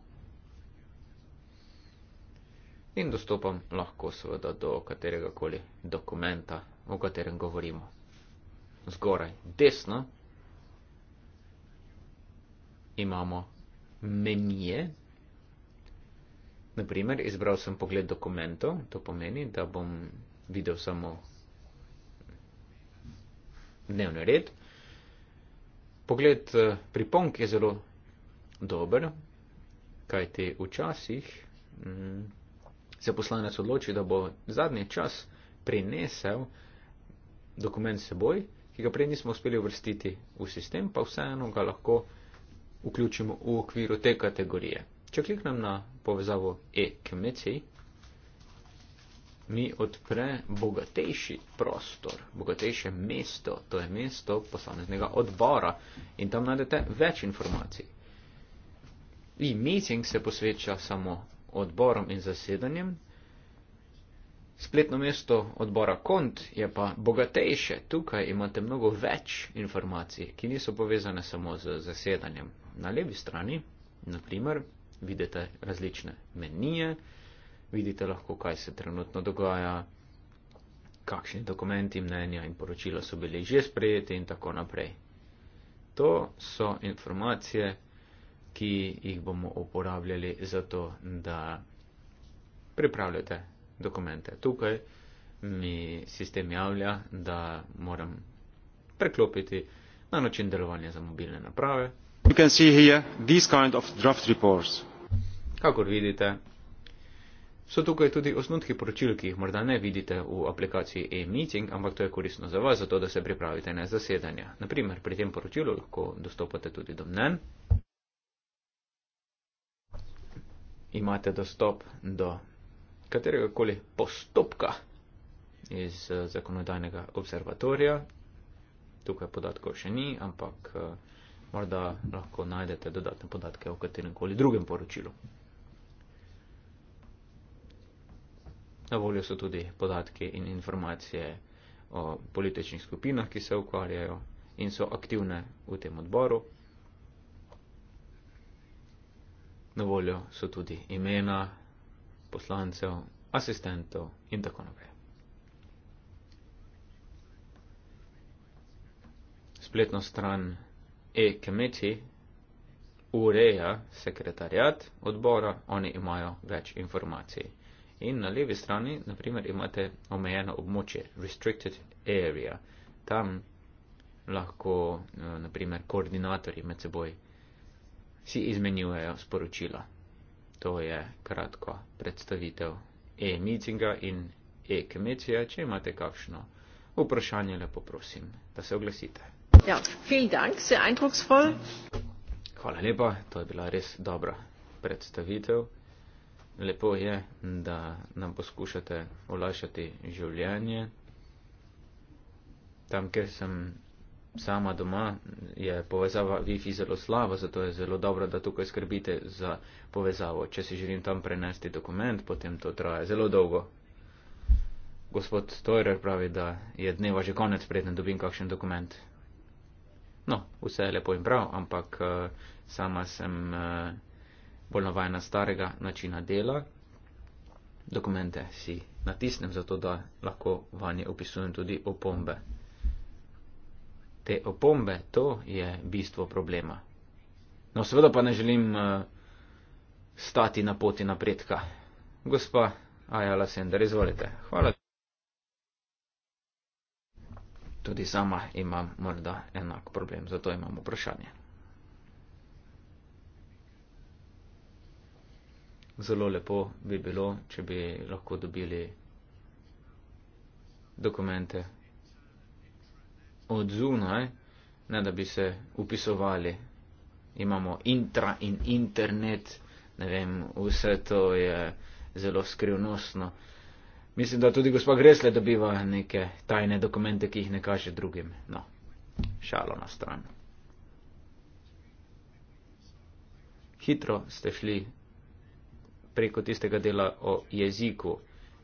In dostopam lahko seveda do katerega koli dokumenta, o katerem govorimo. Zgoraj desno imamo menije. Naprimer, izbral sem pogled dokumentov, to pomeni, da bom videl samo dnevni red. Pogled eh, pripomk je zelo dober, kaj ti včasih mm, se poslanec odloči, da bo zadnji čas prinesel dokument seboj, ki ga prej nismo uspeli uvrstiti v sistem, pa vseeno ga lahko vključimo v okviru te kategorije. Če kliknem na povezavo e-kmeci, mi odpre bogatejši prostor, bogatejše mesto, to je mesto poslanecnega odbora in tam najdete več informacij in meeting se posveča samo odborom in zasedanjem. Spletno mesto odbora Kont je pa bogatejše. Tukaj imate mnogo več informacij, ki niso povezane samo z zasedanjem. Na levi strani, na primer, vidite različne menije, vidite lahko, kaj se trenutno dogaja, kakšni dokumenti, mnenja in poročila so bili že sprejeti in tako naprej. To so informacije, ki jih bomo uporabljali za to, da pripravljate dokumente. Tukaj mi sistem javlja, da moram preklopiti na način delovanja za mobilne naprave. Kind of Kakor vidite, so tukaj tudi osnutki poročil, ki jih morda ne vidite v aplikaciji e-meeting, ampak to je koristno za vas, zato da se pripravite na zasedanja. Naprimer, pri tem poročilu lahko dostopate tudi do mnen imate dostop do katerega koli postopka iz eh, zakonodajnega observatorija. Tukaj podatkov še ni, ampak eh, morda lahko najdete dodatne podatke o katerem koli drugem poročilu. Na voljo so tudi podatke in informacije o političnih skupinah, ki se ukvarjajo in so aktivne v tem odboru. Na voljo so tudi imena poslancev, asistentov in tako naprej. Spletno stran e-kemeti ureja sekretarjat odbora, oni imajo več informacij. In na levi strani, naprimer, imate omejeno območje, restricted area. Tam lahko, eh, naprimer, koordinatorji med seboj si izmenjujejo sporočila. To je kratko predstavitev e-meetinga in e-kemecija. Če imate kakšno vprašanje, lepo prosim, da se oglasite. Ja, dank, Hvala lepa, to je bila res dobra predstavitev. Lepo je, da nam poskušate olajšati življenje. Tam, kjer sem sama doma je povezava Wi-Fi zelo slaba, zato je zelo dobro, da tukaj skrbite za povezavo. Če si želim tam prenesti dokument, potem to traja zelo dolgo. Gospod Stoirer pravi, da je dneva že konec, preden dobim kakšen dokument. No, vse je lepo in prav, ampak uh, sama sem uh, bolj navajena starega načina dela. Dokumente si natisnem, zato da lahko vanje opisujem tudi opombe te opombe, to je bistvo problema. No, seveda pa ne želim uh, stati na poti napredka. Gospa Ajala Sender, izvolite. Hvala. Tudi sama imam morda enak problem, zato imam vprašanje. Zelo lepo bi bilo, če bi lahko dobili dokumente od zunaj, ne da bi se upisovali. Imamo intra in internet, ne vem, vse to je zelo skrivnostno. Mislim, da tudi gospod Gresle dobiva neke tajne dokumente, ki jih ne kaže drugim. No, šalo na stran. Hitro ste šli preko tistega dela o jeziku.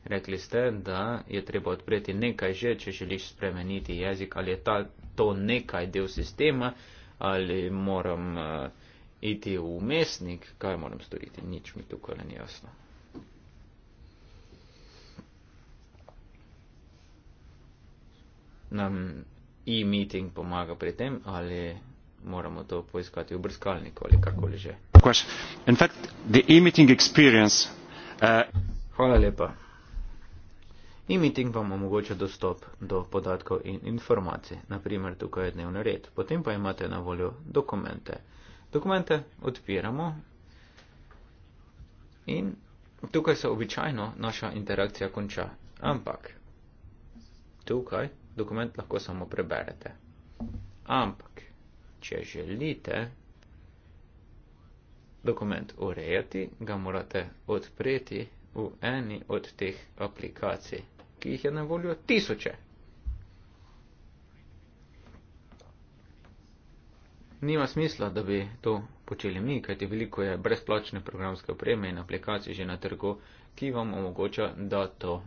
Rekli ste, da je treba odpreti nekaj že, če želiš spremeniti jezik, ali je ta, to nekaj del sistema, ali moram uh, iti v umestnik, kaj moram storiti, nič mi tukaj ni jasno. Nam e-meeting pomaga pri tem, ali moramo to poiskati v brskalniku ali kakoli že. Eh, Hvala lepa. E-meeting vam omogoča dostop do podatkov in informacij, naprimer tukaj je dnevni red, potem pa imate na voljo dokumente. Dokumente odpiramo in tukaj se običajno naša interakcija konča, ampak tukaj dokument lahko samo preberete. Ampak, če želite dokument urejati, ga morate odpreti v eni od teh aplikacij ki jih je na voljo tisoče. Nima smisla, da bi to počeli mi, kajti veliko je brezplačne programske opreme in aplikacij že na trgu, ki vam omogoča, da to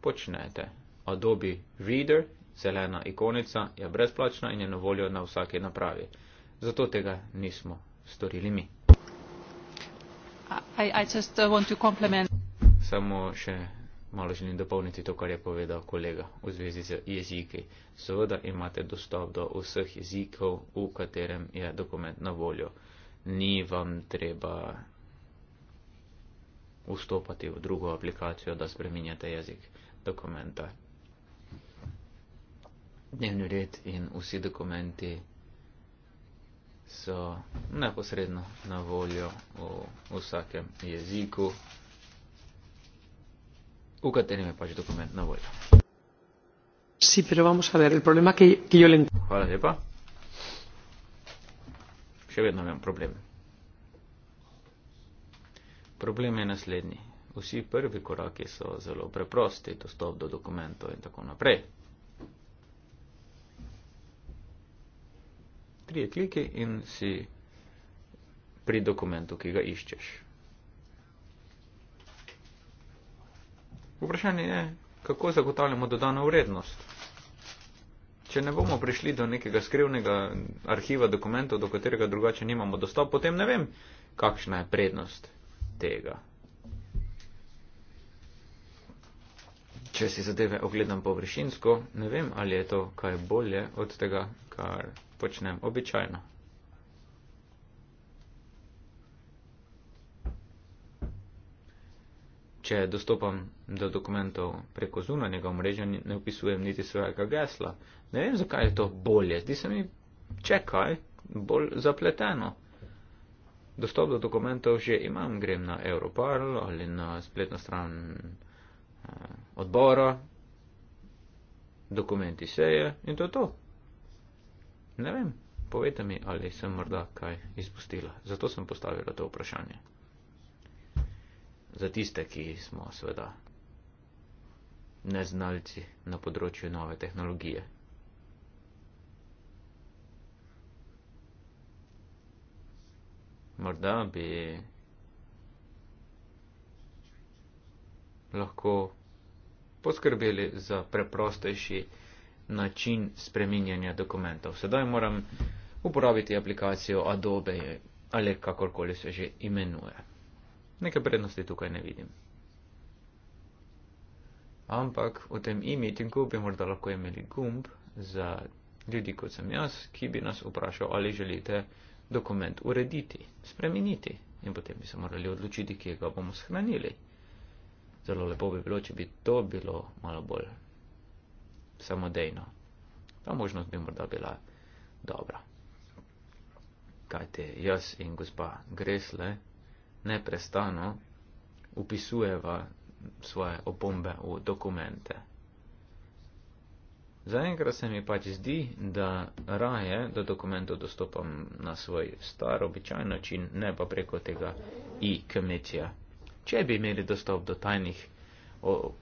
počnete. Adobe Reader, zelena ikonica, je brezplačna in je na voljo na vsaki napravi. Zato tega nismo storili mi. I, I just, uh, Samo še malo želim dopolniti to, kar je povedal kolega v zvezi z jeziki. Seveda imate dostop do vseh jezikov, v katerem je dokument na voljo. Ni vam treba vstopati v drugo aplikacijo, da spreminjate jezik dokumenta. Dnevni red in vsi dokumenti so neposredno na voljo v vsakem jeziku u ka tenim pač dokument na voljo. Sí, pero vamos a ver, el problema que, que yo le encuentro. Hvala lepa. Še vedno imam problem. Problem je naslednji. Vsi prvi koraki so zelo preprosti, dostop do dokumentov in tako naprej. Trije kliki in si pri dokumentu, ki ga iščeš. Vprašanje je, kako zagotavljamo dodano vrednost. Če ne bomo prišli do nekega skrivnega arhiva dokumentov, do katerega drugače nimamo dostop, potem ne vem, kakšna je prednost tega. Če si zadeve ogledam površinsko, ne vem, ali je to kaj bolje od tega, kar počnem običajno. Če dostopam da dokumentov preko zunanjega omrežja ne upisujem niti svojega gesla. Ne vem, zakaj je to bolje. Zdi se mi, čekaj, bolj zapleteno. Dostop do dokumentov že imam, grem na Europarl ali na spletno stran eh, odbora, dokumenti seje in to je to. Ne vem, povejte mi, ali sem morda kaj izpustila. Zato sem postavila to vprašanje. Za tiste, ki smo seveda neznalci na področju nove tehnologije. Morda bi lahko poskrbeli za preprostejši način spreminjanja dokumentov. Sedaj moram uporabiti aplikacijo Adobe ali kakorkoli se že imenuje. Neke prednosti tukaj ne vidim ampak v tem e-meetingu bi morda lahko imeli gumb za ljudi kot sem jaz, ki bi nas vprašal, ali želite dokument urediti, spremeniti in potem bi se morali odločiti, kje ga bomo shranili. Zelo lepo bi bilo, če bi to bilo malo bolj samodejno. Ta možnost bi morda bila dobra. Kajte, jaz in gospa Gresle neprestano upisujeva svoje opombe v dokumente. Zaenkrat se mi pač zdi, da raje do dokumentov dostopam na svoj star običajen način, ne pa preko tega e-kmetja. Če bi imeli dostop do tajnih o,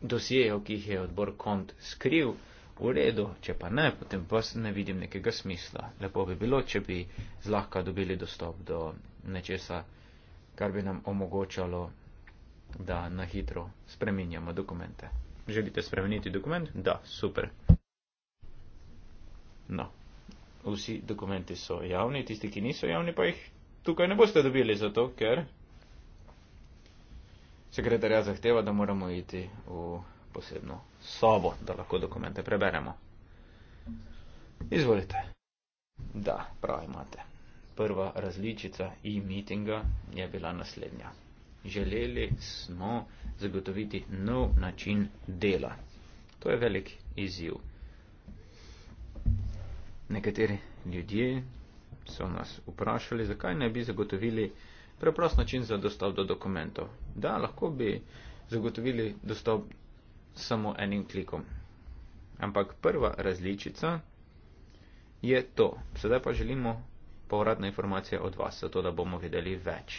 dosijev, ki jih je odbor kont skril, v redu, če pa ne, potem pa ne vidim nekega smisla. Lepo bi bilo, če bi zlahka dobili dostop do nečesa kar bi nam omogočalo, da na hitro spreminjamo dokumente. Želite spremeniti dokument? Da, super. No, vsi dokumenti so javni, tisti, ki niso javni, pa jih tukaj ne boste dobili, zato ker sekretarja zahteva, da moramo iti v posebno sobo, da lahko dokumente preberemo. Izvolite. Da, prav imate prva različica e-meetinga je bila naslednja. Želeli smo zagotoviti nov način dela. To je velik izziv. Nekateri ljudje so nas vprašali, zakaj ne bi zagotovili preprost način za dostop do dokumentov. Da, lahko bi zagotovili dostop samo enim klikom. Ampak prva različica je to. Sedaj pa želimo povratna informacija od vas, zato da bomo videli več.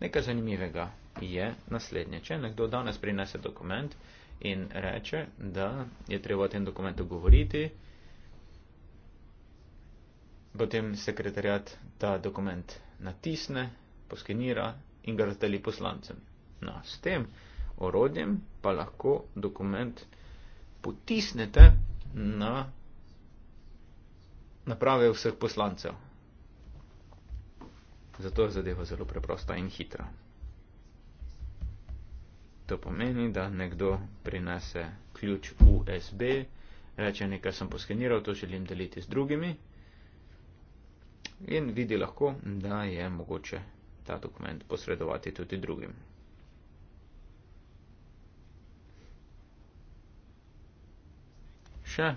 Nekaj zanimivega je naslednje. Če nekdo danes prinese dokument in reče, da je treba o tem dokumentu govoriti, potem sekretarjat ta dokument natisne, poskenira in ga razdeli poslancem. No, s tem orodjem pa lahko dokument potisnete na naprave vseh poslancev. Zato je zadeva zelo preprosta in hitra. To pomeni, da nekdo prinese ključ USB, reče nekaj sem poskeniral, to želim deliti z drugimi in vidi lahko, da je mogoče ta dokument posredovati tudi drugim. Še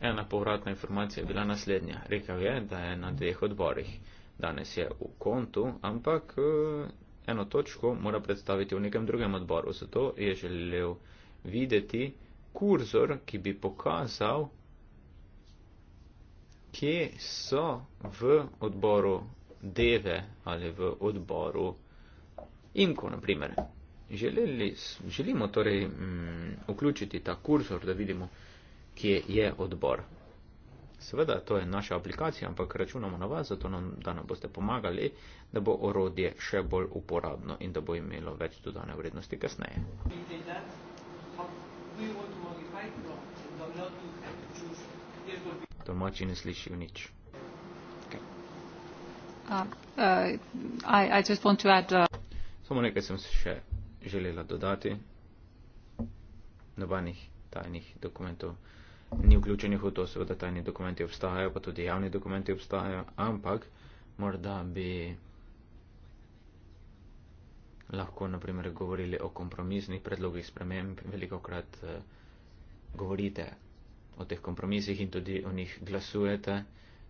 ena povratna informacija je bila naslednja. Rekel je, da je na dveh odborih danes je v kontu, ampak eh, eno točko mora predstaviti v nekem drugem odboru. Zato je želel videti kurzor, ki bi pokazal, kje so v odboru deve ali v odboru imko, na primer. Želimo torej m, mm, vključiti ta kurzor, da vidimo, kje je odbor. Seveda, to je naša aplikacija, ampak računamo na vas, zato nam, da nam boste pomagali, da bo orodje še bolj uporabno in da bo imelo več dodane vrednosti kasneje. Tomači ne slišijo nič. Okay. Uh, uh, I, I to add, uh... Samo nekaj sem še želela dodati. Nobenih tajnih dokumentov ni vključenih v to, seveda tajni dokumenti obstajajo, pa tudi javni dokumenti obstajajo, ampak morda bi lahko, naprimer, govorili o kompromisnih predlogih sprememb. Veliko krat eh, govorite o teh kompromisih in tudi o njih glasujete.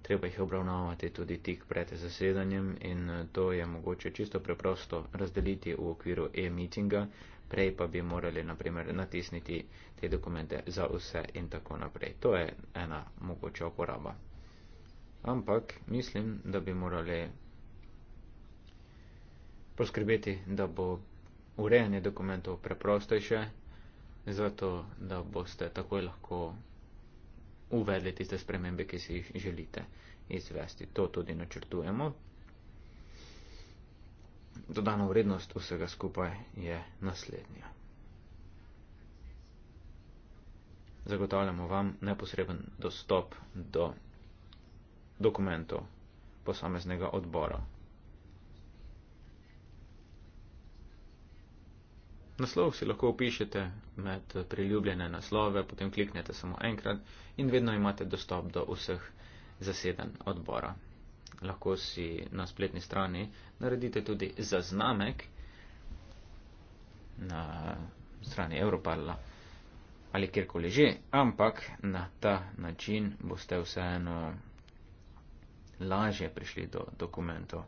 Treba jih obravnavati tudi tik pred zasedanjem in eh, to je mogoče čisto preprosto razdeliti v okviru e-meetinga prej pa bi morali naprimer natisniti te dokumente za vse in tako naprej. To je ena mogoča uporaba. Ampak mislim, da bi morali poskrbeti, da bo urejanje dokumentov preprostejše, zato da boste takoj lahko uvedli tiste spremembe, ki si jih želite izvesti. To tudi načrtujemo dodana vrednost vsega skupaj je naslednja. Zagotavljamo vam neposreben dostop do dokumentov posameznega odbora. Naslov si lahko upišete med priljubljene naslove, potem kliknete samo enkrat in vedno imate dostop do vseh zaseden odbora lahko si na spletni strani naredite tudi zaznamek na strani Europarla ali kjerkoli že, ampak na ta način boste vseeno lažje prišli do dokumentov.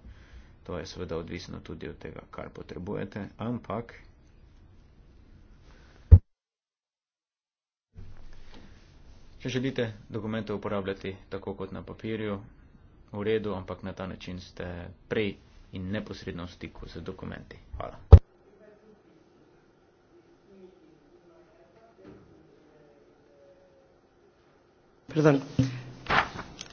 To je seveda odvisno tudi od tega, kar potrebujete, ampak. Če želite dokumente uporabljati tako kot na papirju, v redu, ampak na ta način ste prej in neposredno v stiku z dokumenti. Hvala. Perdón.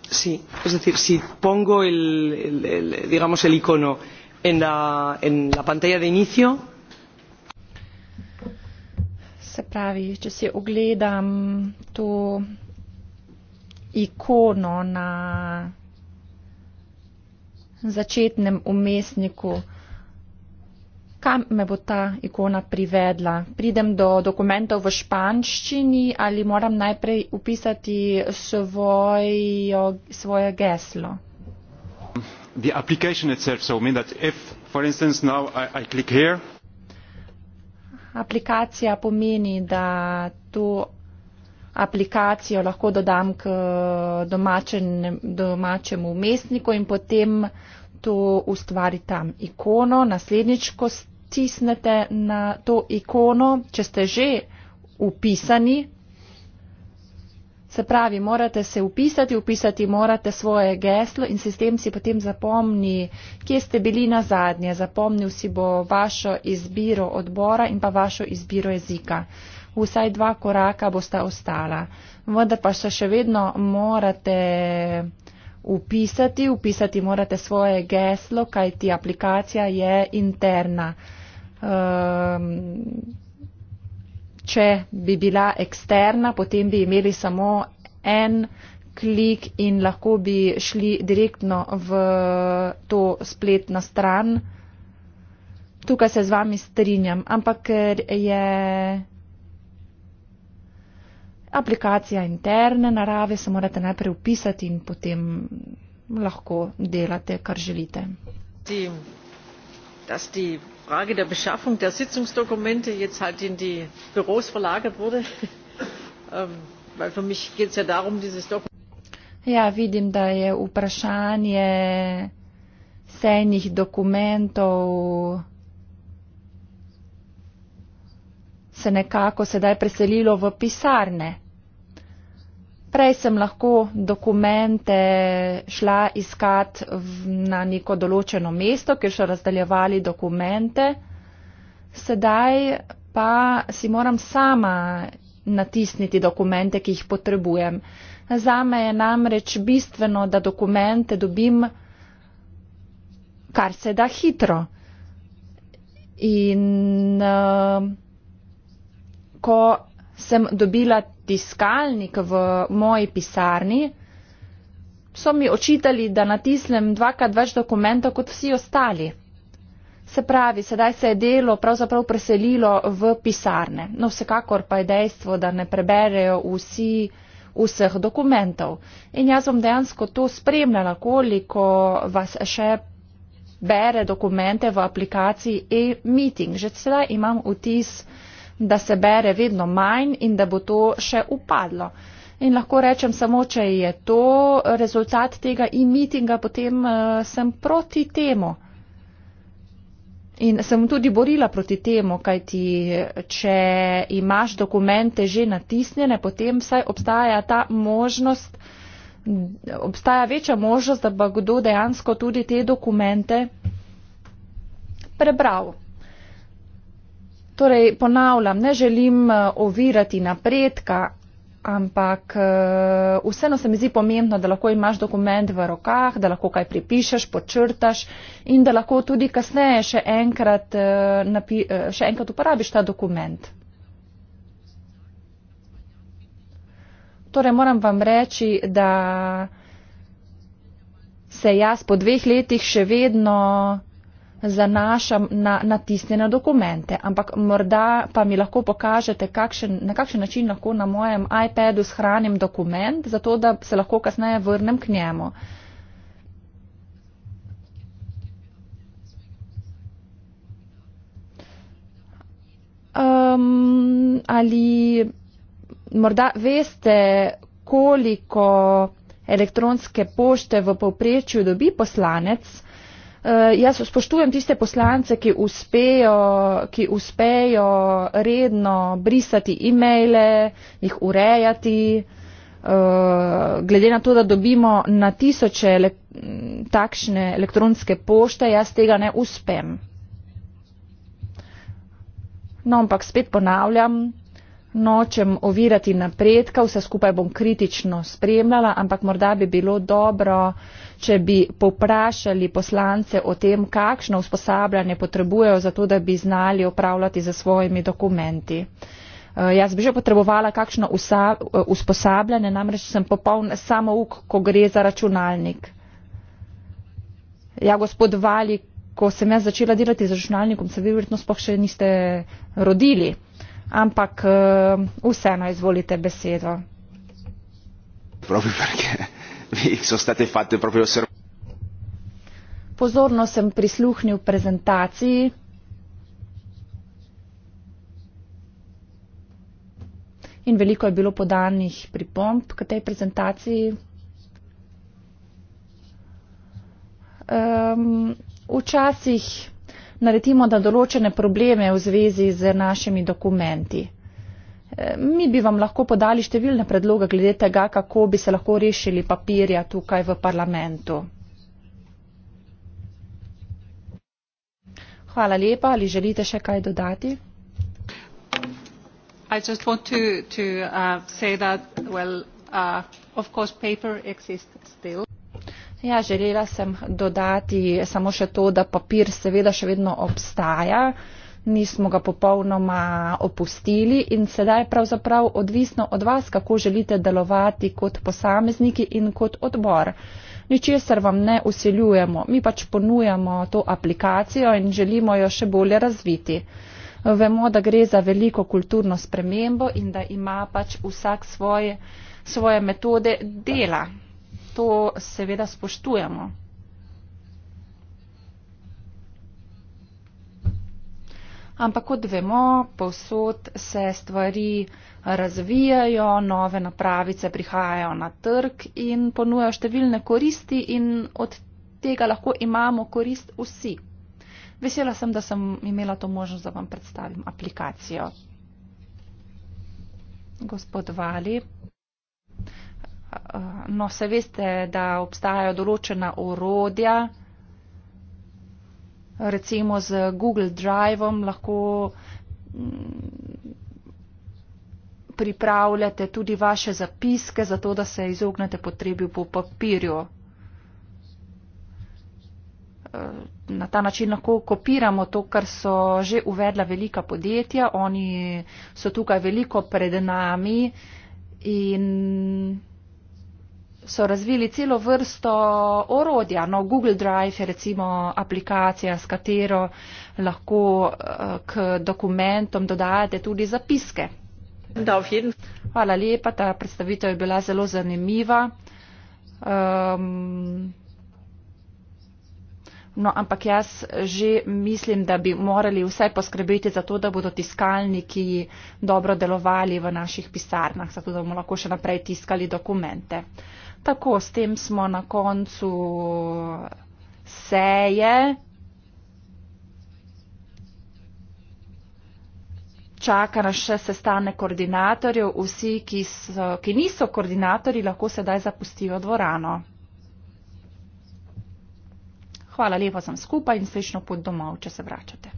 Sí, es decir, si pongo el, el, el, digamos el icono en la, en la pantalla de inicio. Se pravi, če si ogledam to ikono na začetnem umestniku, kam me bo ta ikona privedla? Pridem do dokumentov v španščini ali moram najprej upisati svojo, svoje geslo? The application itself, so mean that if, for instance, now I, I click here. Aplikacija pomeni, da to aplikacijo lahko dodam k domačen, domačemu umestniku in potem to ustvari tam ikono, naslednjič, ko stisnete na to ikono, če ste že upisani, se pravi, morate se upisati, upisati morate svoje geslo in sistem si potem zapomni, kje ste bili na zadnje, zapomnil si bo vašo izbiro odbora in pa vašo izbiro jezika. Vsaj dva koraka bosta ostala. Vendar pa se še vedno morate upisati. Upisati morate svoje geslo, kajti aplikacija je interna. Um, če bi bila eksterna, potem bi imeli samo en klik in lahko bi šli direktno v to spletno stran. Tukaj se z vami strinjam, ampak ker je aplikacija interne narave, se morate najprej upisati in potem lahko delate, kar želite. Die, ähm, ja, ja, vidim, da je vprašanje sejnih dokumentov se nekako sedaj preselilo v pisarne. Prej sem lahko dokumente šla iskat na neko določeno mesto, kjer so razdaljevali dokumente. Sedaj pa si moram sama natisniti dokumente, ki jih potrebujem. Zame je namreč bistveno, da dokumente dobim kar se da hitro. In uh, ko sem dobila tiskalnik v moji pisarni, so mi očitali, da natislem dvakrat več dokumentov kot vsi ostali. Se pravi, sedaj se je delo pravzaprav preselilo v pisarne. No, vsekakor pa je dejstvo, da ne preberejo vsi vseh dokumentov. In jaz bom dejansko to spremljala, koliko vas še bere dokumente v aplikaciji e-meeting. Že sedaj imam vtis, da se bere vedno manj in da bo to še upadlo. In lahko rečem samo, če je to rezultat tega in mitinga, potem uh, sem proti temu. In sem tudi borila proti temu, kajti če imaš dokumente že natisnjene, potem vsaj obstaja ta možnost, obstaja večja možnost, da bo kdo dejansko tudi te dokumente prebral. Torej, ponavljam, ne želim eh, ovirati napredka, ampak eh, vseeno se mi zdi pomembno, da lahko imaš dokument v rokah, da lahko kaj pripišeš, počrtaš in da lahko tudi kasneje še enkrat, eh, še enkrat uporabiš ta dokument. Torej, moram vam reči, da se jaz po dveh letih še vedno zanašam na natisnjene dokumente, ampak morda pa mi lahko pokažete, kakšen, na kakšen način lahko na mojem iPadu shranim dokument, zato da se lahko kasneje vrnem k njemu. Um, ali morda veste, koliko elektronske pošte v povprečju dobi poslanec? Eh, jaz spoštujem tiste poslance, ki uspejo, ki uspejo redno brisati e-maile, jih urejati. Eh, glede na to, da dobimo na tisoče le takšne elektronske pošte, jaz tega ne uspem. No, ampak spet ponavljam, nočem ovirati napredka, vse skupaj bom kritično spremljala, ampak morda bi bilo dobro, če bi poprašali poslance o tem, kakšno usposabljanje potrebujejo za to, da bi znali upravljati za svojimi dokumenti. Eh, jaz bi že potrebovala kakšno usa, eh, usposabljanje, namreč sem popoln samouk, ko gre za računalnik. Ja, gospod Vali, ko sem jaz začela delati z računalnikom, se vi verjetno spoh še niste rodili ampak eh, vseeno izvolite besedo. Pozorno sem prisluhnil prezentaciji. In veliko je bilo podanih pripomb k tej prezentaciji. Um, včasih naletimo na določene probleme v zvezi z našimi dokumenti. E, mi bi vam lahko podali številne predloge glede tega, kako bi se lahko rešili papirja tukaj v parlamentu. Hvala lepa. Ali želite še kaj dodati? To, to, uh, that, well, uh, Ja, želela sem dodati samo še to, da papir seveda še vedno obstaja, nismo ga popolnoma opustili in sedaj je pravzaprav odvisno od vas, kako želite delovati kot posamezniki in kot odbor. Ničesar vam ne usiljujemo, mi pač ponujamo to aplikacijo in želimo jo še bolje razviti. Vemo, da gre za veliko kulturno spremembo in da ima pač vsak svoje, svoje metode dela. Tak to seveda spoštujemo. Ampak kot vemo, povsod se stvari razvijajo, nove napravice prihajajo na trg in ponujajo številne koristi in od tega lahko imamo korist vsi. Vesela sem, da sem imela to možnost, da vam predstavim aplikacijo. Gospod Vali, Eh, no, se veste, da obstajajo določena orodja, recimo z Google Driveom lahko mm, pripravljate tudi vaše zapiske, zato da se izognete potrebi po papirju. Eh, na ta način lahko kopiramo to, kar so že uvedla velika podjetja. Oni so tukaj veliko pred nami in so razvili celo vrsto orodja. No, Google Drive je recimo aplikacija, s katero lahko eh, k dokumentom dodajate tudi zapiske. Da, Hvala lepa, ta predstavitev je bila zelo zanimiva. Um, no, ampak jaz že mislim, da bi morali vsaj poskrbeti za to, da bodo tiskalniki dobro delovali v naših pisarnah, zato da bomo lahko še naprej tiskali dokumente. Tako, s tem smo na koncu seje. Čaka nas še sestane koordinatorjev. Vsi, ki, so, ki niso koordinatorji, lahko sedaj zapustijo dvorano. Hvala lepa sem skupaj in srečno pot domov, če se vračate.